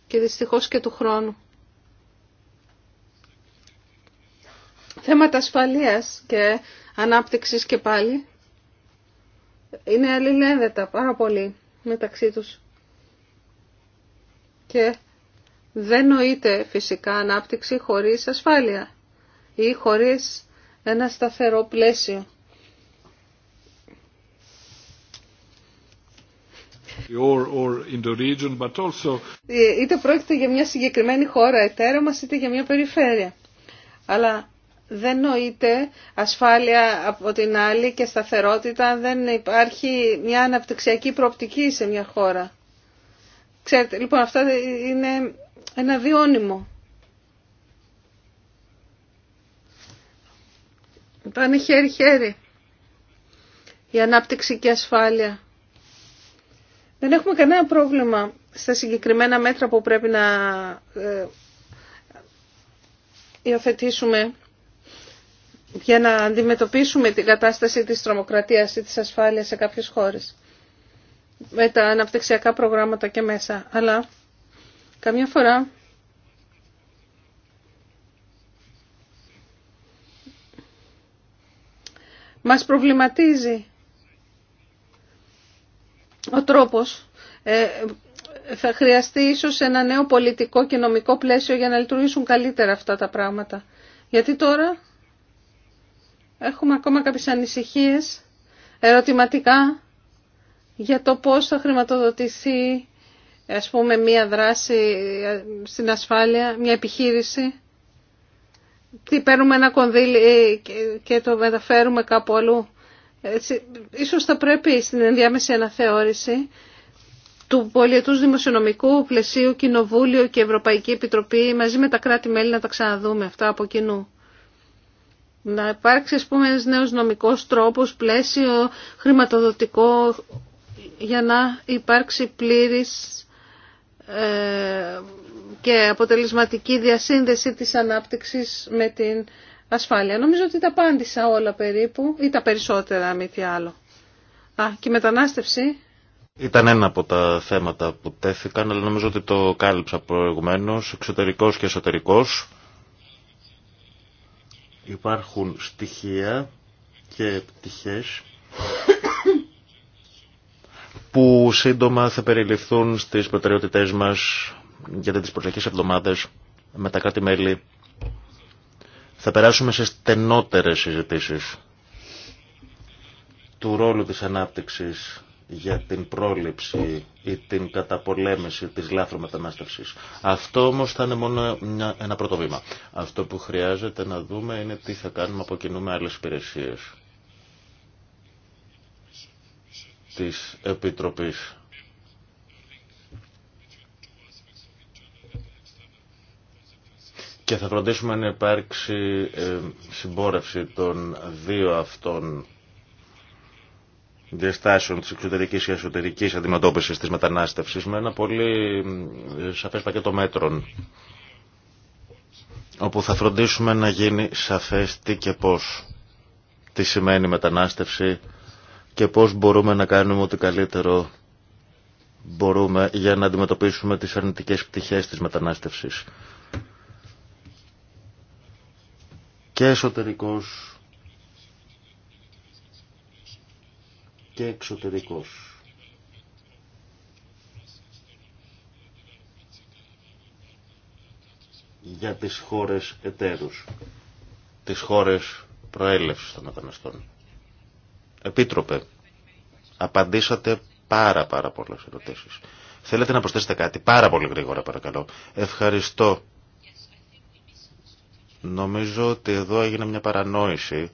[SPEAKER 3] και δυστυχώς και του χρόνου. Θέματα ασφαλείας και ανάπτυξης και πάλι είναι αλληλένδετα πάρα πολύ μεταξύ τους και δεν νοείται φυσικά ανάπτυξη χωρίς ασφάλεια ή χωρίς ένα σταθερό πλαίσιο. Or, or in the ε, Είτε πρόκειται για μια συγκεκριμένη χώρα εταίρα μας, είτε για μια περιφέρεια. Αλλά δεν νοείται ασφάλεια από την άλλη και σταθερότητα, δεν υπάρχει μια αναπτυξιακή προοπτική σε μια χώρα. Ξέρετε, λοιπόν, αυτά είναι ένα διώνυμο. Πάνε χέρι-χέρι η ανάπτυξη και η ασφάλεια. Δεν έχουμε κανένα πρόβλημα στα συγκεκριμένα μέτρα που πρέπει να ε, υιοθετήσουμε για να αντιμετωπίσουμε την κατάσταση της τρομοκρατίας ή της ασφάλειας σε κάποιες χώρες με τα αναπτυξιακά προγράμματα και μέσα. Αλλά καμιά φορά μας προβληματίζει ο τρόπος. Ε, θα χρειαστεί ίσως ένα νέο πολιτικό και νομικό πλαίσιο για να λειτουργήσουν καλύτερα αυτά τα πράγματα. Γιατί τώρα έχουμε ακόμα κάποιες ανησυχίες, ερωτηματικά για το πώς θα χρηματοδοτηθεί ας πούμε μια δράση ε, στην ασφάλεια, μια επιχείρηση. Τι παίρνουμε ένα κονδύλι ε, και το μεταφέρουμε κάπου αλλού. Έτσι, ίσως θα πρέπει στην ενδιάμεση αναθεώρηση του πολιετούς δημοσιονομικού πλαισίου, Κοινοβούλιο και Ευρωπαϊκή Επιτροπή μαζί με τα κράτη-μέλη να τα ξαναδούμε αυτά από κοινού. Να υπάρξει ας πούμε νέος νομικός τρόπος, πλαίσιο, χρηματοδοτικό, για να υπάρξει πλήρης ε, και αποτελεσματική διασύνδεση της ανάπτυξης με την ασφάλεια. Νομίζω ότι τα απάντησα όλα περίπου ή τα περισσότερα μη τι άλλο. Α, και η μετανάστευση.
[SPEAKER 2] Ήταν ένα από τα θέματα που τέθηκαν, αλλά νομίζω ότι το κάλυψα προηγουμένως. εξωτερικός και εσωτερικός. Υπάρχουν στοιχεία και πτυχές που σύντομα θα περιληφθούν στις προτεραιότητές μας για τις προσεχείς εβδομάδες με τα κράτη-μέλη. Θα περάσουμε σε στενότερες συζητήσεις του ρόλου της ανάπτυξης για την πρόληψη ή την καταπολέμηση της λάθρου μετανάστευσης. Αυτό όμως θα είναι μόνο ένα πρώτο βήμα. Αυτό που χρειάζεται να δούμε είναι τι θα κάνουμε από κοινού με άλλες υπηρεσίες της Επιτροπής. Και θα φροντίσουμε να υπάρξει ε, συμπόρευση των δύο αυτών διαστάσεων της εξωτερικής και εσωτερικής αντιμετώπισης της μετανάστευσης με ένα πολύ ε, σαφές πακέτο μέτρων όπου θα φροντίσουμε να γίνει σαφές τι και πώς τι σημαίνει μετανάστευση και πώς μπορούμε να κάνουμε ό,τι καλύτερο μπορούμε για να αντιμετωπίσουμε τις αρνητικές πτυχές της μετανάστευσης. Και εσωτερικός και εξωτερικός. για τις χώρες εταίρους, τις χώρες προέλευσης των μεταναστών. Επίτροπε, απαντήσατε πάρα πάρα πολλές ερωτήσεις. Θέλετε να προσθέσετε κάτι πάρα πολύ γρήγορα παρακαλώ. Ευχαριστώ. Νομίζω ότι εδώ έγινε μια παρανόηση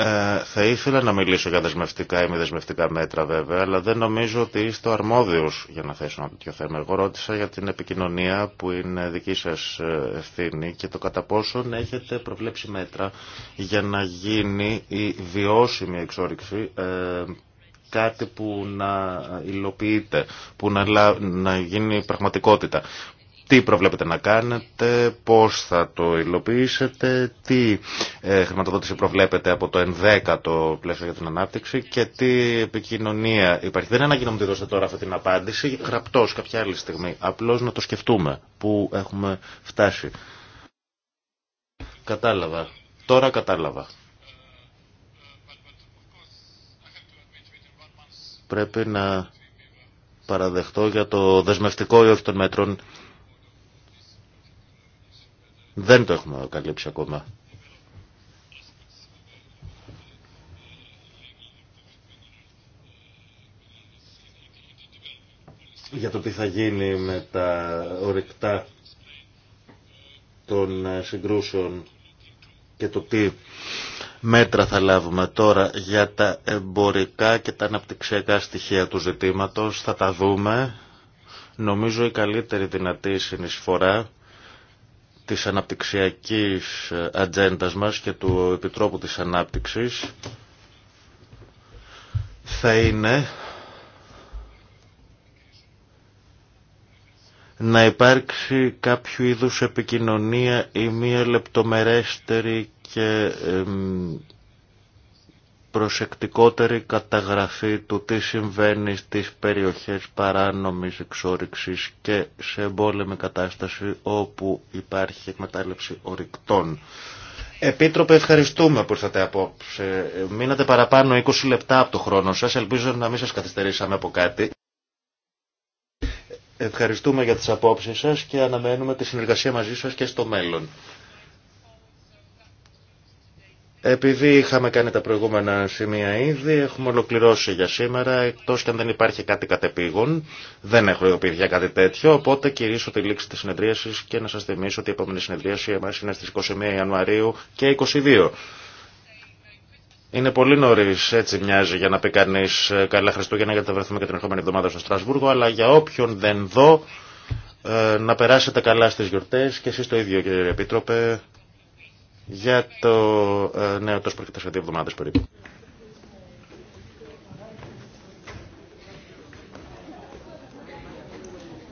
[SPEAKER 2] ε, θα ήθελα να μιλήσω για δεσμευτικά ή μη δεσμευτικά μέτρα βέβαια, αλλά δεν νομίζω ότι είστε αρμόδιος για να θέσω ένα τέτοιο θέμα. Εγώ ρώτησα για την επικοινωνία που είναι δική σας ε, ευθύνη και το κατά πόσον έχετε προβλέψει μέτρα για να γίνει η βιώσιμη εξόριξη ε, κάτι που να υλοποιείται, που να, να γίνει πραγματικότητα τι προβλέπετε να κάνετε, πώς θα το υλοποιήσετε, τι ε, χρηματοδότηση προβλέπετε από το ενδέκατο πλαίσιο για την ανάπτυξη και τι επικοινωνία υπάρχει. Δεν ανάγκη να μου τη δώσετε τώρα αυτή την απάντηση, γραπτός κάποια άλλη στιγμή, απλώς να το σκεφτούμε που έχουμε φτάσει. Κατάλαβα. Τώρα κατάλαβα. Πρέπει να παραδεχτώ για το δεσμευτικό ή όχι των μέτρων δεν το έχουμε καλύψει ακόμα. για το τι θα γίνει με τα ορυκτά των ε, συγκρούσεων και το τι μέτρα θα λάβουμε τώρα για τα εμπορικά και τα αναπτυξιακά στοιχεία του ζητήματος. Θα τα δούμε. Νομίζω η καλύτερη δυνατή συνεισφορά της αναπτυξιακής ατζέντα μας και του Επιτρόπου της Ανάπτυξης θα είναι να υπάρξει κάποιο είδους επικοινωνία ή μία λεπτομερέστερη και προσεκτικότερη καταγραφή του τι συμβαίνει στις περιοχές παράνομης εξόρυξης και σε εμπόλεμη κατάσταση όπου υπάρχει εκμετάλλευση ορυκτών. Επίτροπε, ευχαριστούμε που ήρθατε απόψε. Μείνατε παραπάνω 20 λεπτά από το χρόνο σας. Ελπίζω να μην σας καθυστερήσαμε από κάτι. Ευχαριστούμε για τις απόψεις σας και αναμένουμε τη συνεργασία μαζί σας και στο μέλλον. Επειδή είχαμε κάνει τα προηγούμενα σημεία ήδη, έχουμε ολοκληρώσει για σήμερα, εκτός και αν δεν υπάρχει κάτι κατεπήγον, δεν έχω ειδοποιηθεί για κάτι τέτοιο, οπότε κηρύσω τη λήξη της συνεδρίασης και να σας θυμίσω ότι η επόμενη συνεδρίαση εμάς είναι στις 21 Ιανουαρίου και 22. Είναι πολύ νωρί, έτσι μοιάζει, για να πει κανεί καλά Χριστούγεννα, γιατί θα βρεθούμε και την ερχόμενη εβδομάδα στο Στρασβούργο. Αλλά για όποιον δεν δω, ε, να περάσετε καλά στι γιορτέ και εσεί το ίδιο, κύριε Επίτροπε για το ε, νέο τόσο πρόκειται σε δύο εβδομάδες περίπου.